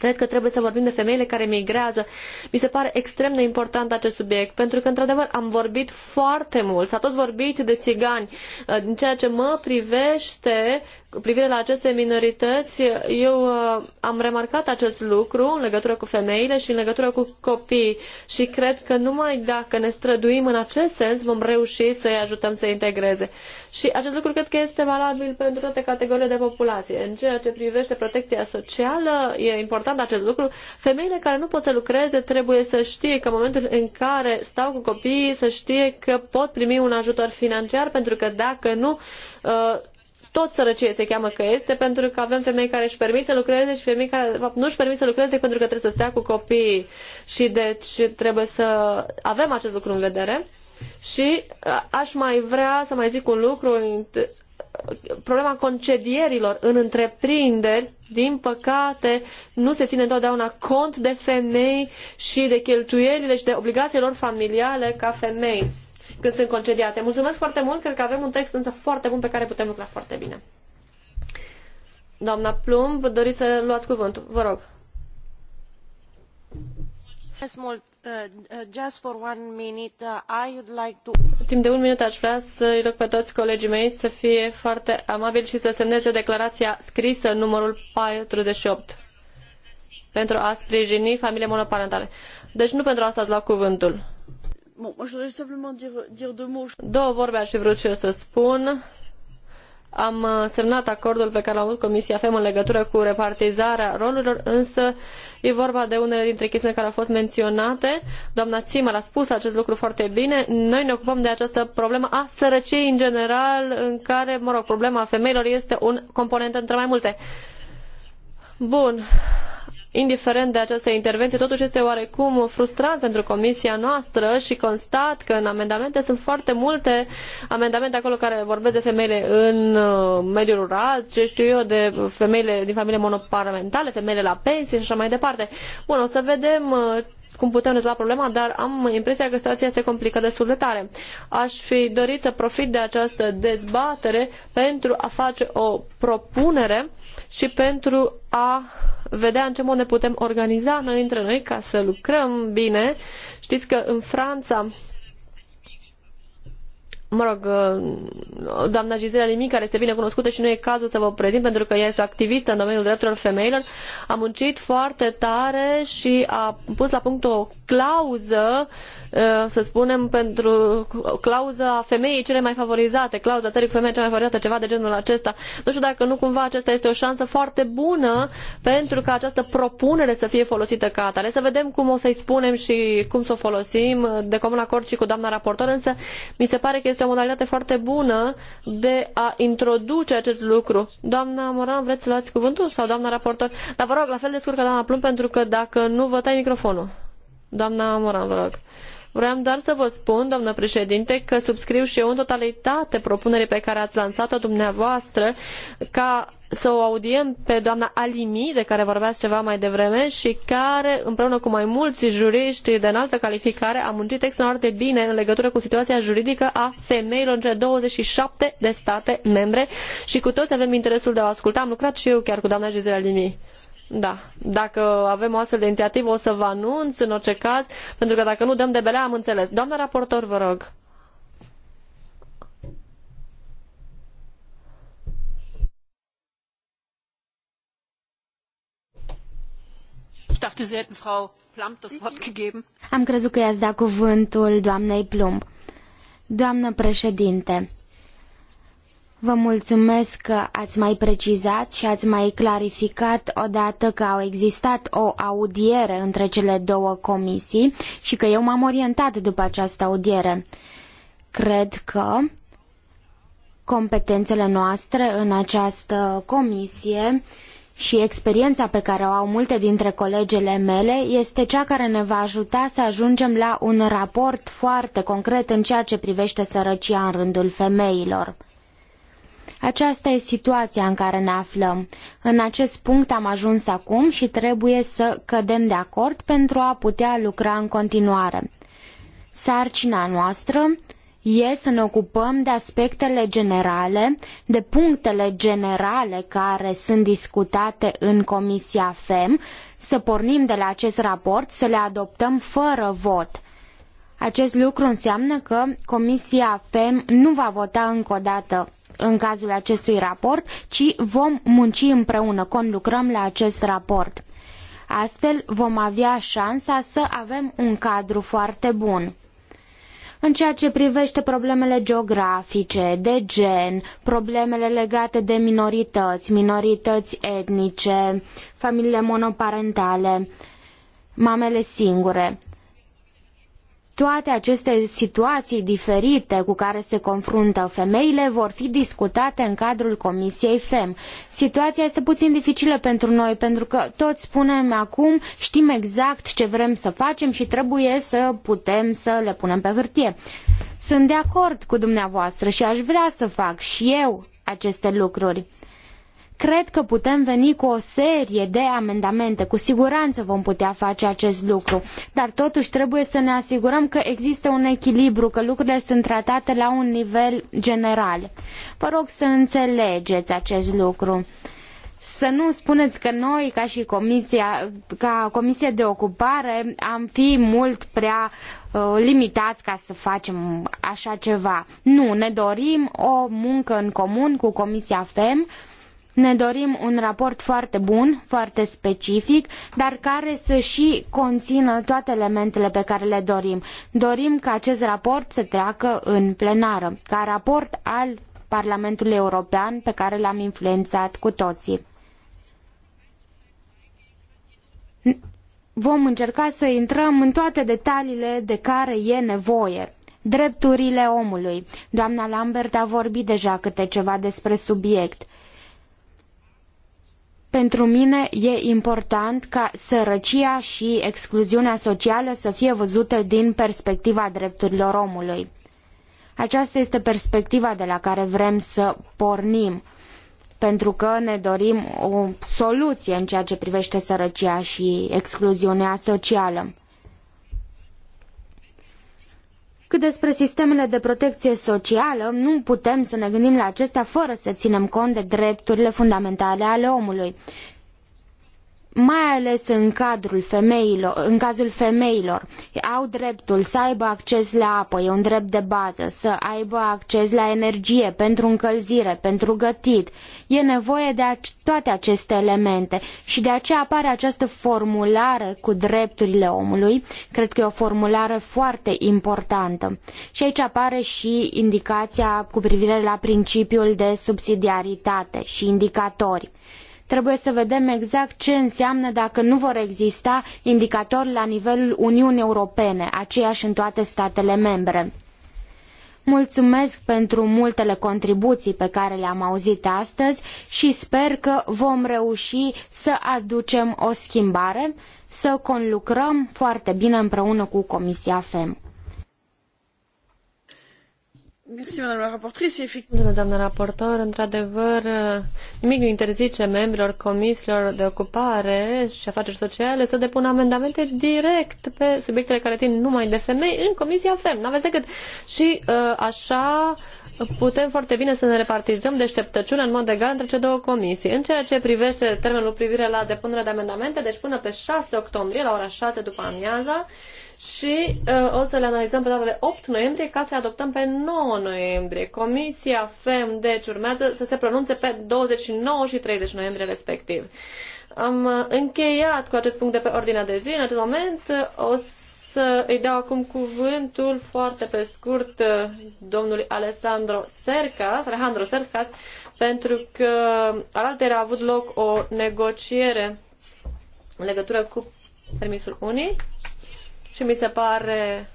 Cred că trebuie să vorbim de femeile care migrează. Mi se pare extrem de important acest subiect, pentru că, într-adevăr, am vorbit foarte mult, s-a tot vorbit de țigani. În ceea ce mă privește, cu privire la aceste minorități, eu uh, am remarcat acest lucru în legătură cu femeile și în legătură cu copii și cred că numai dacă ne străduim în acest sens vom reuși să îi ajutăm să integreze. Și acest lucru cred că este valabil pentru toate categoriile de populație. În ceea ce privește protecția socială, e important acest lucru. Femeile care nu pot să lucreze trebuie să știe că în momentul în care stau cu copiii, să știe că pot primi un ajutor financiar, pentru că dacă nu, uh, tot sărăcie se cheamă că este, pentru că avem femei care își permit să lucreze și femei care, nu își permit să lucreze pentru că trebuie să stea cu copiii. Și deci trebuie să avem acest lucru în vedere. Și uh, aș mai vrea să mai zic un lucru, problema concedierilor în întreprinderi, din păcate, nu se ține întotdeauna cont de femei și de cheltuielile și de obligațiilor lor familiale ca femei când sunt concediate. Mulțumesc foarte mult, cred că avem un text însă foarte bun pe care putem lucra foarte bine. Doamna Plumb, doriți să luați cuvântul, vă rog. Mult. Uh, uh, just for one minute, uh, I would like to... Timp de un minut aș vrea să-i rog pe toți colegii mei să fie foarte amabili și să semneze declarația scrisă numărul 48 pentru a sprijini familiile monoparentale. Deci nu pentru asta ați luat cuvântul. Două vorbe aș fi vrut și eu să spun. Am uh, semnat acordul pe care l-a avut Comisia FEM în legătură cu repartizarea rolurilor, însă e vorba de unele dintre chestiuni care au fost menționate. Doamna Țimăr a spus acest lucru foarte bine. Noi ne ocupăm de această problemă a sărăciei în general, în care, mă rog, problema femeilor este un component între mai multe. Bun indiferent de această intervenție, totuși este oarecum frustrant pentru comisia noastră și constat că în amendamente sunt foarte multe amendamente acolo care vorbesc de femeile în uh, mediul rural, ce știu eu, de femeile din familie monoparentale, femeile la pensie și așa mai departe. Bun, o să vedem uh, cum putem rezolva problema, dar am impresia că situația se complică destul de tare. Aș fi dorit să profit de această dezbatere pentru a face o propunere și pentru a vedea în ce mod ne putem organiza noi între noi ca să lucrăm bine. Știți că în Franța mă rog, uh, doamna Gisela Limi, care este bine cunoscută și nu e cazul să vă prezint, pentru că ea este o activistă în domeniul drepturilor femeilor, a muncit foarte tare și a pus la punct o clauză, uh, să spunem, pentru clauza femeii cele mai favorizate, clauza țării cu cele mai favorizate, ceva de genul acesta. Nu știu dacă nu cumva acesta este o șansă foarte bună pentru ca această propunere să fie folosită ca atare. Să vedem cum o să-i spunem și cum să o folosim de comun acord și cu doamna raportor, însă mi se pare că este o modalitate foarte bună de a introduce acest lucru. Doamna Moran, vreți să luați cuvântul? Sau doamna raportor? Dar vă rog, la fel de scurt ca doamna Plum, pentru că dacă nu, vă tai microfonul. Doamna Moran, vă rog. Vreau doar să vă spun, doamnă președinte, că subscriu și eu în totalitate propunerii pe care ați lansat-o dumneavoastră ca să o audiem pe doamna Alimi, de care vorbeați ceva mai devreme și care, împreună cu mai mulți juriști de înaltă calificare, a muncit extraordinar de bine în legătură cu situația juridică a femeilor între 27 de state membre și cu toți avem interesul de a o asculta. Am lucrat și eu chiar cu doamna Gisela Alimi. Da, dacă avem o astfel de inițiativă o să vă anunț în orice caz, pentru că dacă nu dăm de belea am înțeles. Doamna raportor, vă rog. Am crezut că i-ați dat cuvântul doamnei Plumb. Doamnă președinte, Vă mulțumesc că ați mai precizat și ați mai clarificat odată că au existat o audiere între cele două comisii și că eu m-am orientat după această audiere. Cred că competențele noastre în această comisie și experiența pe care o au multe dintre colegele mele este cea care ne va ajuta să ajungem la un raport foarte concret în ceea ce privește sărăcia în rândul femeilor. Aceasta e situația în care ne aflăm. În acest punct am ajuns acum și trebuie să cădem de acord pentru a putea lucra în continuare. Sarcina noastră e să ne ocupăm de aspectele generale, de punctele generale care sunt discutate în Comisia FEM, să pornim de la acest raport, să le adoptăm fără vot. Acest lucru înseamnă că Comisia FEM nu va vota încă o dată în cazul acestui raport, ci vom munci împreună, conlucrăm la acest raport. Astfel vom avea șansa să avem un cadru foarte bun. În ceea ce privește problemele geografice, de gen, problemele legate de minorități, minorități etnice, familiile monoparentale, mamele singure toate aceste situații diferite cu care se confruntă femeile vor fi discutate în cadrul Comisiei FEM. Situația este puțin dificilă pentru noi, pentru că toți spunem acum, știm exact ce vrem să facem și trebuie să putem să le punem pe hârtie. Sunt de acord cu dumneavoastră și aș vrea să fac și eu aceste lucruri. Cred că putem veni cu o serie de amendamente. Cu siguranță vom putea face acest lucru. Dar totuși trebuie să ne asigurăm că există un echilibru, că lucrurile sunt tratate la un nivel general. Vă rog să înțelegeți acest lucru să nu spuneți că noi, ca și comisia, ca comisie de ocupare, am fi mult prea uh, limitați ca să facem așa ceva. Nu, ne dorim o muncă în comun cu Comisia FEM, uh, ne dorim un raport foarte bun, foarte specific, dar care să și conțină toate elementele pe care le dorim. Dorim ca acest raport să treacă în plenară, ca raport al Parlamentului European pe care l-am influențat cu toții. Vom încerca să intrăm în toate detaliile de care e nevoie drepturile omului. Doamna Lambert a vorbit deja câte ceva despre subiect. Pentru mine e important ca sărăcia și excluziunea socială să fie văzute din perspectiva drepturilor omului. Aceasta este perspectiva de la care vrem să pornim, pentru că ne dorim o soluție în ceea ce privește sărăcia și excluziunea socială. Cât despre sistemele de protecție socială, nu putem să ne gândim la acestea fără să ținem cont de drepturile fundamentale ale omului mai ales în, cadrul femeilor, în cazul femeilor, au dreptul să aibă acces la apă, e un drept de bază, să aibă acces la energie pentru încălzire, pentru gătit. E nevoie de toate aceste elemente și de aceea apare această formulare cu drepturile omului. Cred că e o formulare foarte importantă. Și aici apare și indicația cu privire la principiul de subsidiaritate și indicatori Trebuie să vedem exact ce înseamnă dacă nu vor exista indicatori la nivelul Uniunii Europene, aceiași în toate statele membre. Mulțumesc pentru multele contribuții pe care le-am auzit astăzi și sper că vom reuși să aducem o schimbare, să conlucrăm foarte bine împreună cu Comisia FEM doamnă raportor. Într-adevăr, nimic nu interzice membrilor comisiilor de ocupare și afaceri sociale să depună amendamente direct pe subiectele care țin numai de femei în comisia FEM. N-aveți decât. Și uh, așa putem foarte bine să ne repartizăm deșteptăciunea în mod egal între cele două comisii. În ceea ce privește termenul privire la depunerea de amendamente, deci până pe 6 octombrie, la ora 6 după amiaza, și uh, o să le analizăm pe data de 8 noiembrie ca să le adoptăm pe 9 noiembrie. Comisia FEM, deci, urmează să se pronunțe pe 29 și 30 noiembrie respectiv. Am uh, încheiat cu acest punct de pe ordinea de zi. În acest moment uh, o să îi dau acum cuvântul foarte pe scurt uh, domnului Alessandro Sercas, Alejandro Sercas, pentru că alaltă a avut loc o negociere în legătură cu permisul unii și mi se pare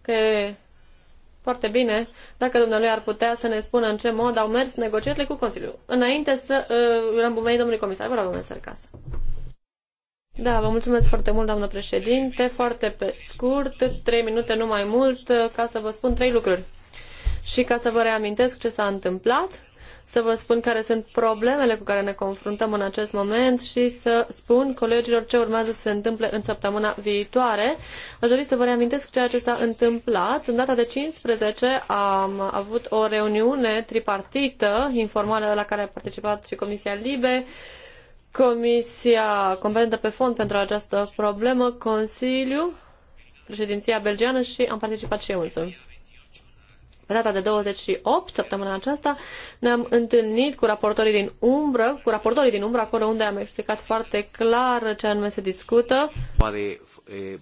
că e foarte bine dacă dumnealui ar putea să ne spună în ce mod au mers negocierile cu Consiliul. Înainte să uh, l-am bumenit domnului comisar, vă rog, domnule Sărcas. Da, vă mulțumesc foarte mult, doamnă președinte. Foarte pe scurt, trei minute, nu mai mult, uh, ca să vă spun trei lucruri. Și ca să vă reamintesc ce s-a întâmplat, să vă spun care sunt problemele cu care ne confruntăm în acest moment și să spun colegilor ce urmează să se întâmple în săptămâna viitoare. Aș dori să vă reamintesc ceea ce s-a întâmplat. În data de 15 am avut o reuniune tripartită informală la care a participat și Comisia Libe, Comisia competentă pe fond pentru această problemă, Consiliu, președinția belgiană și am participat și eu însumi. Pe data de 28, săptămâna aceasta, ne am întâlnit cu raportorii din umbră, cu raportorii din umbră, acolo unde am explicat foarte clar ce anume se discută. Poate eh,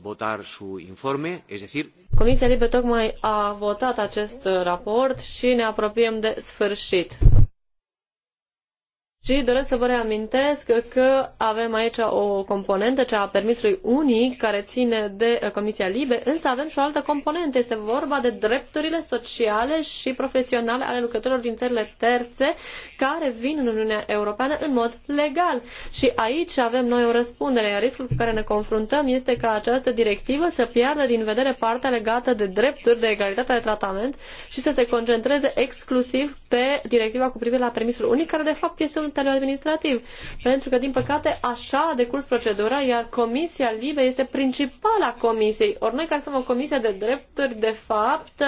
vota și informe, es decir... Comisia Libe tocmai a votat acest raport și ne apropiem de sfârșit. Și doresc să vă reamintesc că avem aici o componentă, cea a permisului unic, care ține de uh, Comisia Libe, însă avem și o altă componentă. Este vorba de drepturile sociale și profesionale ale lucrătorilor din țările terțe care vin în Uniunea Europeană în mod legal. Și aici avem noi o răspundere, iar riscul cu care ne confruntăm este ca această directivă să piardă din vedere partea legată de drepturi, de egalitate de tratament și să se concentreze exclusiv pe directiva cu privire la permisul unic, care de fapt este un Capitolul Administrativ. Pentru că, din păcate, așa a decurs procedura, iar Comisia Libe este principala comisiei. Ori noi, care suntem o comisie de drepturi, de fapt,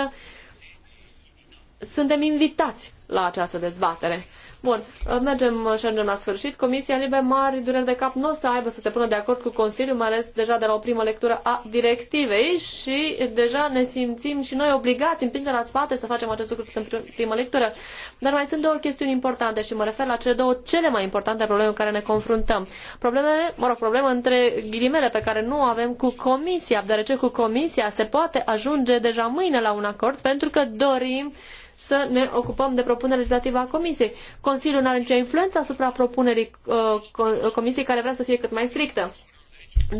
suntem invitați la această dezbatere. Bun, uh, mergem uh, și ajungem la sfârșit. Comisia Libe Mari, dureri de cap, nu o să aibă să se pună de acord cu Consiliul, mai ales deja de la o primă lectură a directivei și deja ne simțim și noi obligați, împinge la spate să facem acest lucru în primă lectură. Dar mai sunt două chestiuni importante și mă refer la cele două cele mai importante probleme cu care ne confruntăm. Probleme, mă rog, probleme între ghilimele pe care nu avem cu Comisia, deoarece cu Comisia se poate ajunge deja mâine la un acord pentru că dorim să ne ocupăm de propunerea legislativă a Comisiei. Consiliul nu are nicio influență asupra propunerii uh, Comisiei care vrea să fie cât mai strictă.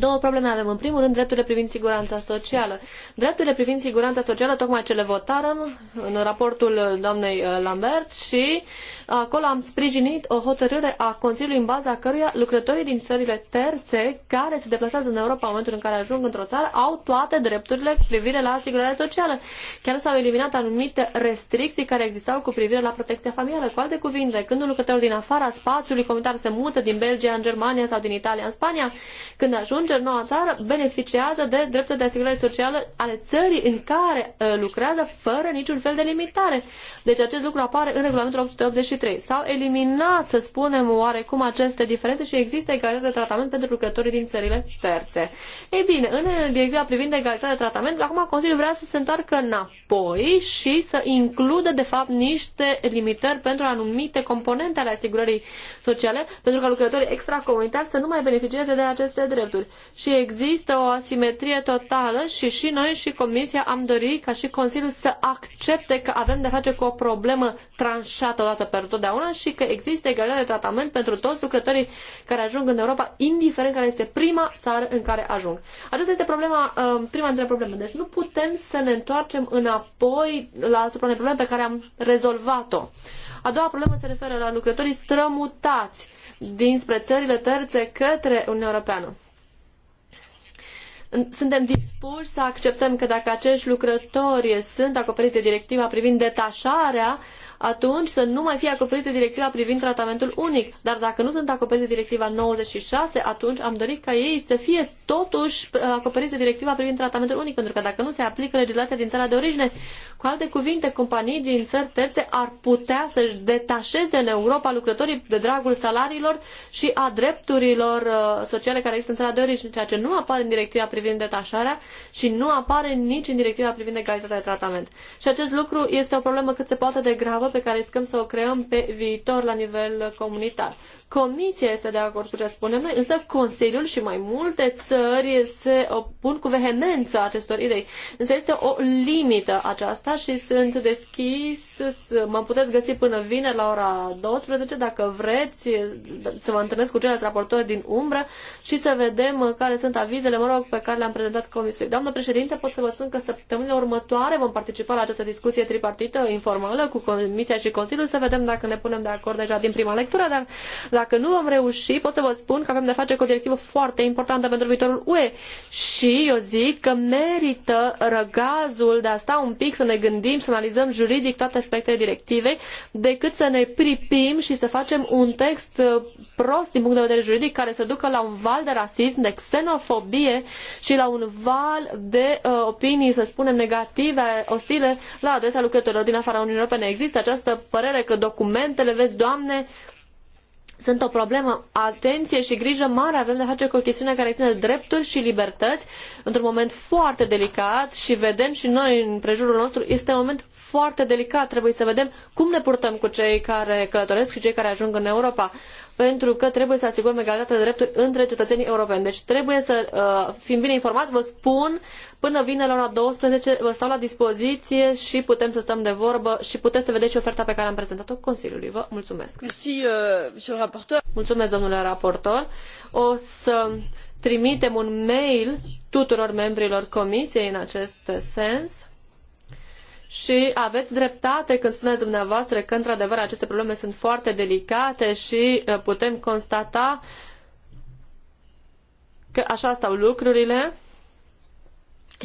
Două probleme avem. În primul rând, drepturile privind siguranța socială. Drepturile privind siguranța socială, tocmai ce le votarăm în raportul doamnei uh, Lambert și acolo am sprijinit o hotărâre a Consiliului în baza căruia lucrătorii din țările terțe care se deplasează în Europa în momentul în care ajung într-o țară au toate drepturile cu privire la asigurarea socială. Chiar s-au eliminat anumite restricții care existau cu privire la protecția familială. Cu alte cuvinte, când un lucrător din afara spațiului comunitar se mută din Belgia în Germania sau din Italia în Spania, când ajunge în noua țară beneficiază de dreptul de asigurare socială ale țării în care uh, lucrează fără niciun fel de limitare. Deci acest lucru apare în regulamentul 883. S-au eliminat, să spunem, oarecum aceste diferențe și există egalitate de tratament pentru lucrătorii din țările terțe. Ei bine, în direcția privind egalitatea de tratament, acum Consiliul vrea să se întoarcă înapoi și să includă, de fapt, niște limitări pentru anumite componente ale asigurării sociale, pentru ca lucrătorii extracomunitari să nu mai beneficieze de aceste drepturi drepturi. Și există o asimetrie totală și și noi și Comisia am dorit ca și Consiliul să accepte că avem de face cu o problemă tranșată odată per totdeauna și că există egalitate de tratament pentru toți lucrătorii care ajung în Europa, indiferent care este prima țară în care ajung. Aceasta este problema, um, prima dintre probleme. Deci nu putem să ne întoarcem înapoi la asupra unei probleme pe care am rezolvat-o. A doua problemă se referă la lucrătorii strămutați dinspre țările terțe către Uniunea Europeană suntem dispuși să acceptăm că dacă acești lucrători sunt acoperiți de directiva privind detașarea, atunci să nu mai fie acoperiți de directiva privind tratamentul unic. Dar dacă nu sunt acoperiți de directiva 96, atunci am dorit ca ei să fie totuși acoperiți de directiva privind tratamentul unic, pentru că dacă nu se aplică legislația din țara de origine, cu alte cuvinte, companii din țări terțe ar putea să-și detașeze în Europa lucrătorii de dragul salariilor și a drepturilor uh, sociale care există în țara de origine, ceea ce nu apare în directiva privind detașarea și nu apare nici în directiva privind egalitatea de tratament. Și acest lucru este o problemă cât se poate de gravă normă pe care riscăm să o creăm pe viitor la nivel comunitar. Comisia este de acord cu ce spunem noi, însă Consiliul și mai multe țări se opun cu vehemență acestor idei. Însă este o limită aceasta și sunt deschis, mă puteți găsi până vineri la ora 12 dacă vreți să vă întâlnesc cu ceilalți raportori din umbră și să vedem care sunt avizele, mă rog, pe care le-am prezentat Comisiei. Doamnă președinte, pot să vă spun că săptămânile următoare vom participa la această discuție tripartită informală cu Comisia și Consiliul, să vedem dacă ne punem de acord deja din prima lectură, dar dacă nu vom reuși, pot să vă spun că avem de face cu o directivă foarte importantă pentru viitorul UE și eu zic că merită răgazul de a sta un pic să ne gândim, să analizăm juridic toate aspectele directivei, decât să ne pripim și să facem un text uh, prost din punct de vedere juridic care să ducă la un val de rasism, de xenofobie și la un val de uh, opinii, să spunem, negative, ostile la adresa lucrătorilor din afara Uniunii Europene. Există această părere că documentele, vezi, Doamne, sunt o problemă. Atenție și grijă mare avem de face cu o chestiune care ține de drepturi și libertăți într-un moment foarte delicat și vedem și noi în prejurul nostru, este un moment foarte delicat. Trebuie să vedem cum ne purtăm cu cei care călătoresc și cei care ajung în Europa pentru că trebuie să asigurăm egalitatea de drepturi între cetățenii europeni. Deci trebuie să uh, fim bine informați, vă spun, până vine la ora 12 vă stau la dispoziție și putem să stăm de vorbă și puteți să vedeți și oferta pe care am prezentat-o Consiliului. Vă mulțumesc. Uh, mulțumesc, domnule raportor. O să trimitem un mail tuturor membrilor comisiei în acest sens și aveți dreptate când spuneți dumneavoastră că, într-adevăr, aceste probleme sunt foarte delicate și uh, putem constata că așa stau lucrurile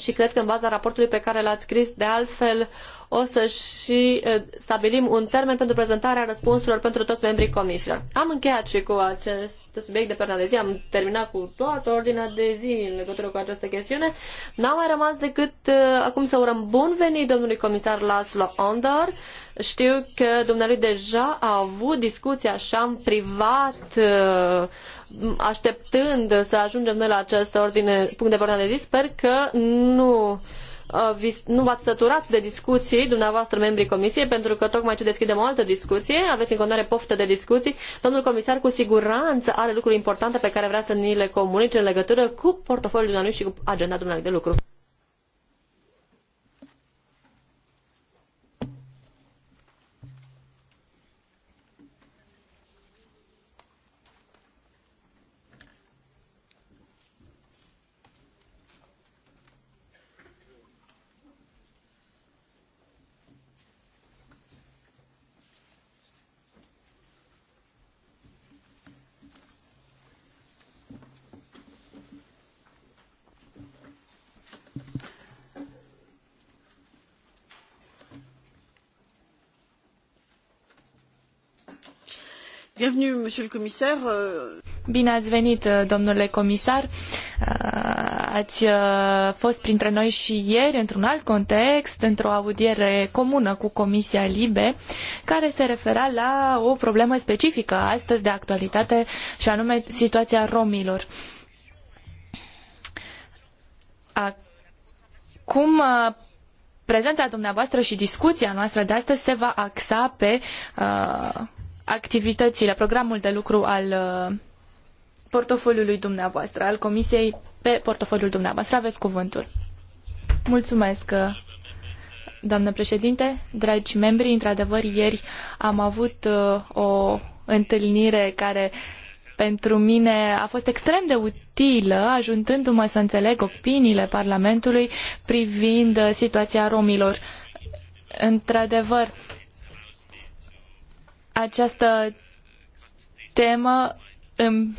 și cred că în baza raportului pe care l-ați scris, de altfel, o să și eh, stabilim un termen pentru prezentarea răspunsurilor pentru toți membrii comisiilor. Am încheiat și cu acest subiect de perna de zi, am terminat cu toată ordinea de zi în legătură cu această chestiune. N-a mai rămas decât eh, acum să urăm bun venit domnului comisar Laszlo Ondor. Știu că dumnealui deja a avut discuții așa în privat eh, așteptând să ajungem noi la acest ordine, punct de ordine de zi, sper că nu uh, nu v-ați săturat de discuții, dumneavoastră, membrii comisiei, pentru că tocmai ce deschidem o altă discuție, aveți în continuare poftă de discuții. Domnul comisar, cu siguranță, are lucruri importante pe care vrea să ni le comunice în legătură cu portofoliul dumneavoastră și cu agenda dumneavoastră de lucru. Euh. Bine ați venit, uh, domnule comisar. Uh, ați uh, fost printre noi și ieri într-un alt context, într-o audiere comună cu Comisia Libe, care se refera la o problemă specifică astăzi de actualitate și anume situația romilor. Acum prezența dumneavoastră și discuția noastră de astăzi se va axa pe uh, activitățile, programul de lucru al uh, portofoliului dumneavoastră, al comisiei pe portofoliul dumneavoastră. Aveți cuvântul. Mulțumesc, uh, doamnă președinte, dragi membri. Într-adevăr, ieri am avut uh, o întâlnire care pentru mine a fost extrem de utilă, ajutându-mă să înțeleg opiniile Parlamentului privind situația romilor. Într-adevăr, această temă îmi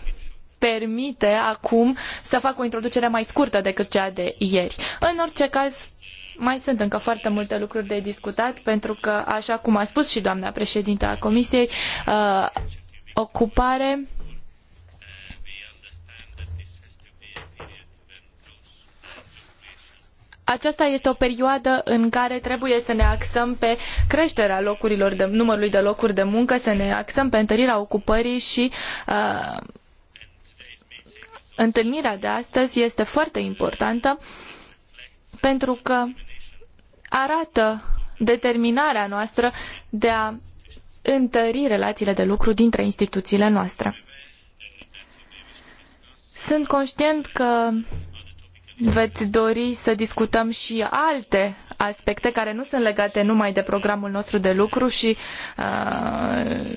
permite acum să fac o introducere mai scurtă decât cea de ieri. În orice caz, mai sunt încă foarte multe lucruri de discutat, pentru că, așa cum a spus și doamna președintă a Comisiei, uh, ocupare aceasta este o perioadă în care trebuie să ne axăm pe creșterea locurilor de, numărului de locuri de muncă, să ne axăm pe întărirea ocupării și uh, întâlnirea de astăzi este foarte importantă pentru că arată determinarea noastră de a întări relațiile de lucru dintre instituțiile noastre. Sunt conștient că veți dori să discutăm și alte aspecte care nu sunt legate numai de programul nostru de lucru și uh,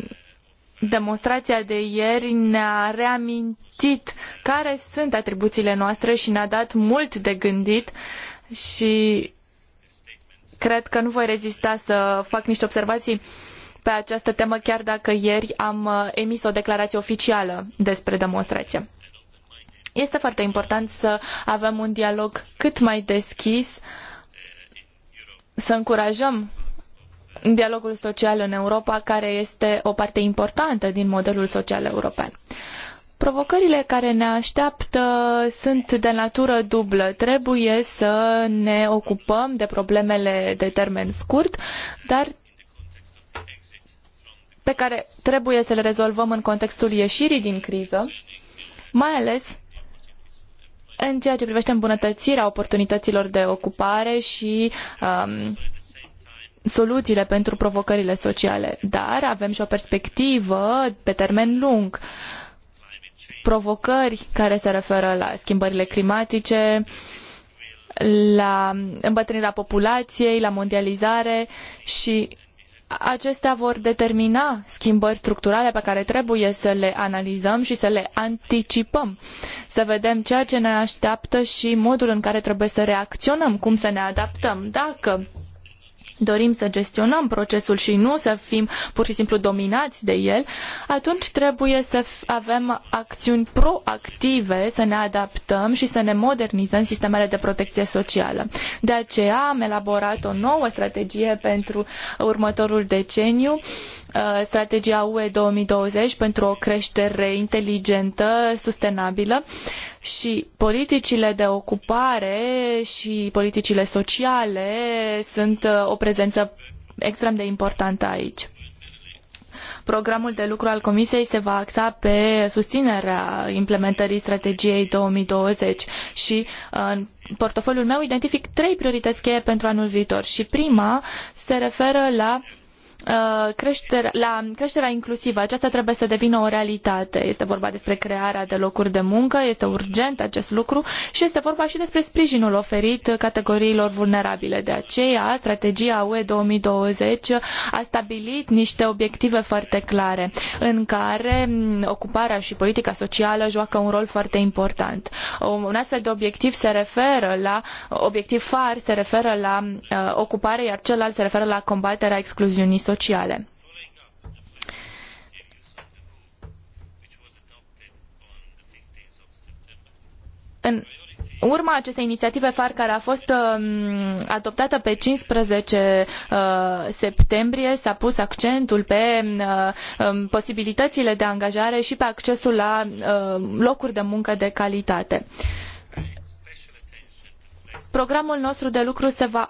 demonstrația de ieri ne-a reamintit care sunt atribuțiile noastre și ne-a dat mult de gândit și cred că nu voi rezista să fac niște observații pe această temă, chiar dacă ieri am uh, emis o declarație oficială despre demonstrație. Este foarte important să avem un dialog cât mai deschis, să încurajăm dialogul social în Europa, care este o parte importantă din modelul social european. Provocările care ne așteaptă sunt de natură dublă. Trebuie să ne ocupăm de problemele de termen scurt, dar pe care trebuie să le rezolvăm în contextul ieșirii din criză, mai ales în ceea ce privește îmbunătățirea oportunităților de ocupare și um, soluțiile pentru provocările sociale, dar avem și o perspectivă pe termen lung. Provocări care se referă la schimbările climatice, la îmbătrânirea populației, la mondializare și acestea vor determina schimbări structurale pe care trebuie să le analizăm și să le anticipăm, să vedem ceea ce ne așteaptă și modul în care trebuie să reacționăm, cum să ne adaptăm. Dacă dorim să gestionăm procesul și nu să fim pur și simplu dominați de el, atunci trebuie să avem acțiuni proactive, să ne adaptăm și să ne modernizăm sistemele de protecție socială. De aceea am elaborat o nouă strategie pentru următorul deceniu, uh, strategia UE 2020 pentru o creștere inteligentă, sustenabilă, și politicile de ocupare și politicile sociale sunt uh, o prezență extrem de importantă aici. Programul de lucru al Comisiei se va axa pe susținerea implementării strategiei 2020 și uh, în portofoliul meu identific trei priorități cheie pentru anul viitor și prima se referă la Uh, la creșterea inclusivă. Aceasta trebuie să devină o realitate. Este vorba despre crearea de locuri de muncă, este urgent acest lucru și este vorba și despre sprijinul oferit categoriilor vulnerabile. De aceea, strategia UE 2020 a stabilit niște obiective foarte clare în care ocuparea și politica socială joacă un rol foarte important. Un astfel de obiectiv se referă la obiectiv far se referă la uh, ocupare, iar celălalt se referă la combaterea excluziunii sociale. În urma acestei inițiative FAR care a fost um, adoptată pe 15 uh, septembrie s-a pus accentul pe um, uh, um, posibilitățile de angajare și pe accesul la uh, locuri de muncă de calitate. Uh, Programul nostru de lucru se va,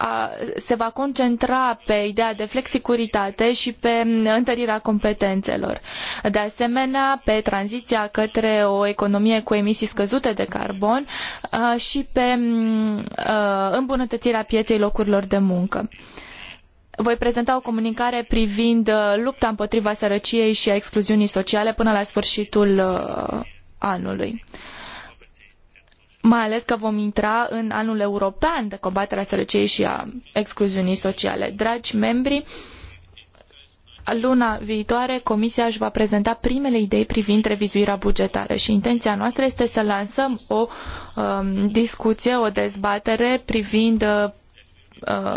se va concentra pe ideea de flexicuritate și pe întărirea competențelor. De asemenea, pe tranziția către o economie cu emisii scăzute de carbon și pe îmbunătățirea pieței locurilor de muncă voi prezenta o comunicare privind lupta împotriva sărăciei și a excluziunii sociale până la sfârșitul anului mai ales că vom intra în anul european de combatere a sărăciei și a excluziunii sociale. Dragi membri, luna viitoare Comisia își va prezenta primele idei privind revizuirea bugetară și intenția noastră este să lansăm o um, discuție, o dezbatere privind uh,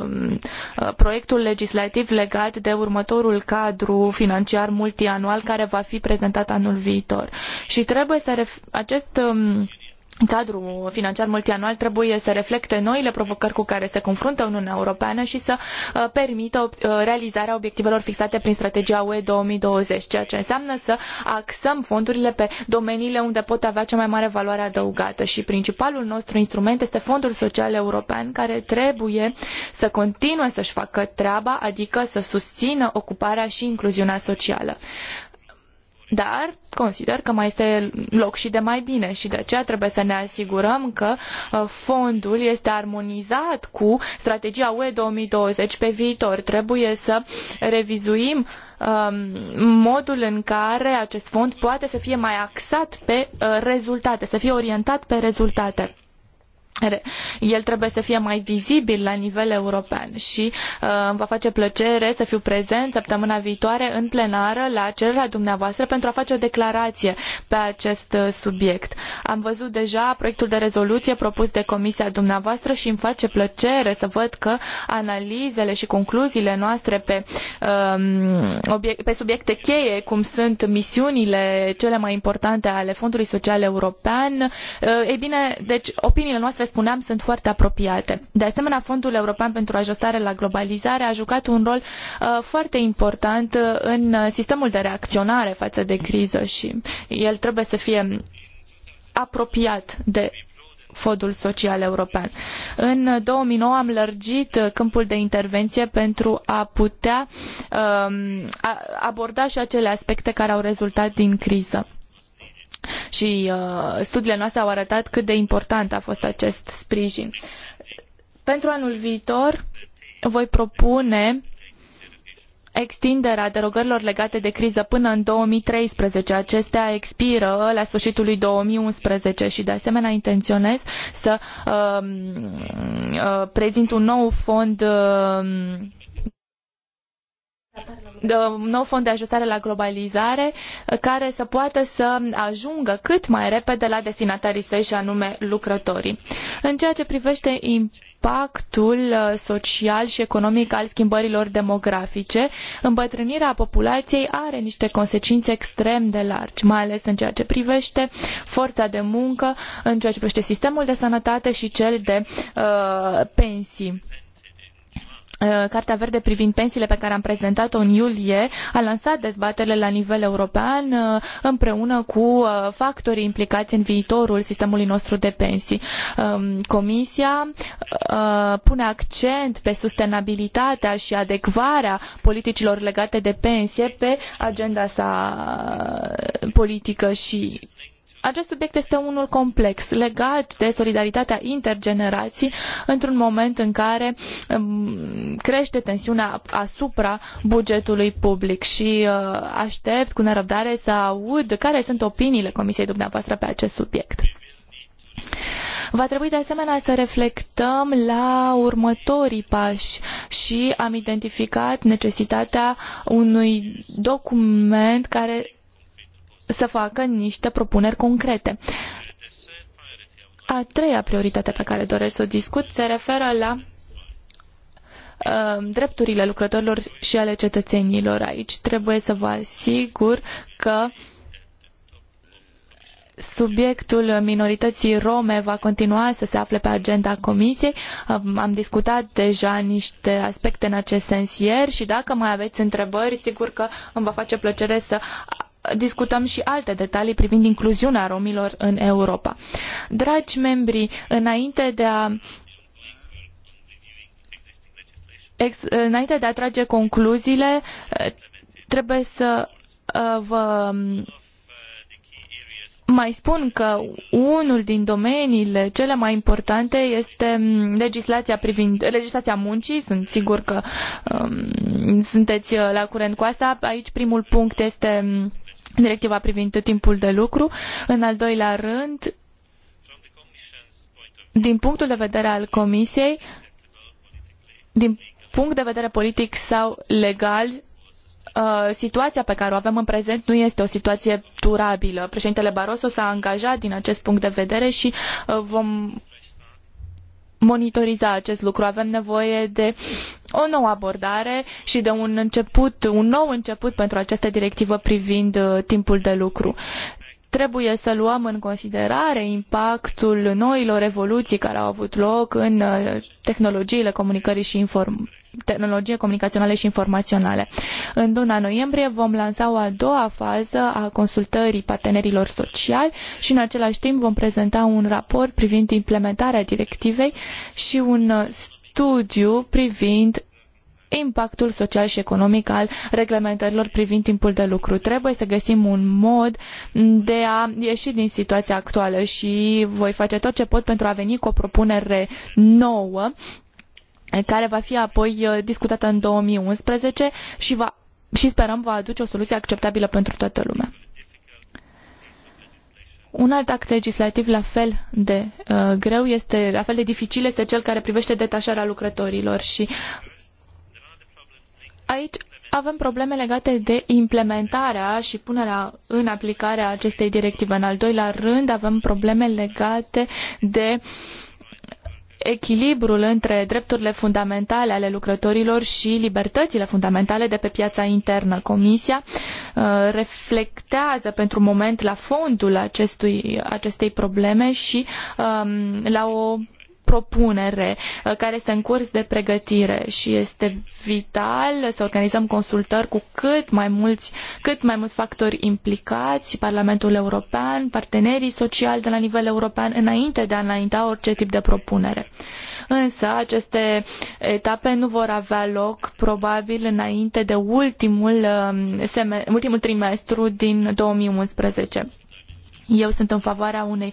um, uh proiectul legislativ legat de următorul cadru financiar multianual care va fi prezentat anul viitor. Și trebuie să ref- acest um, cadrul financiar multianual trebuie să reflecte noile provocări cu care se confruntă Uniunea Europeană și să uh, permită uh, realizarea obiectivelor fixate prin strategia UE 2020, ceea ce înseamnă să axăm fondurile pe domeniile unde pot avea cea mai mare valoare adăugată și principalul nostru instrument este Fondul Social European care trebuie să continue să-și facă treaba, adică să susțină ocuparea și incluziunea socială. Dar consider că mai este loc și de mai bine și de aceea trebuie să ne asigurăm că uh, fondul este armonizat cu strategia UE 2020 pe viitor. Trebuie să revizuim um, modul în care acest fond poate să fie mai axat pe uh, rezultate, să fie orientat pe rezultate el trebuie să fie mai vizibil la nivel european și uh, îmi va face plăcere să fiu prezent săptămâna viitoare în plenară la cererea dumneavoastră pentru a face o declarație pe acest uh, subiect. Am văzut deja proiectul de rezoluție propus de comisia dumneavoastră și îmi face plăcere să văd că analizele și concluziile noastre pe, um, pe subiecte cheie, cum sunt misiunile cele mai importante ale Fondului Social European, uh, ei bine, deci opiniile noastre spuneam, sunt foarte apropiate. De asemenea, Fondul European pentru Ajustare la Globalizare a jucat un rol uh, foarte important uh, în uh, sistemul de reacționare față de criză și el trebuie să fie apropiat de Fondul Social European. În 2009 am lărgit câmpul de intervenție pentru a putea um, a, aborda și acele aspecte care au rezultat din criză și uh, studiile noastre au arătat cât de important a fost acest sprijin. Pentru anul viitor voi propune extinderea derogărilor legate de criză până în 2013. Acestea expiră la sfârșitul lui 2011 și de asemenea intenționez să uh, uh, prezint un nou fond uh, un nou fond de ajustare la globalizare uh, care să poată să ajungă cât mai repede la destinatarii săi și anume lucrătorii. În ceea ce privește impactul uh, social și economic al schimbărilor demografice, îmbătrânirea populației are niște consecințe extrem de largi, mai ales în ceea ce privește forța de muncă, în ceea ce privește sistemul de sănătate și cel de uh, pensii Uh, Cartea Verde privind pensiile pe care am prezentat-o în iulie a lansat dezbatele la nivel european uh, împreună cu uh, factorii implicați în viitorul sistemului nostru de pensii. Um, Comisia pune accent pe sustenabilitatea și adecvarea politicilor legate de pensie pe agenda sa politică și acest subiect este unul complex, legat de solidaritatea intergenerații într-un moment în care um, crește tensiunea asupra bugetului public și uh, aștept cu nerăbdare să aud care sunt opiniile Comisiei dumneavoastră pe acest subiect. Va trebui de asemenea să reflectăm la următorii pași și am identificat necesitatea unui document care să facă niște propuneri concrete. A treia prioritate pe care doresc să o discut se referă la uh, drepturile lucrătorilor și ale cetățenilor. Aici trebuie să vă asigur că subiectul minorității rome va continua să se afle pe agenda comisiei. Am discutat deja niște aspecte în acest sens ieri și dacă mai aveți întrebări, sigur că îmi va face plăcere să discutăm și alte detalii privind incluziunea romilor în Europa. Dragi membri, înainte de a înainte de a trage concluziile, trebuie să uh, vă mai spun că unul din domeniile cele mai importante este mm, legislația privind legislația muncii. Sunt sigur că um, sunteți uh, la curent cu asta. Aici primul punct este mm, directiva privind timpul de lucru. În al doilea rând, din punctul de vedere al Comisiei, din punct de vedere politic sau legal, uh, situația pe care o avem în prezent nu este o situație durabilă. Președintele Barroso s-a angajat din acest punct de vedere și uh, vom monitoriza acest lucru. Avem nevoie de o nouă abordare și de un început, un nou început pentru această directivă privind uh, timpul de lucru. Trebuie să luăm în considerare impactul noilor evoluții care au avut loc în uh, tehnologiile comunicării și inform- tehnologie comunicaționale și informaționale. În luna noiembrie vom lansa o a doua fază a consultării partenerilor sociali și în același timp vom prezenta un raport privind implementarea directivei și un uh, studiu privind impactul social și economic al reglementărilor privind timpul de lucru. Trebuie să găsim un mod de a ieși din situația actuală și voi face tot ce pot pentru a veni cu o propunere nouă care va fi apoi uh, discutată în 2011 și, va, și sperăm va aduce o soluție acceptabilă pentru toată lumea. Un alt act legislativ la fel de uh, greu este, la fel de dificil este cel care privește detașarea lucrătorilor și aici avem probleme legate de implementarea și punerea în aplicare a acestei directive. În al doilea rând avem probleme legate de uh, echilibrul între drepturile fundamentale ale lucrătorilor și libertățile fundamentale de pe piața internă. Comisia uh, reflectează pentru moment la fondul acestui, acestei probleme și um, la o propunere uh, care este în curs de pregătire și este vital să organizăm consultări cu cât mai mulți, cât mai mulți factori implicați, Parlamentul European, partenerii sociali de la nivel european, înainte de a înainta orice tip de propunere. Însă aceste etape nu vor avea loc probabil înainte de ultimul, um, ultimul trimestru din 2011. Eu sunt în favoarea unei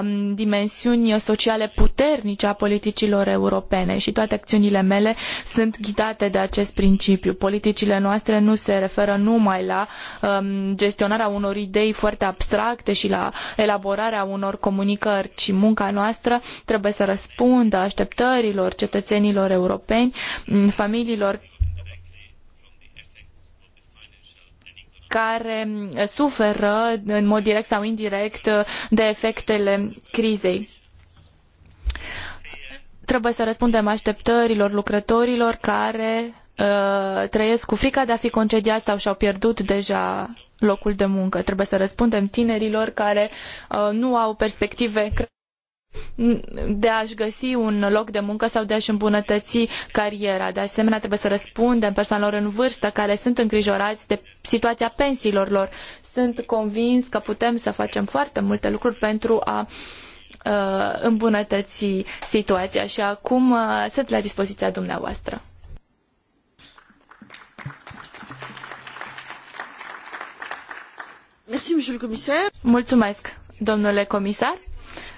um, dimensiuni sociale puternice a politicilor europene și toate acțiunile mele sunt ghidate de acest principiu. Politicile noastre nu se referă numai la um, gestionarea unor idei foarte abstracte și la elaborarea unor comunicări, ci munca noastră trebuie să răspundă așteptărilor cetățenilor europeni, familiilor care mm, suferă în mod direct sau indirect de efectele crizei. Trebuie să răspundem așteptărilor lucrătorilor care uh, trăiesc cu frica de a fi concediați sau și-au pierdut deja locul de muncă. Trebuie să răspundem tinerilor care uh, nu au perspective de a-și găsi un loc de muncă sau de a-și îmbunătăți cariera. De asemenea, trebuie să răspundem persoanelor în vârstă care sunt îngrijorați de situația pensiilor lor. Sunt convins că putem să facem foarte multe lucruri pentru a uh, îmbunătăți situația și acum uh, sunt la dispoziția dumneavoastră. Mulțumesc, domnule comisar.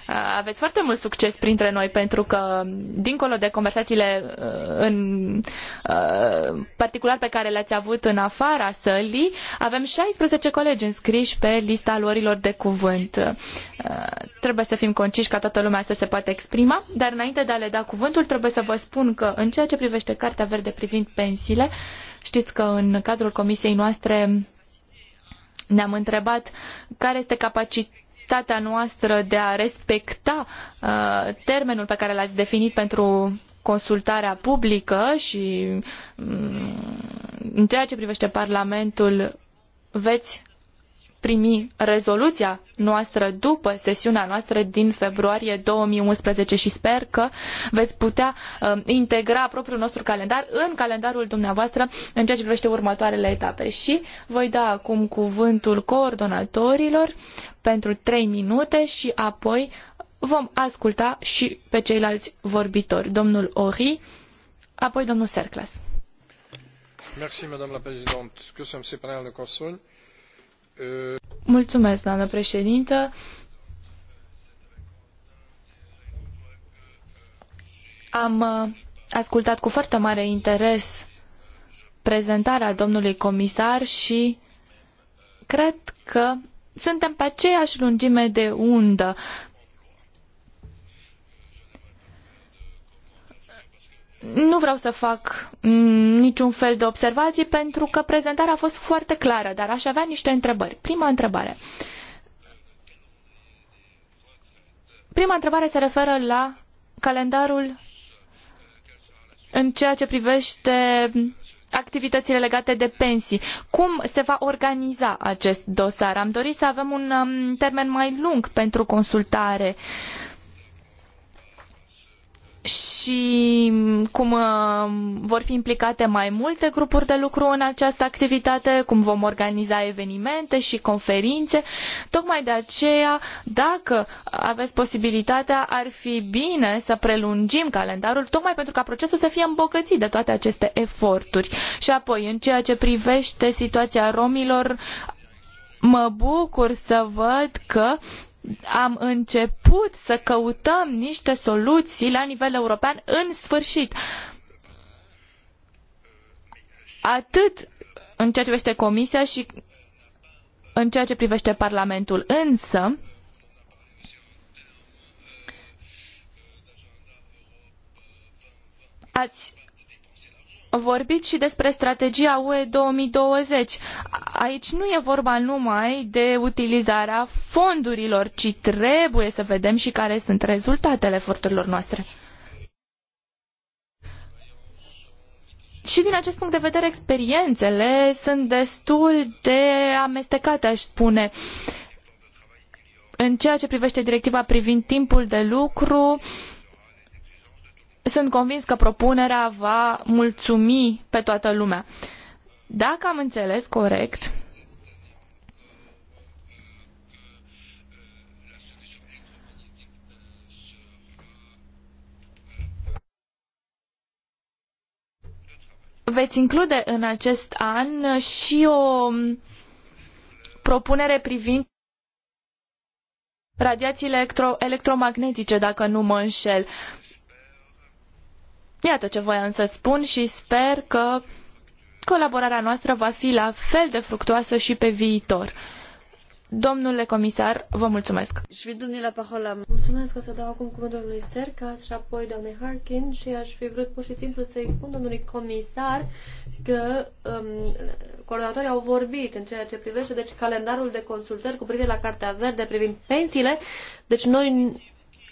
Uh, aveți foarte mult succes printre noi pentru că, dincolo de conversațiile uh, în uh, particular pe care le-ați avut în afara sălii, avem 16 colegi înscriși pe lista luărilor de cuvânt. Trebuie să fim conciși ca toată lumea să se poată exprima, dar înainte de a le da cuvântul trebuie să vă spun că în ceea ce privește Cartea Verde privind pensiile, știți că în cadrul comisiei noastre ne-am întrebat care este capacitatea capacitatea noastră de a respecta uh, termenul pe care l-ați definit pentru consultarea publică și um, în ceea ce privește Parlamentul veți primi rezoluția noastră după sesiunea noastră din februarie 2011 și sper că veți putea uh, integra propriul nostru calendar în calendarul dumneavoastră în ceea ce privește următoarele etape. Și voi da acum cuvântul coordonatorilor pentru trei minute și apoi vom asculta și pe ceilalți vorbitori, domnul Ori, apoi domnul Serclas. Mulțumesc, doamna președinte. Köszönöm szépen, elnök asszony. Mulțumesc, doamnă președintă. Am uh, ascultat cu foarte mare interes prezentarea domnului comisar și cred că suntem pe aceeași lungime de undă nu vreau să fac mm, niciun fel de observații pentru că prezentarea a fost foarte clară, dar aș avea niște întrebări. Prima întrebare. Prima întrebare se referă la calendarul în ceea ce privește activitățile legate de pensii. Cum se va organiza acest dosar? Am dorit să avem un um, termen mai lung pentru consultare. Uh, și cum uh, vor fi implicate mai multe grupuri de lucru în această activitate, cum vom organiza evenimente și conferințe. Tocmai de aceea, dacă aveți posibilitatea, ar fi bine să prelungim calendarul, tocmai pentru ca procesul să fie îmbogățit de toate aceste eforturi. Și apoi, în ceea ce privește situația romilor, mă bucur să văd că am început să căutăm niște soluții la nivel european în sfârșit. Atât în ceea ce privește Comisia și în ceea ce privește Parlamentul. Însă, ați vorbit și despre strategia UE 2020. Aici nu e vorba numai de utilizarea fondurilor, ci trebuie să vedem și care sunt rezultatele eforturilor noastre. Și din acest punct de vedere, experiențele sunt destul de amestecate, aș spune. În ceea ce privește directiva privind timpul de lucru, sunt convins că propunerea va mulțumi pe toată lumea. Dacă am înțeles corect, veți include în acest an și o propunere privind radiațiile electromagnetice, dacă nu mă înșel. Iată ce voiam să spun și sper că colaborarea noastră va fi la fel de fructuoasă și pe viitor. Domnule comisar, vă mulțumesc. Și voi doni la parola. Mulțumesc, o să dau acum cuvântul domnului Sercas și apoi doamnei Harkin și aș fi vrut pur și simplu să-i spun domnului comisar că um, coordonatorii au vorbit în ceea ce privește deci calendarul de consultări cu privire la Cartea Verde privind pensiile. Deci noi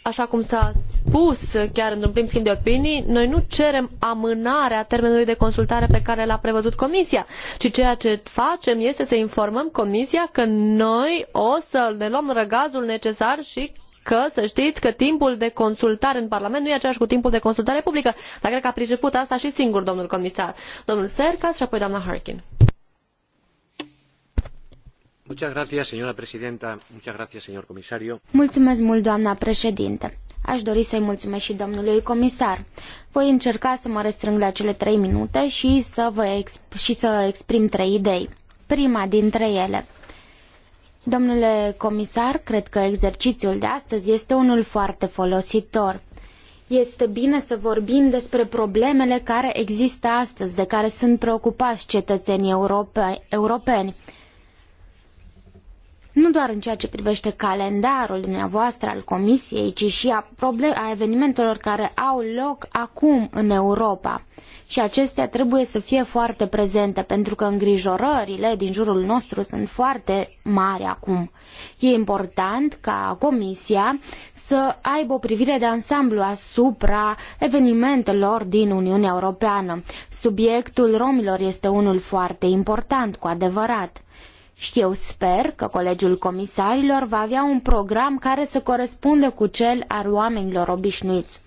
așa cum s-a spus chiar într-un prim schimb de opinii, noi nu cerem amânarea termenului de consultare pe care l-a prevăzut Comisia, ci ceea ce facem este să informăm Comisia că noi o să ne luăm răgazul necesar și că să știți că timpul de consultare în Parlament nu e același cu timpul de consultare publică, dar cred că a priceput asta și singur domnul comisar, domnul Sercas și apoi doamna Harkin. Mulțumesc mult, doamna președinte. Aș dori să-i mulțumesc și domnului comisar. Voi încerca să mă restrâng la cele trei minute și să, vă exp- și să exprim trei idei. Prima dintre ele. Domnule comisar, cred că exercițiul de astăzi este unul foarte folositor. Este bine să vorbim despre problemele care există astăzi, de care sunt preocupați cetățenii europe- europeni nu doar în ceea ce privește calendarul dumneavoastră al Comisiei, ci și a, problem- a evenimentelor care au loc acum în Europa. Și acestea trebuie să fie foarte prezente, pentru că îngrijorările din jurul nostru sunt foarte mari acum. E important ca Comisia să aibă o privire de ansamblu asupra evenimentelor din Uniunea Europeană. Subiectul romilor este unul foarte important, cu adevărat și eu sper că Colegiul Comisarilor va avea un program care să corespundă cu cel al oamenilor obișnuiți.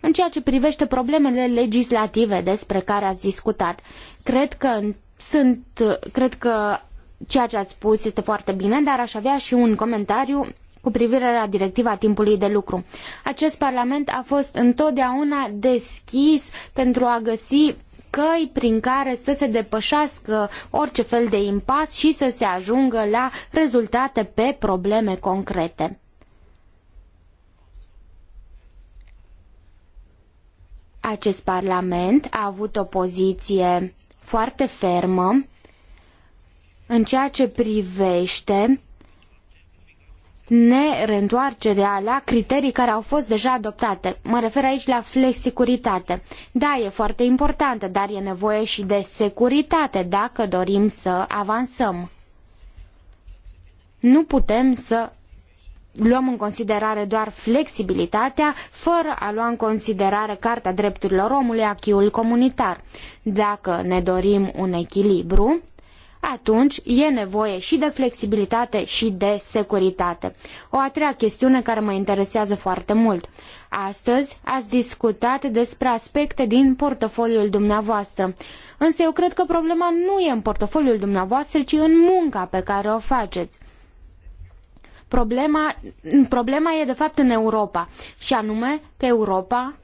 În ceea ce privește problemele legislative despre care ați discutat, cred că sunt, cred că ceea ce ați spus este foarte bine, dar aș avea și un comentariu cu privire la directiva timpului de lucru. Acest Parlament a fost întotdeauna deschis pentru a găsi căi prin care să se depășească orice fel de impas și să se ajungă la rezultate pe probleme concrete. Acest Parlament a avut o poziție foarte fermă în ceea ce privește nereîntoarcerea la criterii care au fost deja adoptate. Mă refer aici la flexicuritate. Da, e foarte importantă, dar e nevoie și de securitate dacă dorim să avansăm. Nu putem să luăm în considerare doar flexibilitatea, fără a lua în considerare Carta Drepturilor Omului, achiul comunitar. Dacă ne dorim un echilibru, atunci e nevoie și de flexibilitate și de securitate. O a treia chestiune care mă interesează foarte mult. Astăzi ați discutat despre aspecte din portofoliul dumneavoastră. Însă eu cred că problema nu e în portofoliul dumneavoastră, ci în munca pe care o faceți. Problema, problema e de fapt în Europa și anume că Europa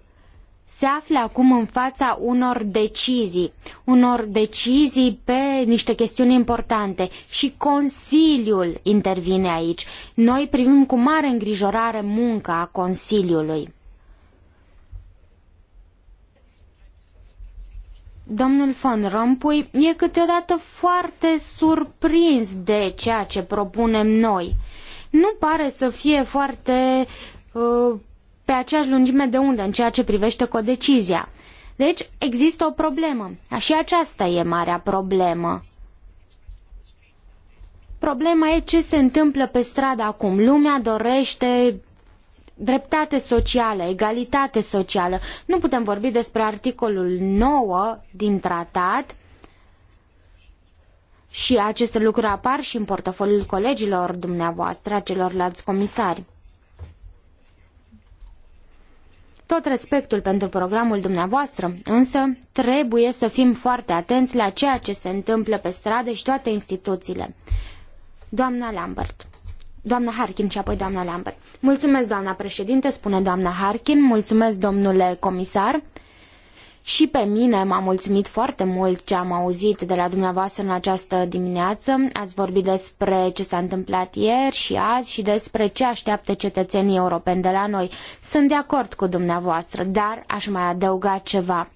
se află acum în fața unor decizii, unor decizii pe niște chestiuni importante și Consiliul intervine aici. Noi privim cu mare îngrijorare munca Consiliului. Domnul Van Rompuy e câteodată foarte surprins de ceea ce propunem noi. Nu pare să fie foarte uh, pe aceeași lungime de undă în ceea ce privește codecizia. Deci există o problemă. Și aceasta e marea problemă. Problema e ce se întâmplă pe stradă acum. Lumea dorește dreptate socială, egalitate socială. Nu putem vorbi despre articolul 9 din tratat și aceste lucruri apar și în portofoliul colegilor dumneavoastră, celorlalți comisari. Tot respectul pentru programul dumneavoastră, însă trebuie să fim foarte atenți la ceea ce se întâmplă pe stradă și toate instituțiile. Doamna Lambert. Doamna Harkin și apoi doamna Lambert. Mulțumesc, doamna președinte, spune doamna Harkin, mulțumesc, domnule comisar. Și pe mine m-a mulțumit foarte mult ce am auzit de la dumneavoastră în această dimineață. Ați vorbit despre ce s-a întâmplat ieri și azi și despre ce așteaptă cetățenii europeni de la noi. Sunt de acord cu dumneavoastră, dar aș mai adăuga ceva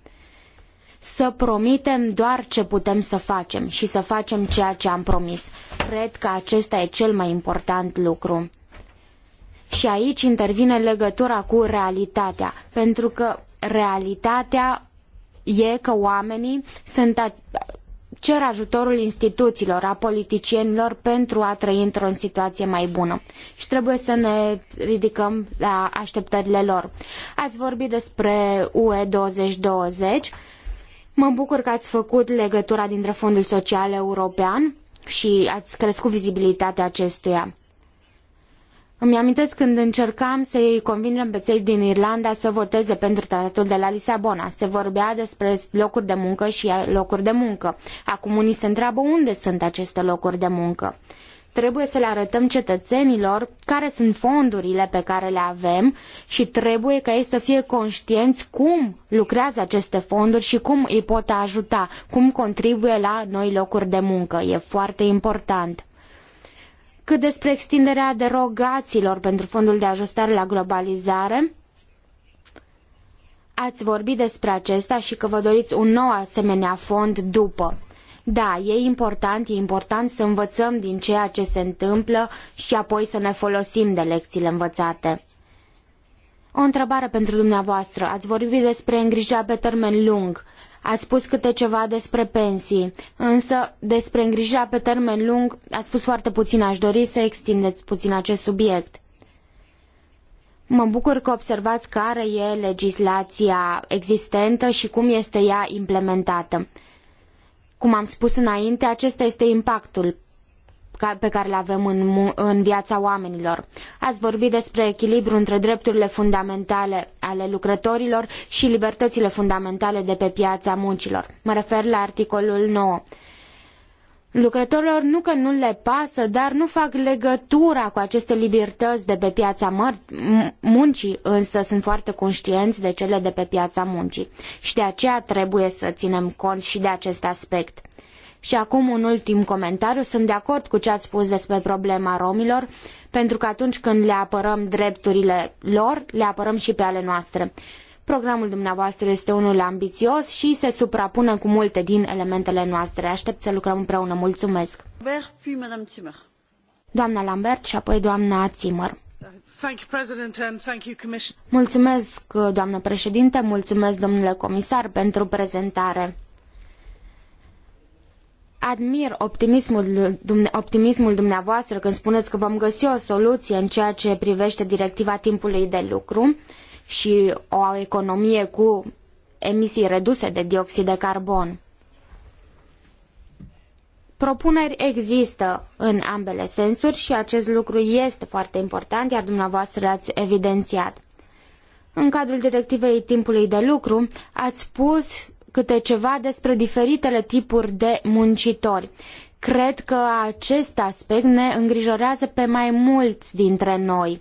să promitem doar ce putem să facem și să facem ceea ce am promis. Cred că acesta e cel mai important lucru. Și aici intervine legătura cu realitatea, pentru că realitatea e că oamenii sunt cer ajutorul instituțiilor, a politicienilor pentru a trăi într-o situație mai bună. Și trebuie să ne ridicăm la așteptările lor. Ați vorbit despre UE 2020. Mă bucur că ați făcut legătura dintre Fondul Social European și ați crescut vizibilitatea acestuia. Îmi amintesc când încercam să-i convingem pe cei din Irlanda să voteze pentru tratatul de la Lisabona. Se vorbea despre locuri de muncă și locuri de muncă. Acum unii se întreabă unde sunt aceste locuri de muncă. Trebuie să le arătăm cetățenilor care sunt fondurile pe care le avem și trebuie ca ei să fie conștienți cum lucrează aceste fonduri și cum îi pot ajuta, cum contribuie la noi locuri de muncă. E foarte important. Cât despre extinderea derogațiilor pentru fondul de ajustare la globalizare, ați vorbit despre acesta și că vă doriți un nou asemenea fond după. Da, e important, e important să învățăm din ceea ce se întâmplă și apoi să ne folosim de lecțiile învățate. O întrebare pentru dumneavoastră. Ați vorbit despre îngrijirea pe termen lung. Ați spus câte ceva despre pensii, însă despre îngrijirea pe termen lung ați spus foarte puțin. Aș dori să extindeți puțin acest subiect. Mă bucur că observați care e legislația existentă și cum este ea implementată. Cum am spus înainte, acesta este impactul pe care le avem în, în viața oamenilor. Ați vorbit despre echilibru între drepturile fundamentale ale lucrătorilor și libertățile fundamentale de pe piața muncilor. Mă refer la articolul 9. Lucrătorilor nu că nu le pasă, dar nu fac legătura cu aceste libertăți de pe piața muncii, însă sunt foarte conștienți de cele de pe piața muncii. Și de aceea trebuie să ținem cont și de acest aspect. Și acum un ultim comentariu. Sunt de acord cu ce ați spus despre problema romilor, pentru că atunci când le apărăm drepturile lor, le apărăm și pe ale noastre. Programul dumneavoastră este unul ambițios și se suprapune cu multe din elementele noastre. Aștept să lucrăm împreună. Mulțumesc! Doamna Lambert și apoi doamna Zimmer. Mulțumesc, doamnă președinte, mulțumesc, domnule comisar, pentru prezentare admir optimismul, optimismul dumneavoastră când spuneți că vom găsi o soluție în ceea ce privește directiva timpului de lucru și o economie cu emisii reduse de dioxid de carbon. Propuneri există în ambele sensuri și acest lucru este foarte important, iar dumneavoastră l-ați evidențiat. În cadrul directivei timpului de lucru, ați spus câte ceva despre diferitele tipuri de muncitori. Cred că acest aspect ne îngrijorează pe mai mulți dintre noi.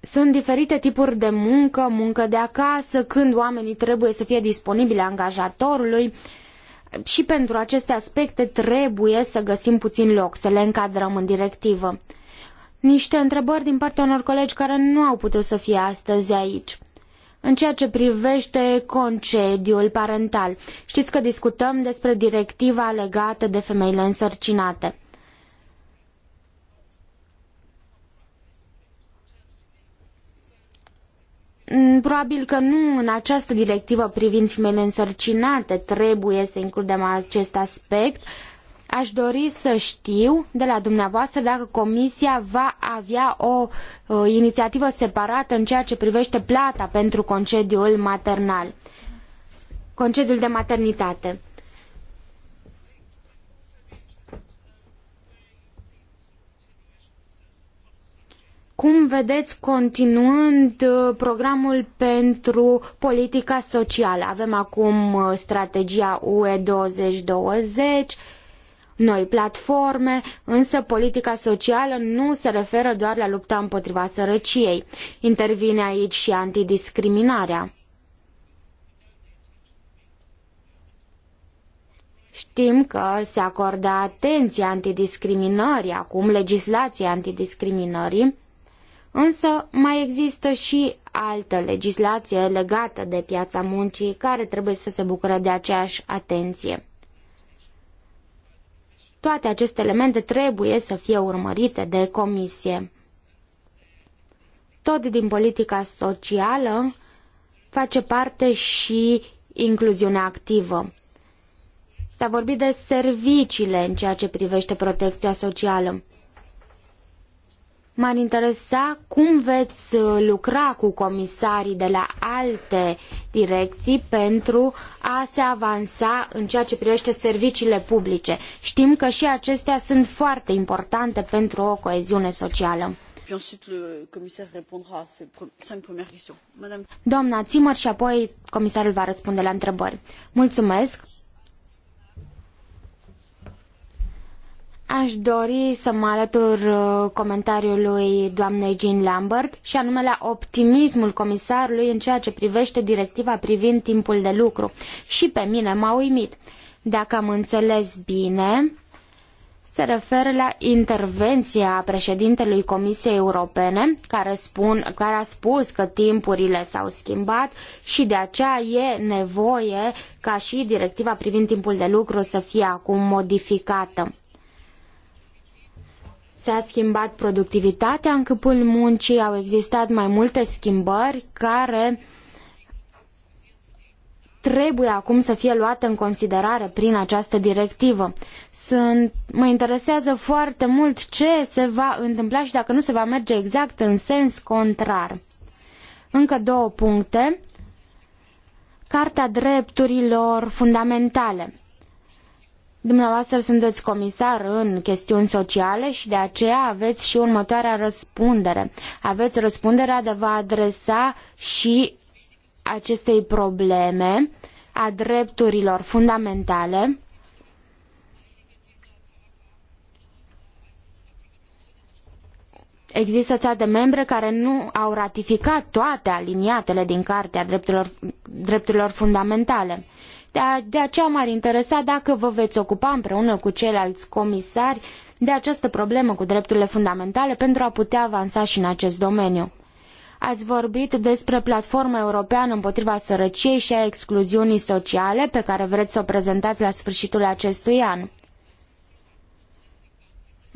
Sunt diferite tipuri de muncă, muncă de acasă, când oamenii trebuie să fie disponibili angajatorului și pentru aceste aspecte trebuie să găsim puțin loc, să le încadrăm în directivă. Niște întrebări din partea unor colegi care nu au putut să fie astăzi aici. În ceea ce privește concediul parental, știți că discutăm despre directiva legată de femeile însărcinate. Mm, probabil că nu în această directivă privind femeile însărcinate trebuie să includem acest aspect, Aș dori să știu de la dumneavoastră dacă Comisia va avea o uh, inițiativă separată în ceea ce privește plata pentru concediul maternal, concediul de maternitate. Cum vedeți continuând uh, programul pentru politica socială? Avem acum uh, strategia UE 2020, noi platforme, însă politica socială nu se referă doar la lupta împotriva sărăciei. Intervine aici și antidiscriminarea. Știm că se acordă atenție antidiscriminării, acum legislație antidiscriminării, însă mai există și altă legislație legată de piața muncii care trebuie să se bucure de aceeași atenție. Toate aceste elemente trebuie să fie urmărite de comisie. Tot din politica socială face parte și incluziunea activă. S-a vorbit de serviciile în ceea ce privește protecția socială. M-ar interesa cum veți uh, lucra cu comisarii de la alte direcții pentru a se avansa în ceea ce privește serviciile publice. Știm că și acestea sunt foarte importante pentru o coeziune socială. Doamna Țimăr și apoi comisarul va răspunde la întrebări. Mulțumesc! Aș dori să mă alătur uh, comentariului doamnei Jean Lambert și anume la optimismul comisarului în ceea ce privește directiva privind timpul de lucru. Și pe mine m-a uimit. Dacă am înțeles bine, se referă la intervenția președintelui Comisiei Europene, care, spun, care a spus că timpurile s-au schimbat și de aceea e nevoie ca și directiva privind timpul de lucru să fie acum modificată. S-a schimbat productivitatea în câmpul muncii, au existat mai multe schimbări care trebuie acum să fie luate în considerare prin această directivă. Sunt, mă interesează foarte mult ce se va întâmpla și dacă nu se va merge exact în sens contrar. Încă două puncte. Carta drepturilor fundamentale. Dumneavoastră sunteți comisar în chestiuni sociale și de aceea aveți și următoarea răspundere. Aveți răspunderea de a vă adresa și acestei probleme a drepturilor fundamentale Există state membre care nu au ratificat toate aliniatele din Cartea Drepturilor, drepturilor Fundamentale. De aceea m-ar interesa dacă vă veți ocupa împreună cu ceilalți comisari de această problemă cu drepturile fundamentale pentru a putea avansa și în acest domeniu. Ați vorbit despre platforma europeană împotriva sărăciei și a excluziunii sociale pe care vreți să o prezentați la sfârșitul acestui an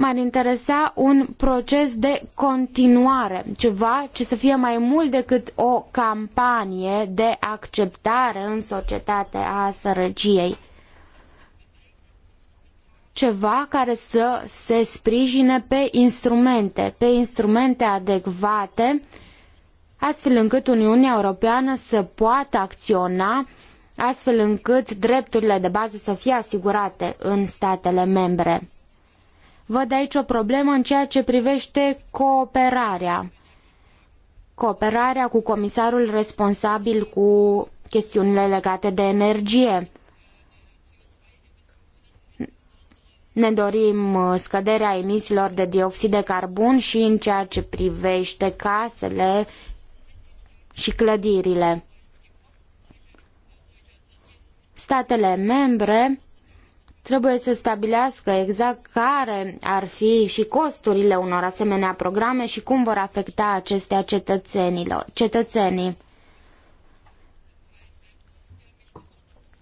m-ar interesa un proces de continuare, ceva ce să fie mai mult decât o campanie de acceptare în societate a sărăciei. Ceva care să se sprijine pe instrumente, pe instrumente adecvate, astfel încât Uniunea Europeană să poată acționa, astfel încât drepturile de bază să fie asigurate în statele membre. Văd aici o problemă în ceea ce privește cooperarea. Cooperarea cu comisarul responsabil cu chestiunile legate de energie. Ne dorim uh, scăderea emisiilor de dioxid de carbon și în ceea ce privește casele și clădirile. Statele membre Trebuie să stabilească exact care ar fi și costurile unor asemenea programe și cum vor afecta acestea cetățenilor, cetățenii.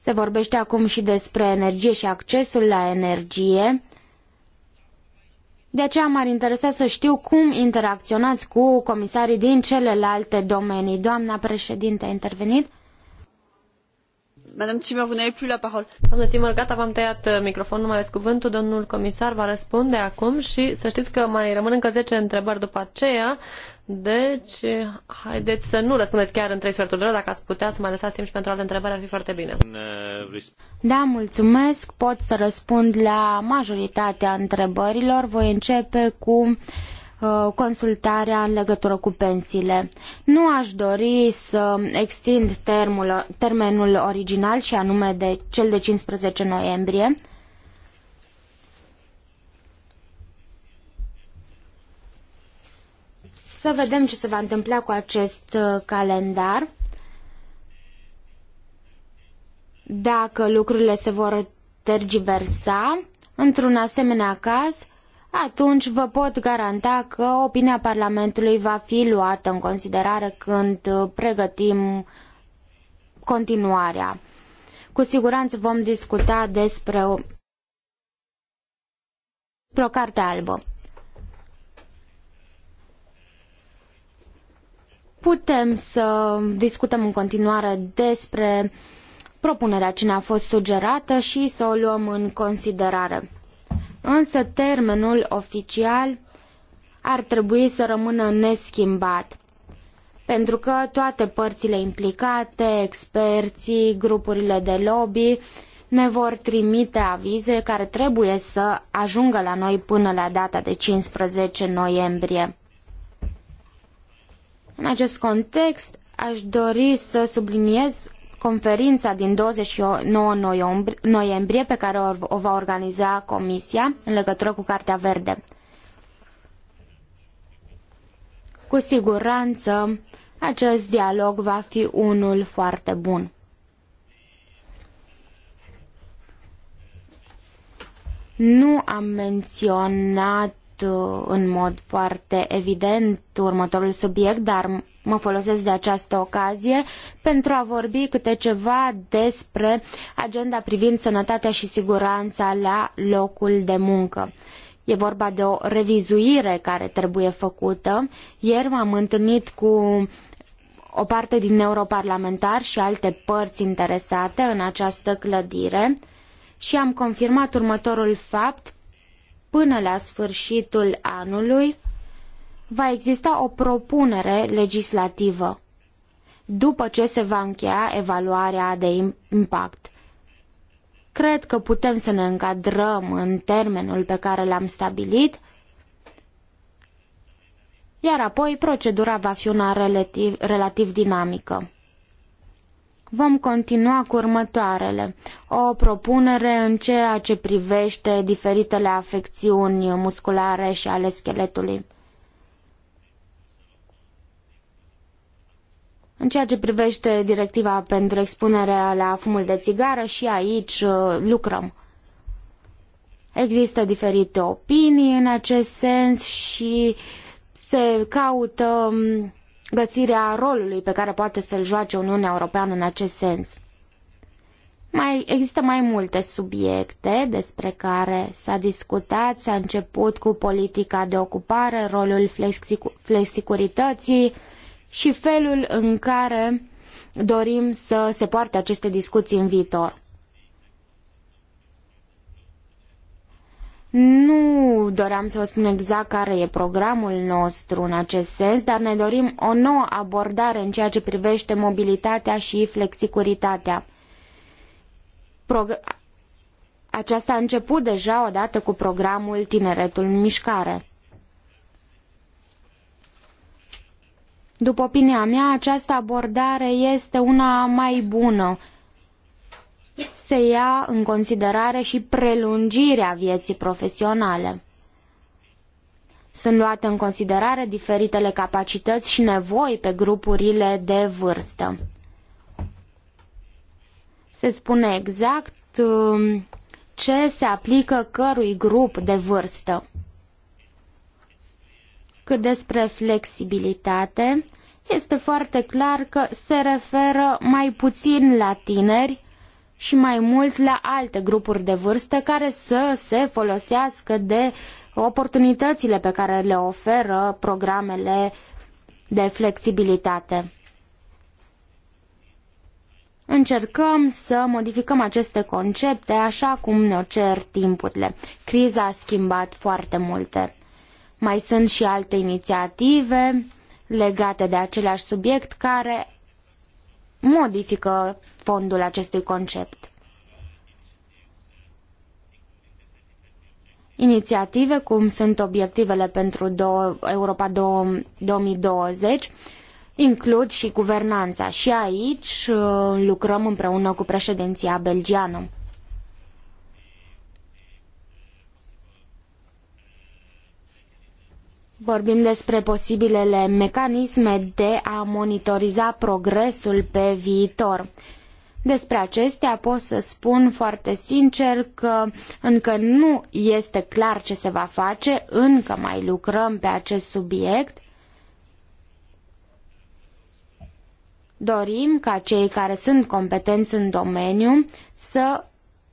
Se vorbește acum și despre energie și accesul la energie. De aceea m-ar interesa să știu cum interacționați cu comisarii din celelalte domenii. Doamna președinte a intervenit. Madame Timmer, vous n'avez plus la parole. Doamna Timmer, gata, v-am tăiat uh, microfonul, mai ales cuvântul. Domnul comisar va răspunde acum și să știți că mai rămân încă 10 întrebări după aceea. Deci, haideți să nu răspundeți chiar în 3 sferturi de oră. Dacă ați putea să mai lăsați timp și pentru alte întrebări, ar fi foarte bine. Da, mulțumesc. Pot să răspund la majoritatea întrebărilor. Voi începe cu Uh, consultarea în legătură cu pensiile. Nu aș dori să extind termul, termenul original și anume de cel de 15 noiembrie. Să vedem ce se va întâmpla cu acest uh, calendar. Dacă lucrurile se vor tergiversa, într-un asemenea caz, atunci vă pot garanta că opinia Parlamentului va fi luată în considerare când pregătim continuarea. Cu siguranță vom discuta despre o, despre o carte albă. Putem să discutăm în continuare despre propunerea ne a fost sugerată și să o luăm în considerare însă termenul oficial ar trebui să rămână neschimbat pentru că toate părțile implicate, experții, grupurile de lobby, ne vor trimite avize care trebuie să ajungă la noi până la data de 15 noiembrie. În acest context, aș dori să subliniez conferința din 29 noiembrie pe care o va organiza Comisia în legătură cu Cartea Verde. Cu siguranță, acest dialog va fi unul foarte bun. Nu am menționat Uh, în mod foarte evident următorul subiect, dar mă folosesc de această ocazie pentru a vorbi câte ceva despre agenda privind sănătatea și siguranța la locul de muncă. E vorba de o revizuire care trebuie făcută. Ieri m-am întâlnit cu o parte din europarlamentari și alte părți interesate în această clădire și am confirmat următorul fapt până la sfârșitul anului va exista o propunere legislativă după ce se va încheia evaluarea de impact. Cred că putem să ne încadrăm în termenul pe care l-am stabilit, iar apoi procedura va fi una relativ, relativ dinamică. Vom continua cu următoarele. O propunere în ceea ce privește diferitele afecțiuni musculare și ale scheletului. În ceea ce privește directiva pentru expunerea la fumul de țigară, și aici uh, lucrăm. Există diferite opinii în acest sens și se caută um, găsirea rolului pe care poate să-l joace Uniunea Europeană în acest sens. Mai există mai multe subiecte despre care s-a discutat, s-a început cu politica de ocupare, rolul flexicurității și felul în care dorim să se poarte aceste discuții în viitor. Nu doream să vă spun exact care e programul nostru în acest sens, dar ne dorim o nouă abordare în ceea ce privește mobilitatea și flexicuritatea. Pro... Aceasta a început deja odată cu programul Tineretul în Mișcare. După opinia mea, această abordare este una mai bună se ia în considerare și prelungirea vieții profesionale. Sunt luate în considerare diferitele capacități și nevoi pe grupurile de vârstă. Se spune exact um, ce se aplică cărui grup de vârstă. Cât despre flexibilitate, este foarte clar că se referă mai puțin la tineri și mai mult la alte grupuri de vârstă care să se folosească de oportunitățile pe care le oferă programele de flexibilitate. Încercăm să modificăm aceste concepte așa cum ne-o cer timpurile. Criza a schimbat foarte multe. Mai sunt și alte inițiative legate de același subiect care modifică fondul acestui concept. Inițiative, cum sunt obiectivele pentru Europa 2020, includ și guvernanța. Și aici uh, lucrăm împreună cu președinția belgiană. Vorbim despre posibilele mecanisme de a monitoriza progresul pe viitor. Despre acestea pot să spun foarte sincer că încă nu este clar ce se va face, încă mai lucrăm pe acest subiect. Dorim ca cei care sunt competenți în domeniu să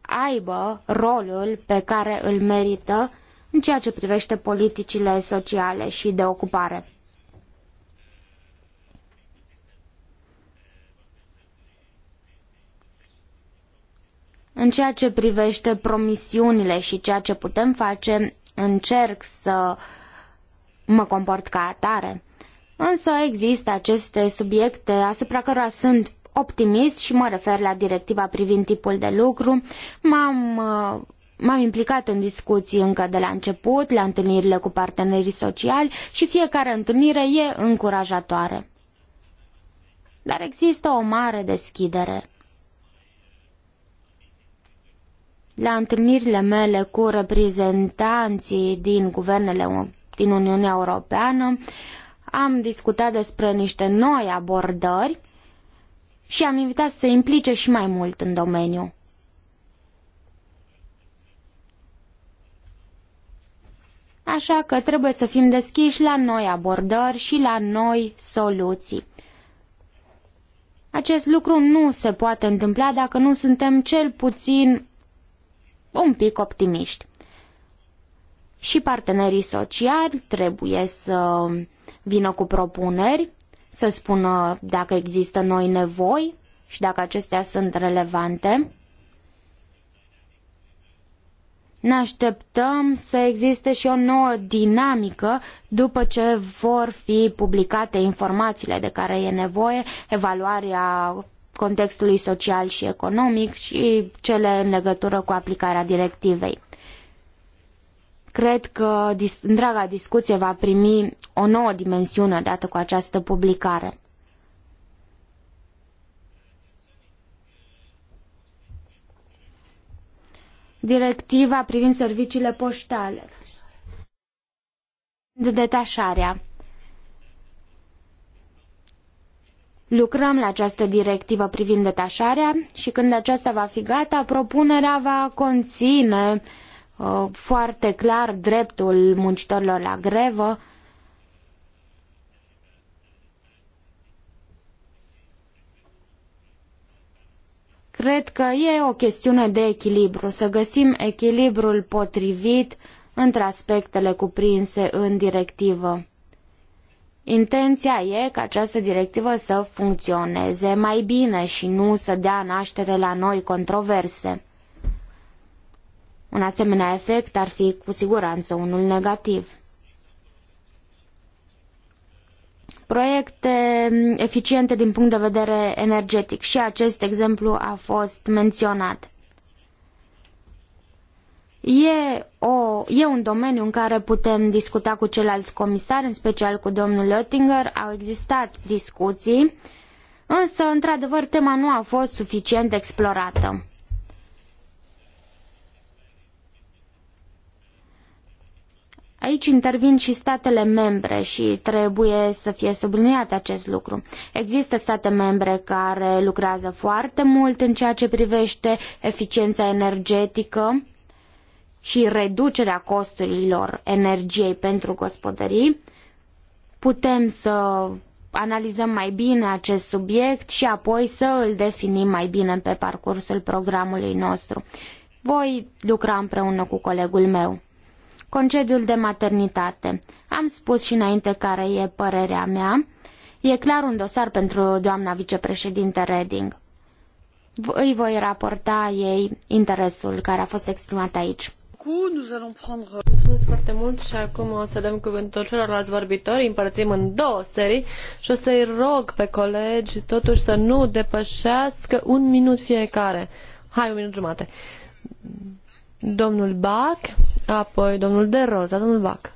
aibă rolul pe care îl merită în ceea ce privește politicile sociale și de ocupare. În ceea ce privește promisiunile și ceea ce putem face, încerc să mă comport ca atare. Însă există aceste subiecte asupra cărora sunt optimist și mă refer la directiva privind tipul de lucru. M-am uh, M-am implicat în discuții încă de la început, la întâlnirile cu partenerii sociali și fiecare întâlnire e încurajatoare. Dar există o mare deschidere. La întâlnirile mele cu reprezentanții din guvernele din Uniunea Europeană am discutat despre niște noi abordări și am invitat să se implice și mai mult în domeniu. Așa că trebuie să fim deschiși la noi abordări și la noi soluții. Acest lucru nu se poate întâmpla dacă nu suntem cel puțin un pic optimiști. Și partenerii sociali trebuie să vină cu propuneri, să spună dacă există noi nevoi și dacă acestea sunt relevante. Ne așteptăm să existe și o nouă dinamică după ce vor fi publicate informațiile de care e nevoie, evaluarea contextului social și economic și cele în legătură cu aplicarea directivei. Cred că întreaga discuție va primi o nouă dimensiune dată cu această publicare. Directiva privind serviciile poștale. De detașarea. Lucrăm la această directivă privind detașarea și când aceasta va fi gata, propunerea va conține uh, foarte clar dreptul muncitorilor la grevă, Cred că e o chestiune de echilibru, să găsim echilibrul potrivit între aspectele cuprinse în directivă. Intenția e ca această directivă să funcționeze mai bine și nu să dea naștere la noi controverse. Un asemenea efect ar fi cu siguranță unul negativ. Proiecte eficiente din punct de vedere energetic și acest exemplu a fost menționat. E, o, e un domeniu în care putem discuta cu ceilalți comisari, în special cu domnul Oettinger. Au existat discuții, însă, într-adevăr, tema nu a fost suficient explorată. Aici intervin și statele membre și trebuie să fie subliniat acest lucru. Există state membre care lucrează foarte mult în ceea ce privește eficiența energetică, și reducerea costurilor energiei pentru gospodării, putem să analizăm mai bine acest subiect și apoi să îl definim mai bine pe parcursul programului nostru. Voi lucra împreună cu colegul meu. Concediul de maternitate. Am spus și înainte care e părerea mea. E clar un dosar pentru doamna vicepreședinte Reding. Îi voi raporta ei interesul care a fost exprimat aici. Mulțumesc foarte mult și acum o să dăm cuvântul celorlalți vorbitori, împărțim în două serii și o să-i rog pe colegi totuși să nu depășească un minut fiecare. Hai, un minut jumate. Domnul Bac, apoi domnul De Rosa, domnul Bac.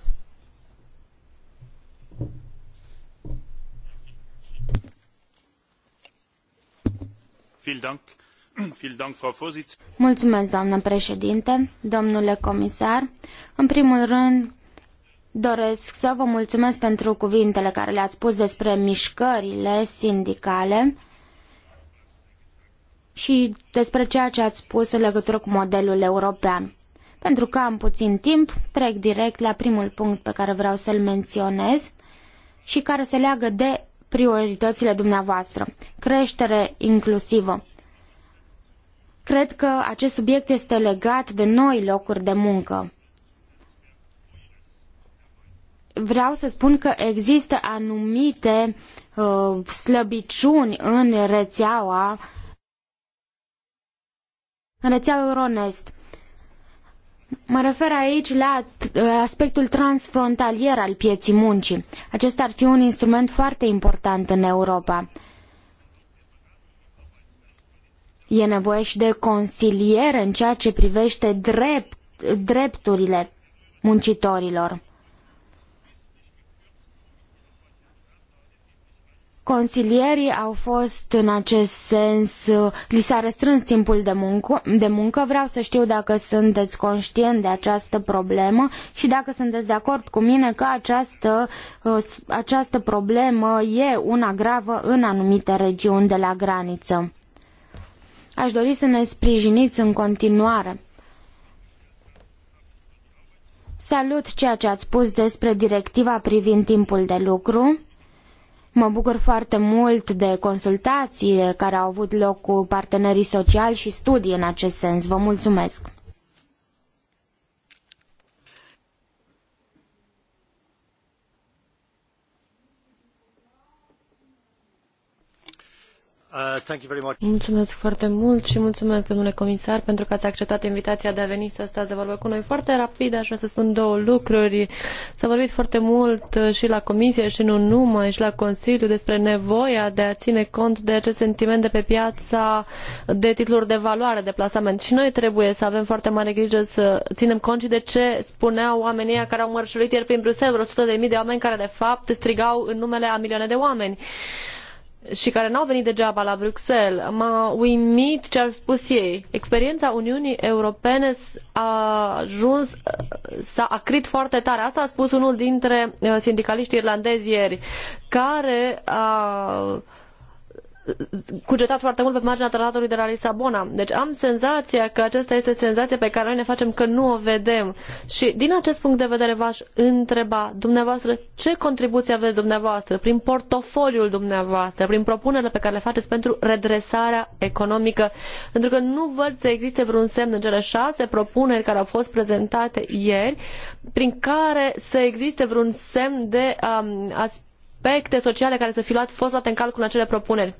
Vielen Dank. Mulțumesc, președinte, domnule comisar. În primul rând, doresc să vă mulțumesc pentru cuvintele care le-ați spus despre mișcările sindicale și despre ceea ce ați spus în legătură cu modelul european. Pentru că am puțin timp, trec direct la primul punct pe care vreau să-l menționez și care se leagă de prioritățile dumneavoastră. Creștere inclusivă. Cred că acest subiect este legat de noi locuri de muncă. Vreau să spun că există anumite uh, slăbiciuni în rețeaua în rețeaua Euronest. Mă refer aici la uh, aspectul transfrontalier al pieții muncii. Acesta ar fi un instrument foarte important în Europa. E nevoie și de consiliere în ceea ce privește drept, drepturile muncitorilor. Consilierii au fost în acest sens, li s-a restrâns timpul de muncă, de muncă. Vreau să știu dacă sunteți conștient de această problemă și dacă sunteți de acord cu mine că această, uh, această problemă e una gravă în anumite regiuni de la graniță. Aș dori să ne sprijiniți în continuare. Salut ceea ce ați spus despre directiva privind timpul de lucru. Mă bucur foarte mult de consultațiile care au avut loc cu partenerii sociali și studii în acest sens. Vă mulțumesc! Uh, mulțumesc foarte mult și mulțumesc, domnule comisar, pentru că ați acceptat invitația de a veni să stați de vorbă cu noi. Foarte rapid aș vrea să spun două lucruri. S-a vorbit foarte mult uh, și la comisie și nu numai, și la Consiliu despre nevoia de a ține cont de acest sentiment de pe piața de titluri de valoare, de plasament. Și noi trebuie să avem foarte mare grijă să ținem cont și de ce spuneau oamenii care au mărșulit ieri prin Bruxelles, vreo 100.000 de mii de oameni care de fapt strigau în numele a milioane de oameni. Uh, și care n-au venit degeaba la Bruxelles. M-a uimit ce au spus ei. Experiența Uniunii Europene a ajuns, s-a acrit foarte tare. Asta a spus unul dintre uh, sindicaliștii irlandezi ieri, care a cugetat foarte mult pe marginea tratatului de la Lisabona. Deci am senzația că acesta este senzația pe care noi ne facem că nu o vedem. Și din acest punct de vedere v-aș întreba dumneavoastră ce contribuție aveți dumneavoastră prin portofoliul dumneavoastră, prin propunerile pe care le faceți pentru redresarea economică, pentru că nu văd să existe vreun semn în cele șase propuneri care au fost prezentate ieri, prin care să existe vreun semn de um, aspecte sociale care să fi luat, fost luate în calcul în acele propuneri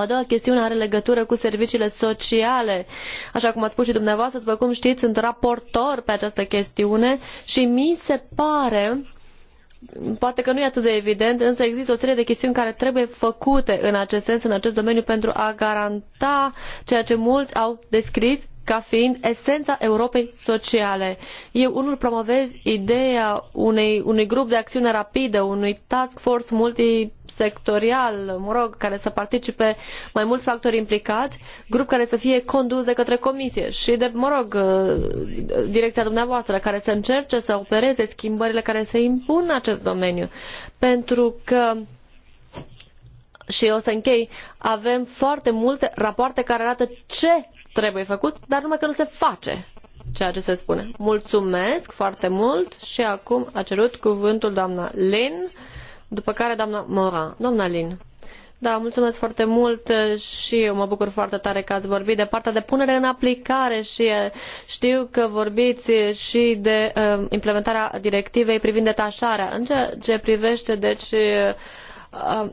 a doua chestiune are legătură cu serviciile sociale. Așa cum ați spus și dumneavoastră, după cum știți, sunt raportor pe această chestiune și mi se pare poate că nu e atât de evident, însă există o serie de chestiuni care trebuie făcute în acest sens, în acest domeniu, pentru a garanta ceea ce mulți au descris ca fiind esența Europei sociale. Eu unul promovez ideea unei, unui grup de acțiune rapidă, unui task force multisectorial, mă rog, care să participe mai mulți factori implicați, grup care să fie condus de către comisie și de, mă rog, direcția dumneavoastră, care să încerce să opereze schimbările care se impun în acest domeniu. Pentru că și o să închei, avem foarte multe rapoarte care arată ce trebuie făcut, dar numai că nu se face ceea ce se spune. Mulțumesc foarte mult și acum a cerut cuvântul doamna Lin, după care doamna Moran. Doamna Lin. Da, mulțumesc foarte mult și eu mă bucur foarte tare că ați vorbit de partea de punere în aplicare și eh, știu că vorbiți și de eh, implementarea directivei privind detașarea. În ceea ce privește, deci, eh,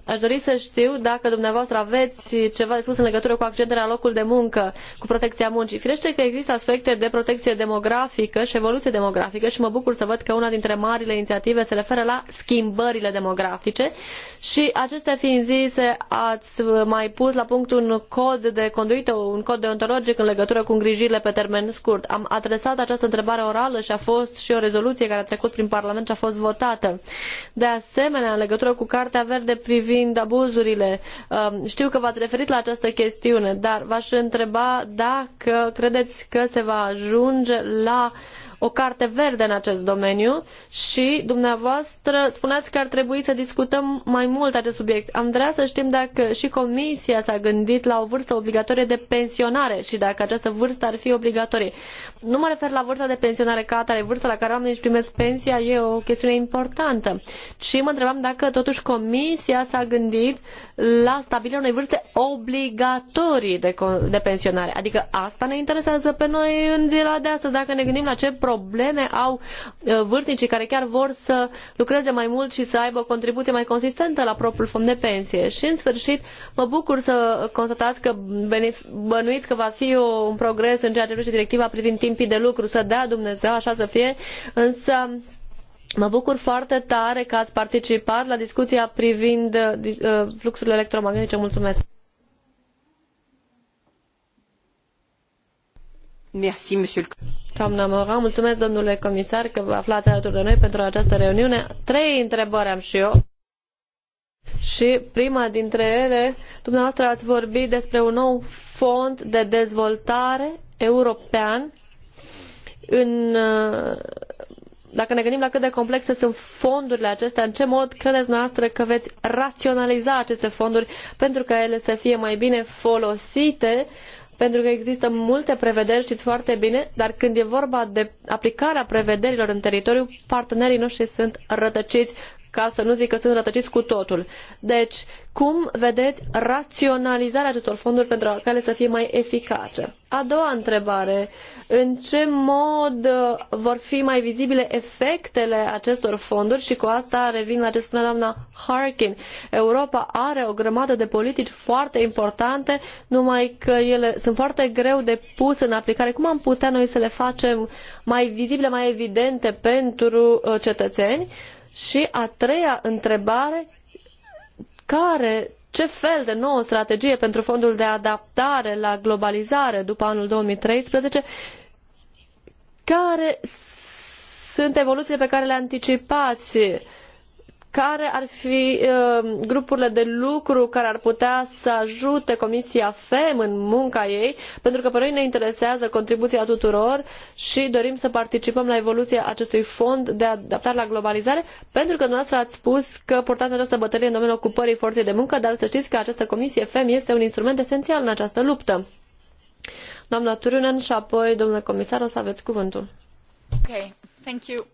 aș dori să știu dacă dumneavoastră aveți ceva de spus în legătură cu accederea la locul de muncă, cu protecția muncii. Firește că există aspecte de protecție demografică și evoluție demografică și mă bucur să văd că una dintre marile inițiative se referă la schimbările demografice și acestea fiind zise, ați mai pus la punct un cod de conduită, un cod deontologic în legătură cu îngrijirile pe termen scurt. Am adresat această întrebare orală și a fost și o rezoluție care a trecut prin Parlament și a fost votată. De asemenea, în legătură cu Cartea Verde standarde privind abuzurile. Um, știu că v-ați referit la această chestiune, dar v-aș întreba dacă credeți că se va ajunge la o carte verde în acest domeniu și dumneavoastră spuneați că ar trebui să discutăm mai mult acest subiect. Am vrea să știm dacă și Comisia s-a gândit la o vârstă obligatorie de pensionare și dacă această vârstă ar fi obligatorie nu mă refer la vârsta de pensionare ca atare, vârsta la care oamenii își primesc pensia e o chestiune importantă. Și mă întrebam dacă totuși comisia s-a gândit la stabilirea unei vârste obligatorii de, de pensionare. Adică asta ne interesează pe noi în ziua de astăzi, dacă ne gândim la ce probleme au uh, vârstnicii care chiar vor să lucreze mai mult și să aibă o contribuție mai consistentă la propriul fond de pensie. Și în sfârșit, mă bucur să constatați că bănuiți că va fi un progres în ceea ce privește directiva privind timp timpii de lucru, să dea Dumnezeu, așa să fie, însă Mă bucur foarte tare că ați participat la discuția privind uh, uh, fluxurile electromagnetice. Mulțumesc! Doamna Moran, mulțumesc domnule comisar că vă aflați alături de noi pentru această reuniune. Trei întrebări am și eu. Și prima dintre ele, dumneavoastră ați vorbit despre un nou fond de dezvoltare european în, uh, dacă ne gândim la cât de complexe sunt fondurile acestea, în ce mod credeți noastră că veți raționaliza aceste fonduri pentru ca ele să fie mai bine folosite pentru că există multe prevederi, știți foarte bine, dar când e vorba de aplicarea prevederilor în teritoriu, partenerii noștri sunt rătăciți ca să nu zic că sunt rătăciți cu totul. Deci, cum vedeți raționalizarea acestor fonduri pentru ca ele să fie mai eficace? A doua întrebare, în ce mod uh, vor fi mai vizibile efectele acestor fonduri și cu asta revin la ce spune doamna Harkin. Europa are o grămadă de politici foarte importante, numai că ele sunt foarte greu de pus în aplicare. Cum am putea noi să le facem mai vizibile, mai evidente pentru uh, cetățeni? Și a treia întrebare, care, ce fel de nouă strategie pentru fondul de adaptare la globalizare după anul 2013, care sunt evoluțiile pe care le anticipați uh, care ar fi uh, grupurile de lucru care ar putea să ajute Comisia FEM în munca ei, pentru că pe noi ne interesează contribuția tuturor și dorim să participăm la evoluția acestui fond de adaptare la globalizare, pentru că noastră ați spus că portați această bătălie în domeniul ocupării forței de muncă, dar să știți că această Comisie FEM este un instrument esențial în această luptă. Doamna Turunen și apoi, domnule comisar, o să aveți cuvântul. Ok, Thank you.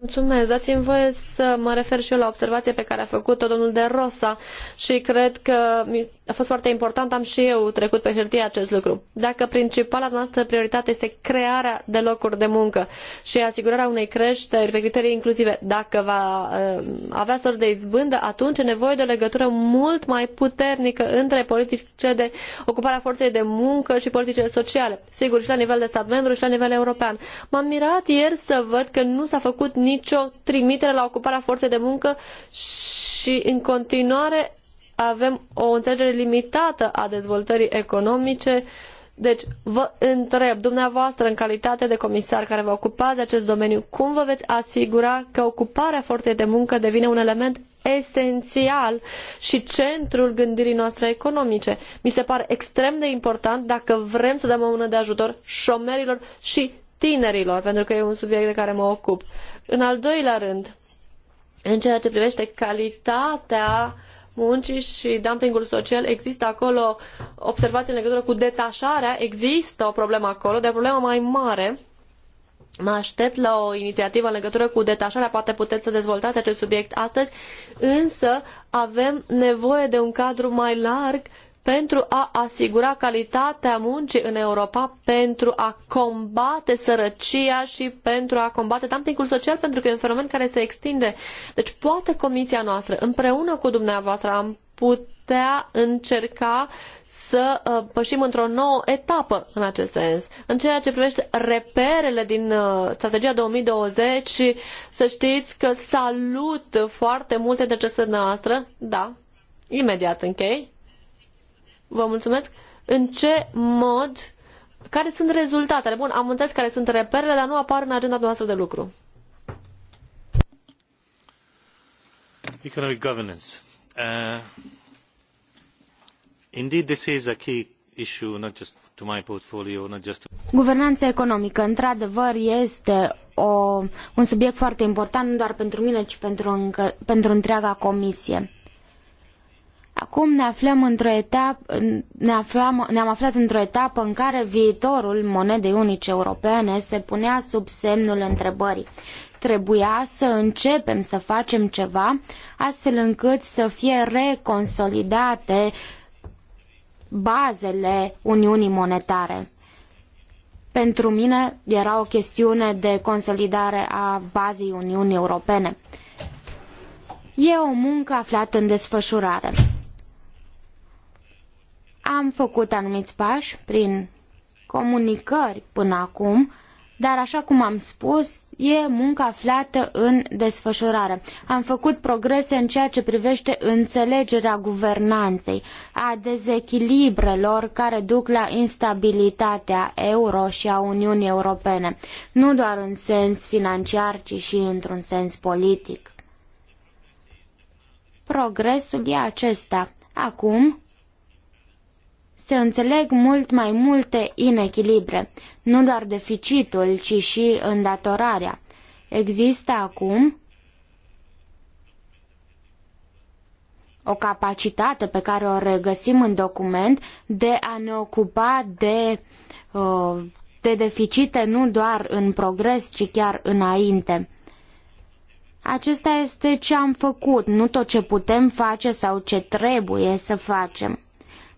Mulțumesc. Dați-mi voie să mă refer și eu la observația pe care a făcut-o domnul De Rosa și cred că mi a fost foarte important, am și eu trecut pe hârtie acest lucru. Dacă principala noastră prioritate este crearea de locuri de muncă și asigurarea unei creșteri pe criterii inclusive, dacă va eh, avea sort de izbândă, atunci e nevoie de o legătură mult mai puternică între politicile de ocupare a forței de muncă și politicile sociale. Sigur, și la nivel de stat membru și la nivel european. M-am mirat ieri să văd că nu s-a făcut nicio trimitere la ocuparea forței de muncă și în continuare avem o înțelegere limitată a dezvoltării economice. Deci, vă întreb, dumneavoastră, în calitate de comisar care vă ocupați de acest domeniu, cum vă veți asigura că ocuparea forței de muncă devine un element esențial și centrul gândirii noastre economice. Mi se pare extrem de important dacă vrem să dăm o mână de ajutor șomerilor și tinerilor, pentru că e un subiect de care mă ocup. În al doilea rând, în ceea ce privește calitatea uh, muncii și dumpingul social, există acolo observații în legătură cu detașarea, există o problemă acolo, de o problemă mai mare. Mă aștept la o inițiativă în legătură cu detașarea, poate puteți să dezvoltați acest subiect astăzi, însă avem nevoie de un cadru mai larg uh, pentru a asigura calitatea muncii în Europa, pentru a combate sărăcia și pentru a combate dumpingul social, pentru că e un fenomen care se extinde. Deci poate comisia noastră, împreună cu dumneavoastră, am putea încerca să uh, pășim într-o nouă etapă în acest sens. În ceea ce privește reperele din uh, strategia 2020, să știți că salut foarte multe de aceste noastre. Da, imediat închei. Vă mulțumesc. În ce mod, care sunt rezultatele? Bun, am înțeles care sunt reperele, dar nu apar în agenda noastră de lucru. Economic governance. Uh, indeed, this is a key issue, not just to my portfolio, not just to... Guvernanța economică, într-adevăr, este o, un subiect foarte important, nu doar pentru mine, ci pentru, încă, pentru întreaga comisie. Acum ne aflăm într-o etapă, ne aflam, ne-am aflat într-o etapă în care viitorul monedei unice europene se punea sub semnul întrebării. Trebuia să începem să facem ceva astfel încât să fie reconsolidate bazele Uniunii Monetare. Pentru mine era o chestiune de consolidare a bazei Uniunii Europene. E o muncă aflată în desfășurare. Am făcut anumiți pași prin comunicări până acum, dar așa cum am spus, e munca aflată în desfășurare. Am făcut progrese în ceea ce privește înțelegerea guvernanței, a dezechilibrelor care duc la instabilitatea euro și a Uniunii Europene, nu doar în sens financiar, ci și într-un sens politic. Progresul e acesta. Acum, se înțeleg mult mai multe inechilibre, nu doar deficitul, ci și îndatorarea. Există acum o capacitate pe care o regăsim în document de a ne ocupa de, uh, de deficite nu doar în progres, ci chiar înainte. Acesta este ce am făcut, nu tot ce putem face sau ce trebuie să facem.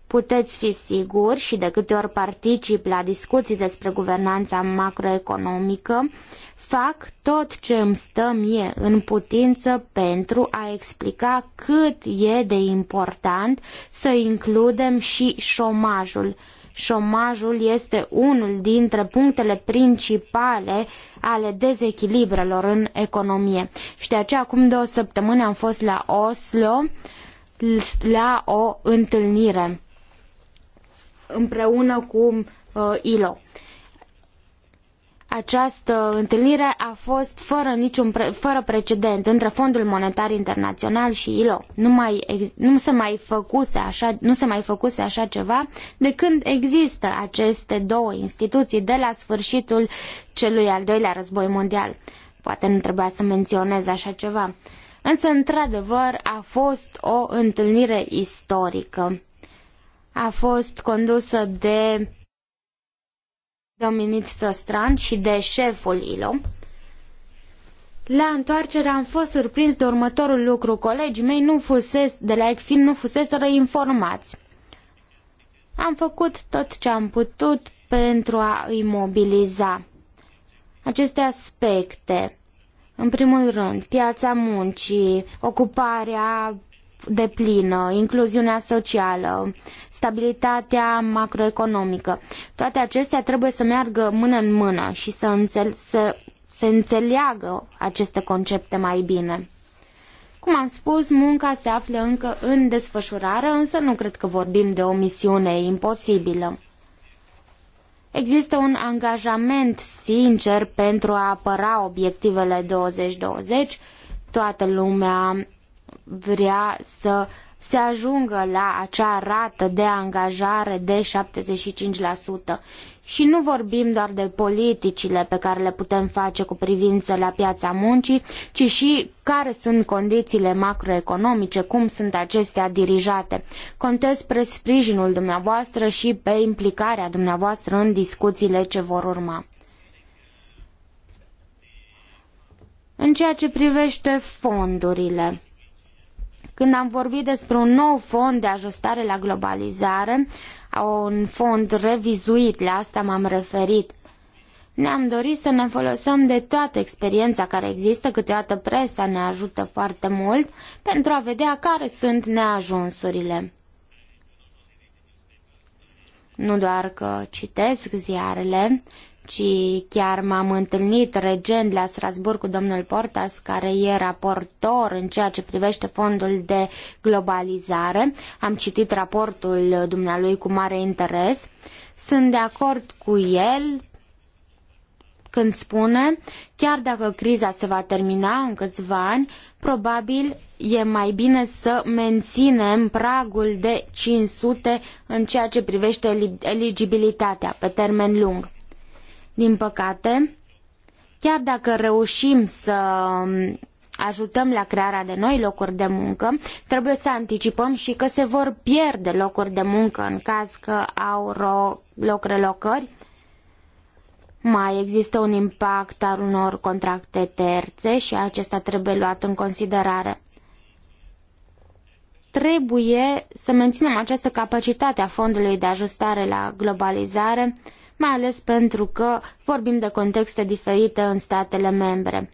Puteți fi siguri și de câte ori particip la discuții despre guvernanța macroeconomică, fac tot ce îmi stă mie în putință pentru a explica cât e de important să includem și șomajul. Șomajul este unul dintre punctele principale ale dezechilibrelor în economie. Și de aceea, acum două săptămâni am fost la Oslo la o întâlnire împreună cu uh, ILO. Această întâlnire a fost fără, niciun pre, fără precedent între Fondul Monetar Internațional și ILO. Nu, mai, nu, se mai făcuse așa, nu se mai făcuse așa ceva de când există aceste două instituții de la sfârșitul celui al doilea război mondial. Poate nu trebuia să menționez așa ceva. Însă, într-adevăr, a fost o întâlnire istorică a fost condusă de Dominic Sostran și de șeful ILO. La întoarcere am fost surprins de următorul lucru. Colegii mei nu fuses, de la ECFIN nu fuseseră informați. Am făcut tot ce am putut pentru a îi mobiliza. Aceste aspecte, în primul rând, piața muncii, ocuparea deplină, incluziunea socială, stabilitatea macroeconomică. Toate acestea trebuie să meargă mână în mână și să, înțel- să se înțeleagă aceste concepte mai bine. Cum am spus, munca se află încă în desfășurare, însă nu cred că vorbim de o misiune imposibilă. Există un angajament sincer pentru a apăra obiectivele 2020. Toată lumea vrea să se ajungă la acea rată de angajare de 75%. Și nu vorbim doar de politicile pe care le putem face cu privință la piața muncii, ci și care sunt condițiile macroeconomice, cum sunt acestea dirijate. Contez spre sprijinul dumneavoastră și pe implicarea dumneavoastră în discuțiile ce vor urma. În ceea ce privește fondurile, când am vorbit despre un nou fond de ajustare la globalizare, un fond revizuit, la asta m-am referit ne-am dorit să ne folosim de toată experiența care există, câteodată presa ne ajută foarte mult, pentru a vedea care sunt neajunsurile. Nu doar că citesc ziarele, ci chiar m-am întâlnit recent la Strasbourg cu domnul Portas, care e raportor în ceea ce privește fondul de globalizare. Am citit raportul dumnealui cu mare interes. Sunt de acord cu el când spune, chiar dacă criza se va termina în câțiva ani, probabil e mai bine să menținem pragul de 500 în ceea ce privește eligibilitatea pe termen lung. Din păcate, chiar dacă reușim să ajutăm la crearea de noi locuri de muncă, trebuie să anticipăm și că se vor pierde locuri de muncă în caz că au loc relocări. Mai există un impact al unor contracte terțe și acesta trebuie luat în considerare. Trebuie să menținem această capacitate a Fondului de Ajustare la Globalizare mai ales pentru că vorbim de contexte diferite în statele membre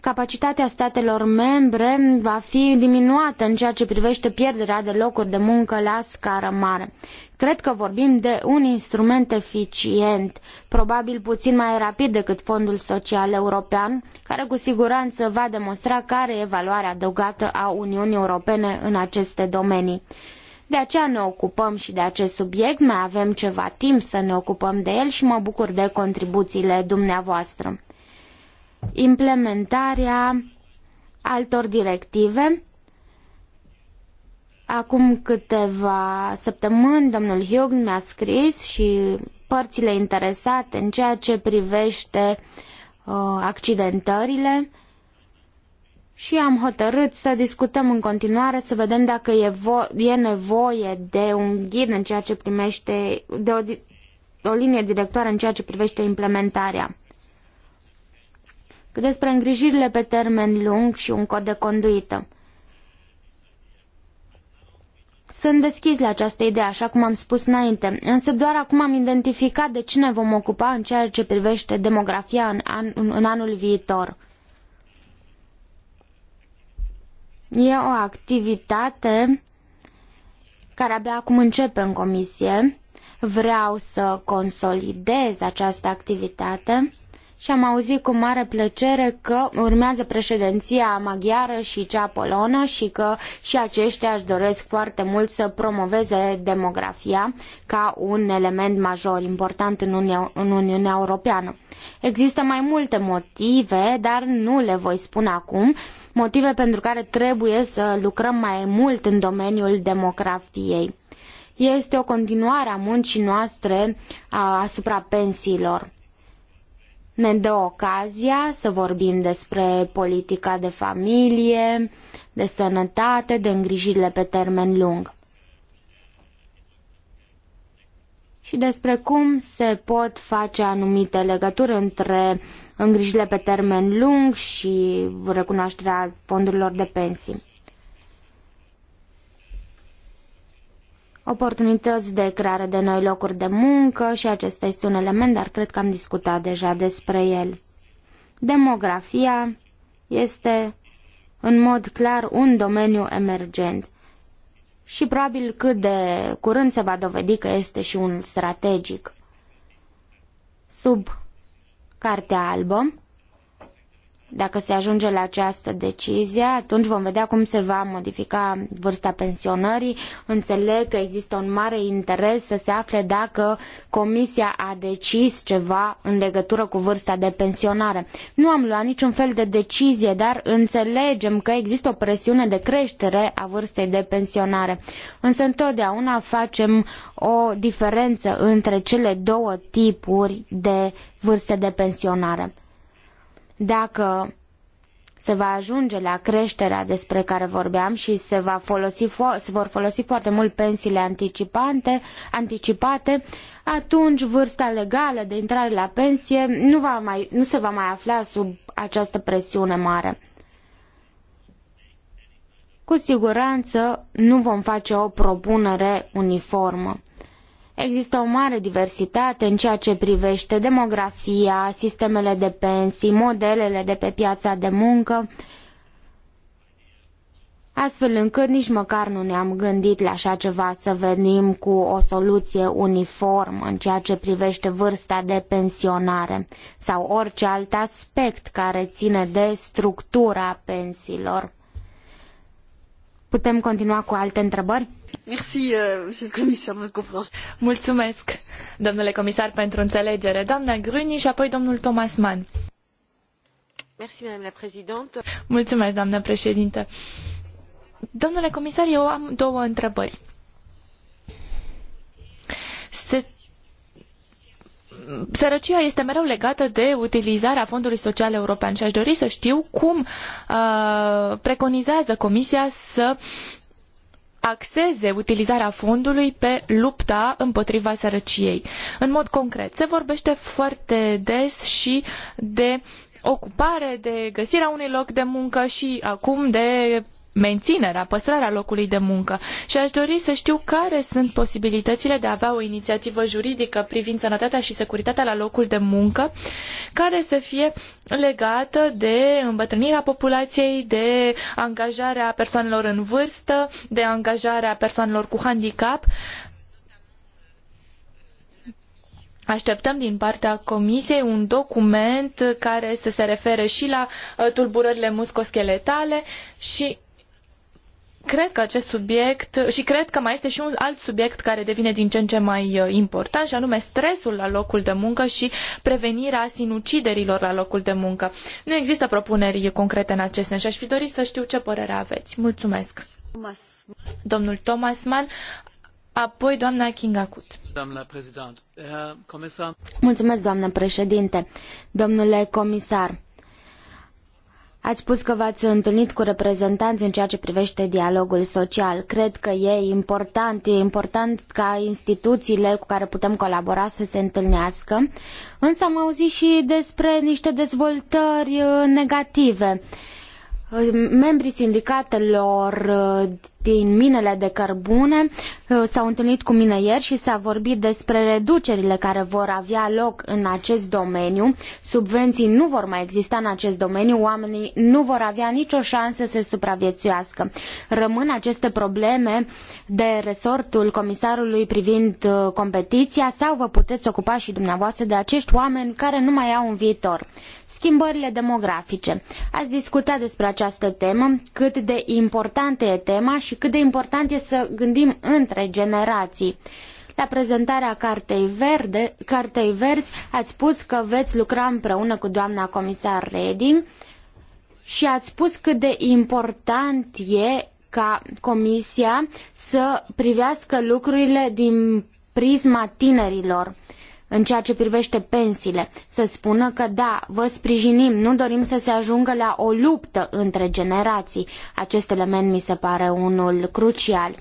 capacitatea statelor membre va fi diminuată în ceea ce privește pierderea de locuri de muncă la scară mare. Cred că vorbim de un instrument eficient, probabil puțin mai rapid decât Fondul Social European, care cu siguranță va demonstra care e valoarea adăugată a Uniunii Europene în aceste domenii. De aceea ne ocupăm și de acest subiect, mai avem ceva timp să ne ocupăm de el și mă bucur de contribuțiile dumneavoastră. Implementarea altor directive Acum câteva săptămâni, domnul Hugh mi-a scris și părțile interesate în ceea ce privește uh, accidentările și am hotărât să discutăm în continuare, să vedem dacă e, e nevoie de un ghid în ceea ce primește, de o, o linie directoare în ceea ce privește implementarea. Cât despre îngrijirile pe termen lung și un cod de conduită. Sunt deschis la această idee, așa cum am spus înainte, însă doar acum am identificat de ce ne vom ocupa în ceea ce privește demografia în, an, în anul viitor. E o activitate care abia acum începe în comisie. Vreau să consolidez această activitate și am auzit cu mare plăcere că urmează președinția maghiară și cea polonă și că și aceștia își doresc foarte mult să promoveze demografia ca un element major important în, Uni- în Uniunea Europeană. Există mai multe motive, dar nu le voi spune acum motive pentru care trebuie să lucrăm mai mult în domeniul demografiei. Este o continuare a muncii noastre asupra pensiilor. Ne dă ocazia să vorbim despre politica de familie, de sănătate, de îngrijirile pe termen lung. și despre cum se pot face anumite legături între îngrijile pe termen lung și recunoașterea fondurilor de pensii. Oportunități de creare de noi locuri de muncă și acesta este un element, dar cred că am discutat deja despre el. Demografia este în mod clar un domeniu emergent și probabil cât de curând se va dovedi că este și unul strategic. Sub Cartea albă dacă se ajunge la această decizie, atunci vom vedea cum se va modifica vârsta pensionării. Înțeleg că există un mare interes să se afle dacă Comisia a decis ceva în legătură cu vârsta de pensionare. Nu am luat niciun fel de decizie, dar înțelegem că există o presiune de creștere a vârstei de pensionare. Însă întotdeauna facem o diferență între cele două tipuri de vârste de pensionare. Dacă se va ajunge la creșterea despre care vorbeam și se, va folosi se vor folosi foarte mult pensiile anticipante, anticipate, atunci vârsta legală de intrare la pensie nu, va mai, nu se va mai afla sub această presiune mare. Cu siguranță nu vom face o propunere uniformă. Există o mare diversitate în ceea ce privește demografia, sistemele de pensii, modelele de pe piața de muncă, astfel încât nici măcar nu ne-am gândit la așa ceva să venim cu o soluție uniformă în ceea ce privește vârsta de pensionare sau orice alt aspect care ține de structura pensiilor. Putem continua cu alte întrebări? Euh, Mulțumesc, domnule comisar, pentru înțelegere. Doamna Gruni și apoi domnul Thomas Mann. Mulțumesc, doamnă președinte. Domnule comisar, eu am două întrebări. Se sărăcia este mereu legată de utilizarea Fondului Social European și aș dori să știu cum uh, preconizează Comisia să axeze utilizarea fondului pe lupta împotriva sărăciei. În mod concret, se vorbește foarte des și de ocupare, de găsirea unui loc de muncă și acum de menținerea, păstrarea locului de muncă. Și aș dori să știu care sunt posibilitățile de a avea o inițiativă juridică privind sănătatea și securitatea la locul de muncă, care să fie legată de îmbătrânirea populației, de angajarea persoanelor în vârstă, de angajarea persoanelor cu handicap, Așteptăm din partea Comisiei un document care să se refere și la uh, tulburările musculoscheletale și cred că acest subiect și cred că mai este și un alt subiect care devine din ce în ce mai uh, important și anume stresul la locul de muncă și prevenirea sinuciderilor la locul de muncă. Nu există propuneri concrete în acest sens și aș fi dorit să știu ce părere aveți. Mulțumesc. Thomas. Domnul Thomas Mann, apoi doamna Kinga Mulțumesc, doamnă președinte. Domnule comisar, Ați spus că v-ați întâlnit cu reprezentanți în ceea ce privește dialogul social. Cred că e important, e important ca instituțiile cu care putem colabora să se întâlnească. Însă am auzit și despre niște dezvoltări uh, negative. Uh, membrii sindicatelor uh, din minele de cărbune uh, s-au întâlnit cu mine ieri și s-a vorbit despre reducerile care vor avea loc în acest domeniu. Subvenții nu vor mai exista în acest domeniu, oamenii nu vor avea nicio șansă să supraviețuiască. Rămân aceste probleme de resortul comisarului privind competiția sau vă puteți ocupa și dumneavoastră de acești oameni care nu mai au un viitor. Schimbările demografice. Ați discutat despre această temă, cât de importantă e tema și cât de important e să gândim între generații. La prezentarea cartei, verde, cartei verzi ați spus că veți lucra împreună cu doamna comisar Reding și ați spus cât de important e ca comisia să privească lucrurile din prisma tinerilor în ceea ce privește pensiile, să spună că da, vă sprijinim, nu dorim să se ajungă la o luptă între generații. Acest element mi se pare unul crucial.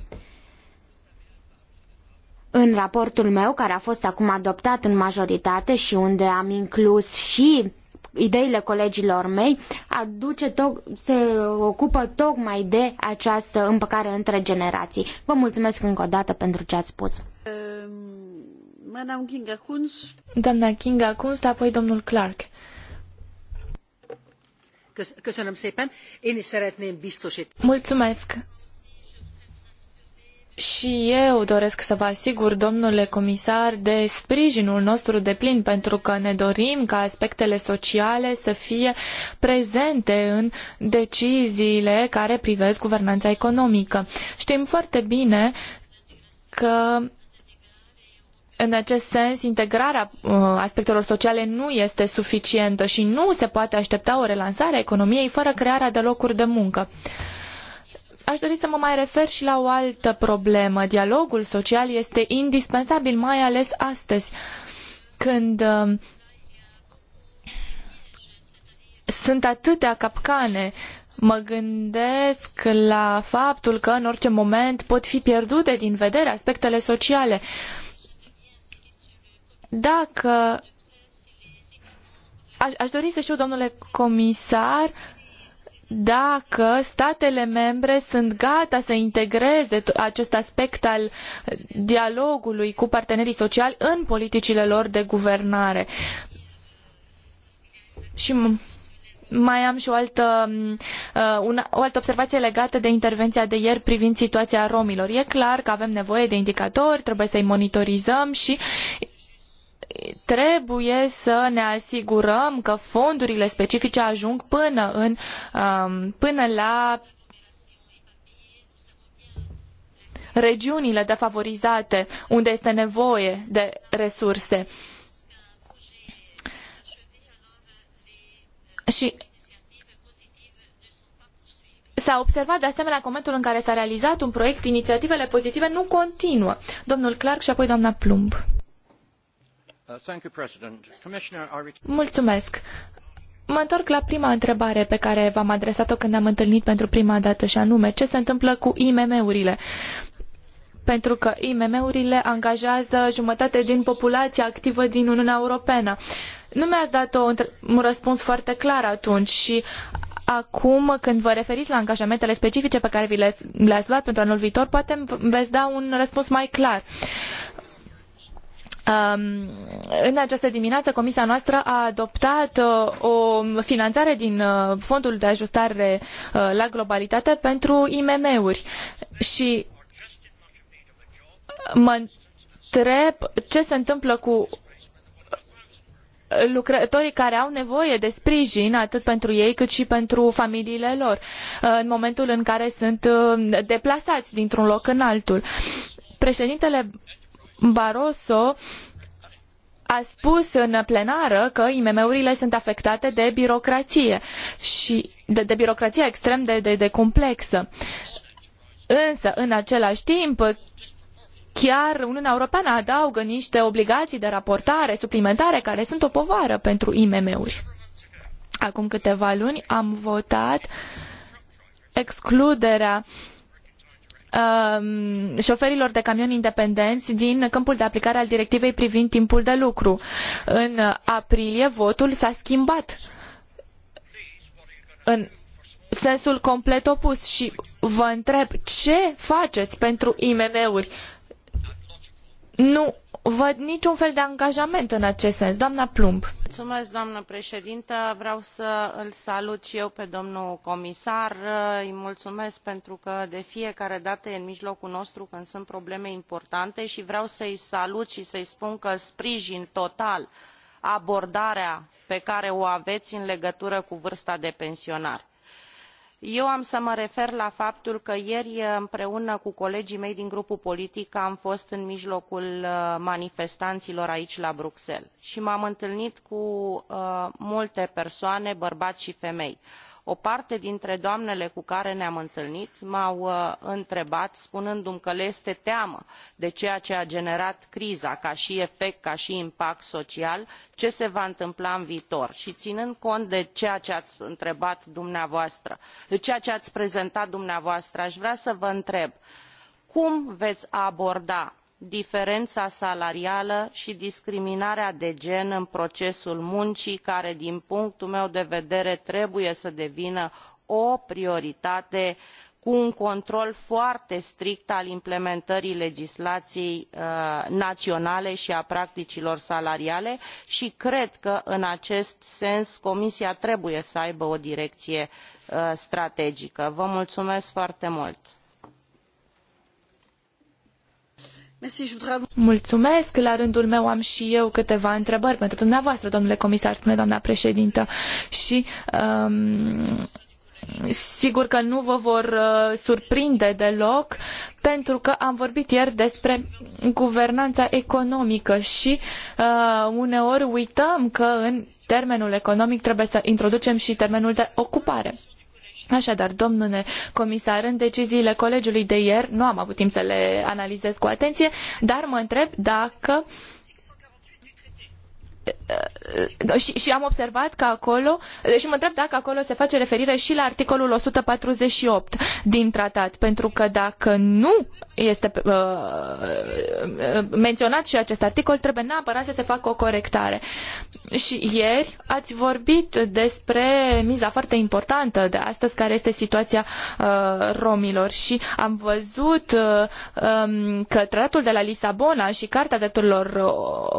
În raportul meu, care a fost acum adoptat în majoritate și unde am inclus și ideile colegilor mei, aduce se ocupă tocmai de această împăcare între generații. Vă mulțumesc încă o dată pentru ce ați spus. Um... Madame Kinga Kunz. Doamna Kinga Kunz, apoi domnul Clark. Mulțumesc. Și eu doresc să vă asigur, domnule comisar, de sprijinul nostru deplin, pentru că ne dorim ca aspectele sociale să fie prezente în deciziile care privesc guvernanța economică. Știm foarte bine că în acest sens, integrarea uh, aspectelor sociale nu este suficientă și nu se poate aștepta o relansare a economiei fără crearea de locuri de muncă. Aș dori să mă mai refer și la o altă problemă. Dialogul social este indispensabil, mai ales astăzi, când uh, sunt atâtea capcane Mă gândesc la faptul că în orice moment pot fi pierdute din vedere aspectele sociale. Uh, dacă aș, aș dori să știu, domnule comisar, dacă statele membre sunt gata să integreze acest aspect al dialogului cu partenerii sociali în politicile lor de guvernare. Și mai am și o altă, uh, una, o altă observație legată de intervenția de ieri privind situația romilor. E clar că avem nevoie de indicatori, trebuie să-i monitorizăm și trebuie să ne asigurăm că fondurile specifice ajung până, în, um, până la regiunile defavorizate unde este nevoie de resurse. Și S-a observat de asemenea că momentul în care s-a realizat un proiect, inițiativele pozitive nu continuă. Domnul Clark și apoi doamna Plumb. Mulțumesc. Mă întorc la prima întrebare pe care v-am adresat-o când ne-am întâlnit pentru prima dată și anume ce se întâmplă cu IMM-urile. Pentru că IMM-urile angajează jumătate din populația activă din Uniunea Europeană. Nu mi-ați dat o, un răspuns foarte clar atunci și acum când vă referiți la angajamentele specifice pe care vi le, le-ați luat pentru anul viitor, poate veți da un răspuns mai clar. Um, în această dimineață, comisia noastră a adoptat uh, o finanțare din uh, Fondul de Ajustare uh, la Globalitate pentru IMM-uri și mă întreb ce se întâmplă cu lucrătorii care au nevoie de sprijin atât pentru ei cât și pentru familiile lor în momentul în care sunt deplasați dintr-un loc în altul. Președintele Barroso a spus în plenară că IMM-urile sunt afectate de birocrație și de, de birocrație extrem de, de, de complexă. Însă, în același timp, chiar Uniunea Europeană adaugă niște obligații de raportare suplimentare care sunt o povară pentru IMM-uri. Acum câteva luni am votat excluderea uh, um, șoferilor de camion independenți din câmpul de aplicare al directivei privind timpul de lucru. În aprilie votul s-a schimbat în sensul complet opus și vă întreb ce faceți pentru IMM-uri? Nu văd niciun fel de angajament în acest sens. Doamna Plumb. Mulțumesc, doamnă președintă. Vreau să îl salut și eu pe domnul comisar. Îi mulțumesc pentru că de fiecare dată e în mijlocul nostru când sunt probleme importante și vreau să-i salut și să-i spun că sprijin total abordarea pe care o aveți în legătură cu vârsta de pensionare eu am să mă refer la faptul că ieri eh, împreună cu colegii mei din grupul politic am fost în mijlocul eh, manifestanilor aici la bruxelles i m am întâlnit cu eh, multe persoane bărbai i femei o parte dintre doamnele cu care ne am întâlnit m au uh, întrebat spunându mi că le este teamă de ceea ce a generat criza ca i efect ca i impact social ce se va întâmpla în viitor i inând cont de ceea ce ai prezentat dumneavoastră a vrea să vă întreb cum vei aborda diferena salarială i discriminarea de gen în procesul muncii care din punctul meu de vedere trebuie să devină o prioritate cu un control foarte strict al implementării legislaiei uh, naionale i a practicilor salariale i cred că în acest sens comisia trebuie să aibă o direcie uh, strategică. vă mulumesc foarte mult! Mulțumesc. La rândul meu am și eu câteva întrebări pentru dumneavoastră, domnule comisar, spune doamna președintă. Și um, sigur că nu vă vor uh, surprinde deloc, pentru că am vorbit ieri despre guvernanța economică și uh, uneori uităm că în termenul economic trebuie să introducem și termenul de ocupare. Așadar, domnule comisar, în deciziile colegiului de ieri, nu am avut timp să le analizez cu atenție, dar mă întreb dacă Uh, uh, și, și am observat că acolo, și deci mă întreb dacă acolo se face referire și la articolul 148 din tratat, pentru că dacă nu este uh, uh, menționat și acest articol, trebuie neapărat să se facă o corectare. Și ieri ați vorbit despre miza foarte importantă de astăzi, care este situația uh, romilor și am văzut uh, um, că tratatul de la Lisabona și Carta Drepturilor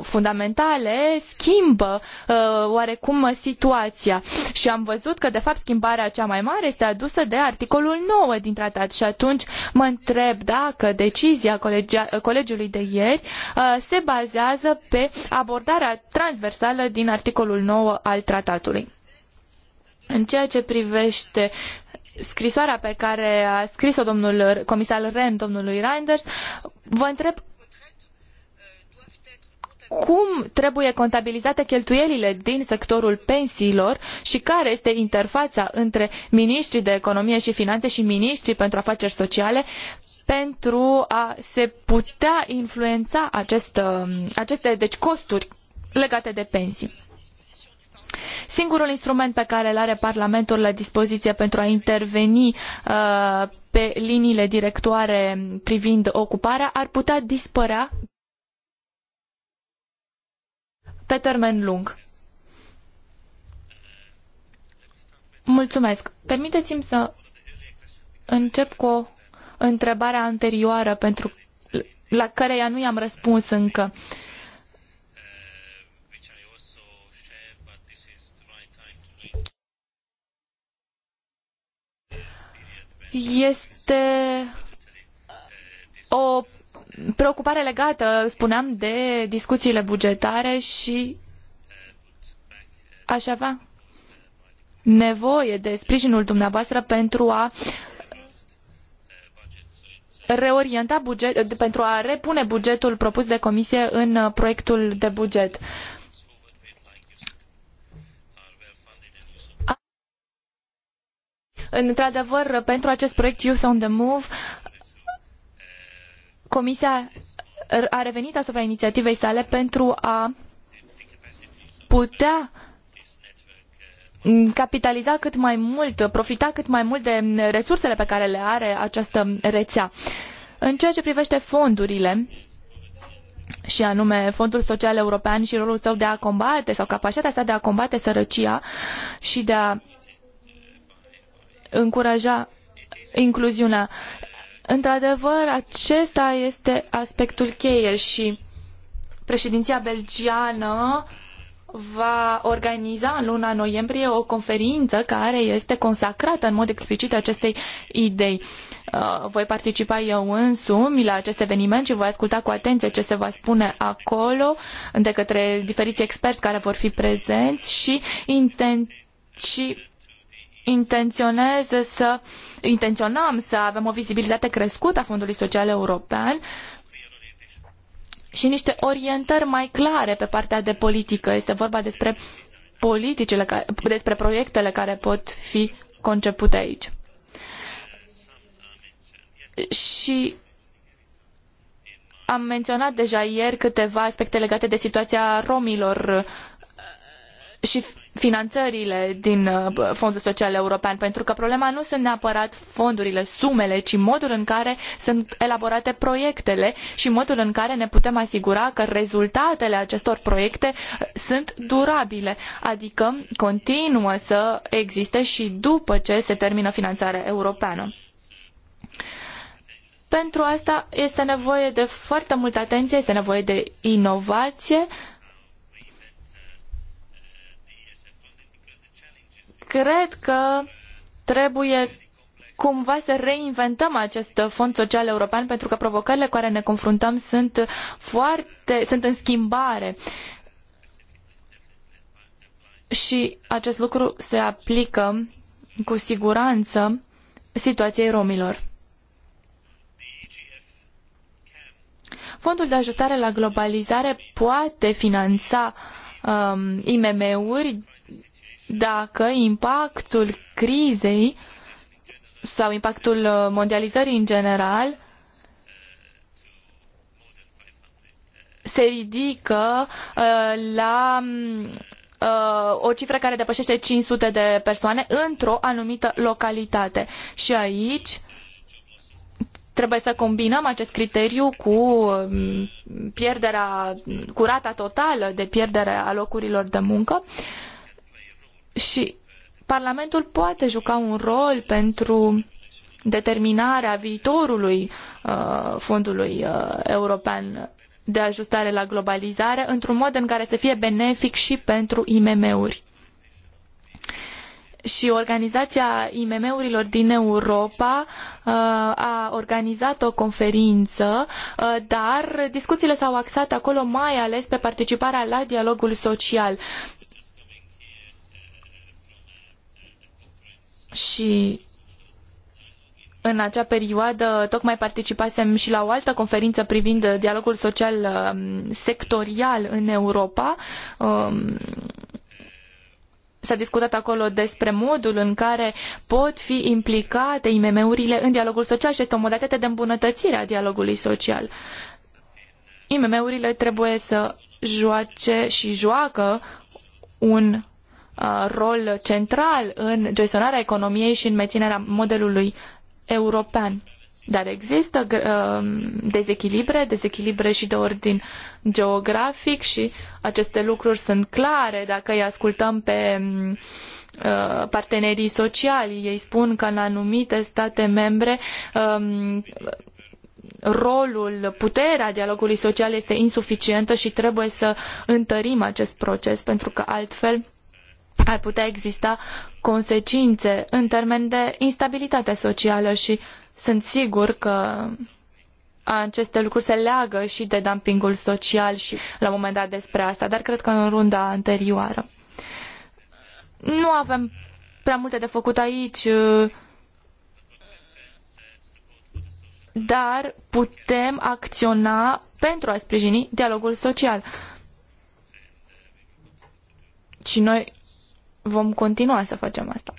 Fundamentale schimbă schimbă uh, oarecum situația. Și am văzut că, de fapt, schimbarea cea mai mare este adusă de articolul 9 din tratat. Și atunci mă întreb dacă decizia colegiului de ieri uh, se bazează pe abordarea transversală din articolul 9 al tratatului. În ceea ce privește scrisoarea pe care a scris-o domnul comisar Ren domnului Reinders, vă întreb cum trebuie contabilizate cheltuielile din sectorul pensiilor și care este interfața între ministrii de economie și finanțe și ministrii pentru afaceri sociale pentru a se putea influența acest, um, aceste deci costuri legate de pensii. Singurul instrument pe care îl are Parlamentul la dispoziție pentru a interveni uh, pe liniile directoare privind ocuparea ar putea dispărea pe termen lung. Mulțumesc. Permiteți-mi să încep cu o întrebare anterioară pentru la care ea nu i-am răspuns încă. Este o preocupare legată, spuneam, de discuțiile bugetare și aș avea nevoie de sprijinul dumneavoastră pentru a reorienta buget, pentru a repune bugetul propus de comisie în proiectul de buget. Într-adevăr, pentru acest proiect Youth on the Move, Comisia a revenit asupra inițiativei sale pentru a putea capitaliza cât mai mult, profita cât mai mult de resursele pe care le are această rețea. În ceea ce privește fondurile, și anume Fondul Social European și rolul său de a combate sau capacitatea sa de a combate sărăcia și de a încuraja incluziunea. Într-adevăr, acesta este aspectul cheie și președinția belgiană va organiza în luna noiembrie o conferință care este consacrată în mod explicit acestei idei. Uh, voi participa eu însumi la acest eveniment și voi asculta cu atenție ce se va spune acolo de către diferiți experți care vor fi prezenți și, inten- și intenționez să uh, intenționăm să avem o vizibilitate crescută a Fondului Social European și niște orientări mai clare pe partea de politică. Este vorba despre politicile, despre proiectele care pot fi concepute aici. Și am menționat deja ieri câteva aspecte legate de situația romilor și finanțările din uh, Fondul Social European, pentru că problema nu sunt neapărat fondurile, sumele, ci modul în care sunt elaborate proiectele și modul în care ne putem asigura că rezultatele acestor proiecte uh, sunt durabile, adică continuă să existe și după ce se termină finanțarea europeană. Pentru asta este nevoie de foarte multă atenție, este nevoie de inovație, uh, Cred că trebuie cumva să reinventăm acest fond social european pentru că provocările cu care ne confruntăm sunt foarte sunt în schimbare. Și acest lucru se aplică cu siguranță situației romilor. Fondul de ajustare la globalizare poate finanța um, IMM-uri dacă impactul crizei sau impactul uh, mondializării în general se ridică uh, la mm, uh, o cifră care depășește 500 de persoane într-o anumită localitate. Și aici trebuie să combinăm acest criteriu cu mm, pierderea, cu rata totală de pierdere a locurilor de muncă. Uh, și Parlamentul poate juca un rol pentru determinarea viitorului uh, Fondului uh, European de ajustare la globalizare într-un mod în care să fie benefic și pentru IMM-uri. Și organizația IMM-urilor din Europa uh, a organizat o conferință, uh, dar discuțiile s-au axat acolo mai ales pe participarea la dialogul social. și în acea perioadă tocmai participasem și la o altă conferință privind dialogul social um, sectorial în Europa. Um, s-a discutat acolo despre modul în care pot fi implicate IMM-urile în dialogul social și este o modalitate de îmbunătățire a dialogului social. IMM-urile trebuie să joace și joacă un Uh, rol central în gestionarea economiei și în menținerea modelului european. Dar există uh, dezechilibre, dezechilibre și de ordin geografic și aceste lucruri sunt clare dacă îi ascultăm pe uh, partenerii sociali. Ei spun că în anumite state membre um, rolul, puterea dialogului social este insuficientă și trebuie să întărim acest proces pentru că altfel ar putea exista consecințe în termen de instabilitate socială și sunt sigur că aceste lucruri se leagă și de dumpingul social și la un moment dat despre asta, dar cred că în runda anterioară. Nu avem prea multe de făcut aici, dar putem acționa pentru a sprijini dialogul social. Și noi vom continua să facem asta.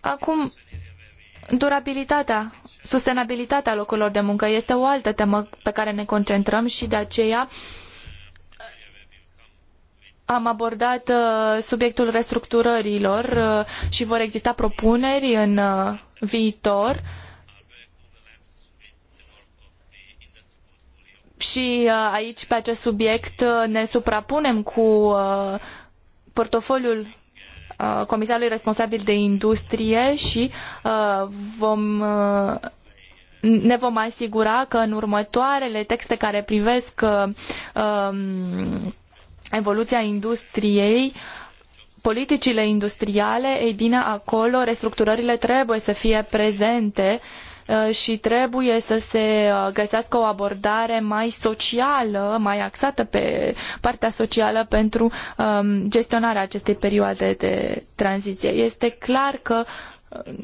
Acum, durabilitatea, sustenabilitatea locurilor de muncă este o altă temă pe care ne concentrăm și de aceea am abordat uh, subiectul restructurărilor uh, și vor exista propuneri în uh, viitor și uh, aici pe acest subiect uh, ne suprapunem cu uh, portofoliul comisarului responsabil de industrie și vom ne vom asigura că în următoarele texte care privesc um, evoluția industriei politicile industriale, ei bine, acolo restructurările trebuie să fie prezente uh, Uh, și trebuie să se uh, găsească o abordare mai socială, mai axată pe partea socială pentru um, gestionarea acestei perioade de tranziție. Este clar că um,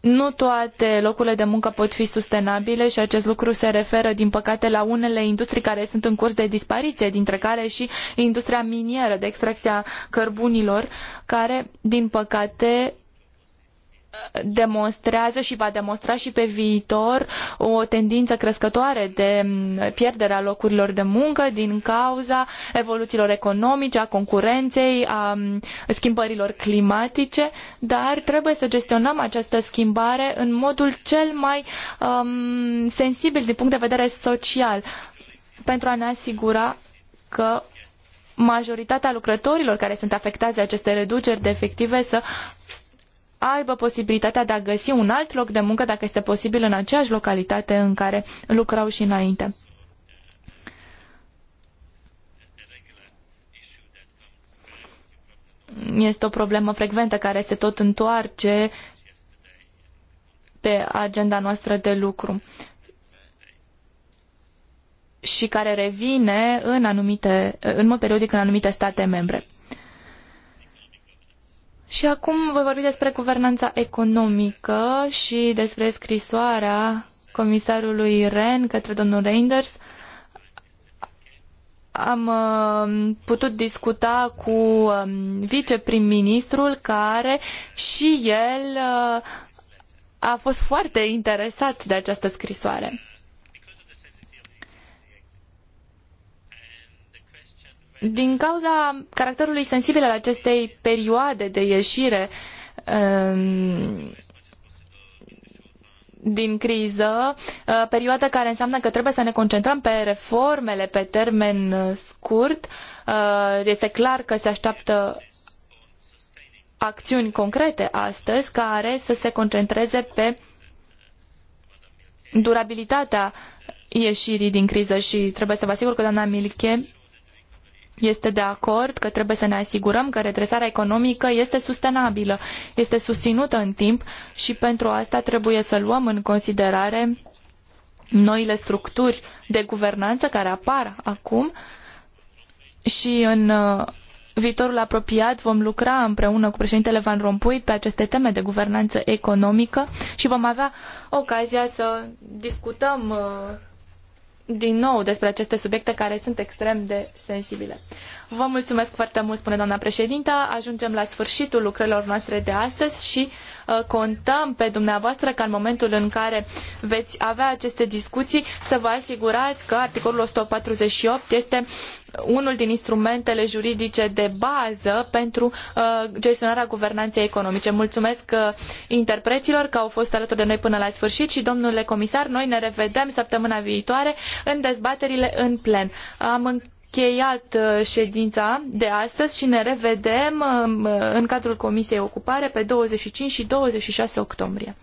nu toate locurile de muncă pot fi sustenabile și acest lucru se referă, din păcate, la unele industrii care sunt în curs de dispariție, dintre care și industria minieră de extracția cărbunilor, care, din păcate, demonstrează și va demonstra și pe viitor o tendință crescătoare de pierderea locurilor de muncă din cauza evoluțiilor economice, a concurenței, a schimbărilor climatice, dar trebuie să gestionăm această schimbare în modul cel mai um, sensibil din punct de vedere social pentru a ne asigura că majoritatea lucrătorilor care sunt afectați de aceste reduceri de efective să aibă posibilitatea de a găsi un alt loc de muncă, dacă este posibil, în aceeași localitate în care lucrau și înainte. Este o problemă frecventă care se tot întoarce pe agenda noastră de lucru și care revine în, anumite, în mod periodic în anumite state membre. Și acum voi vorbi despre guvernanța economică și despre scrisoarea comisarului Ren către domnul Reinders. Am um, putut discuta cu um, viceprim-ministrul care și el uh, a fost foarte interesat de această scrisoare. Din cauza caracterului sensibil al acestei perioade de ieșire um, din criză, uh, perioadă care înseamnă că trebuie să ne concentrăm pe reformele pe termen uh, scurt, uh, este clar că se așteaptă acțiuni concrete astăzi care să se concentreze pe durabilitatea ieșirii din criză și trebuie să vă asigur că doamna Milche este de acord că trebuie să ne asigurăm că redresarea economică este sustenabilă, este susținută în timp și pentru asta trebuie să luăm în considerare noile structuri de guvernanță care apar acum și în uh, viitorul apropiat vom lucra împreună cu președintele Van Rompuy pe aceste teme de guvernanță economică și vom avea ocazia să discutăm uh, din nou despre aceste subiecte care sunt extrem de sensibile. Vă mulțumesc foarte mult, spune doamna președintă. Ajungem la sfârșitul lucrărilor noastre de astăzi și uh, contăm pe dumneavoastră ca în momentul în care veți avea aceste discuții să vă asigurați că articolul 148 este unul din instrumentele juridice de bază pentru uh, gestionarea guvernanței economice. Mulțumesc uh, interpreților că au fost alături de noi până la sfârșit și domnule comisar, noi ne revedem săptămâna viitoare în dezbaterile în plen. Am încheiat uh, ședința de astăzi și ne revedem um, în cadrul Comisiei Ocupare pe 25 și 26 octombrie.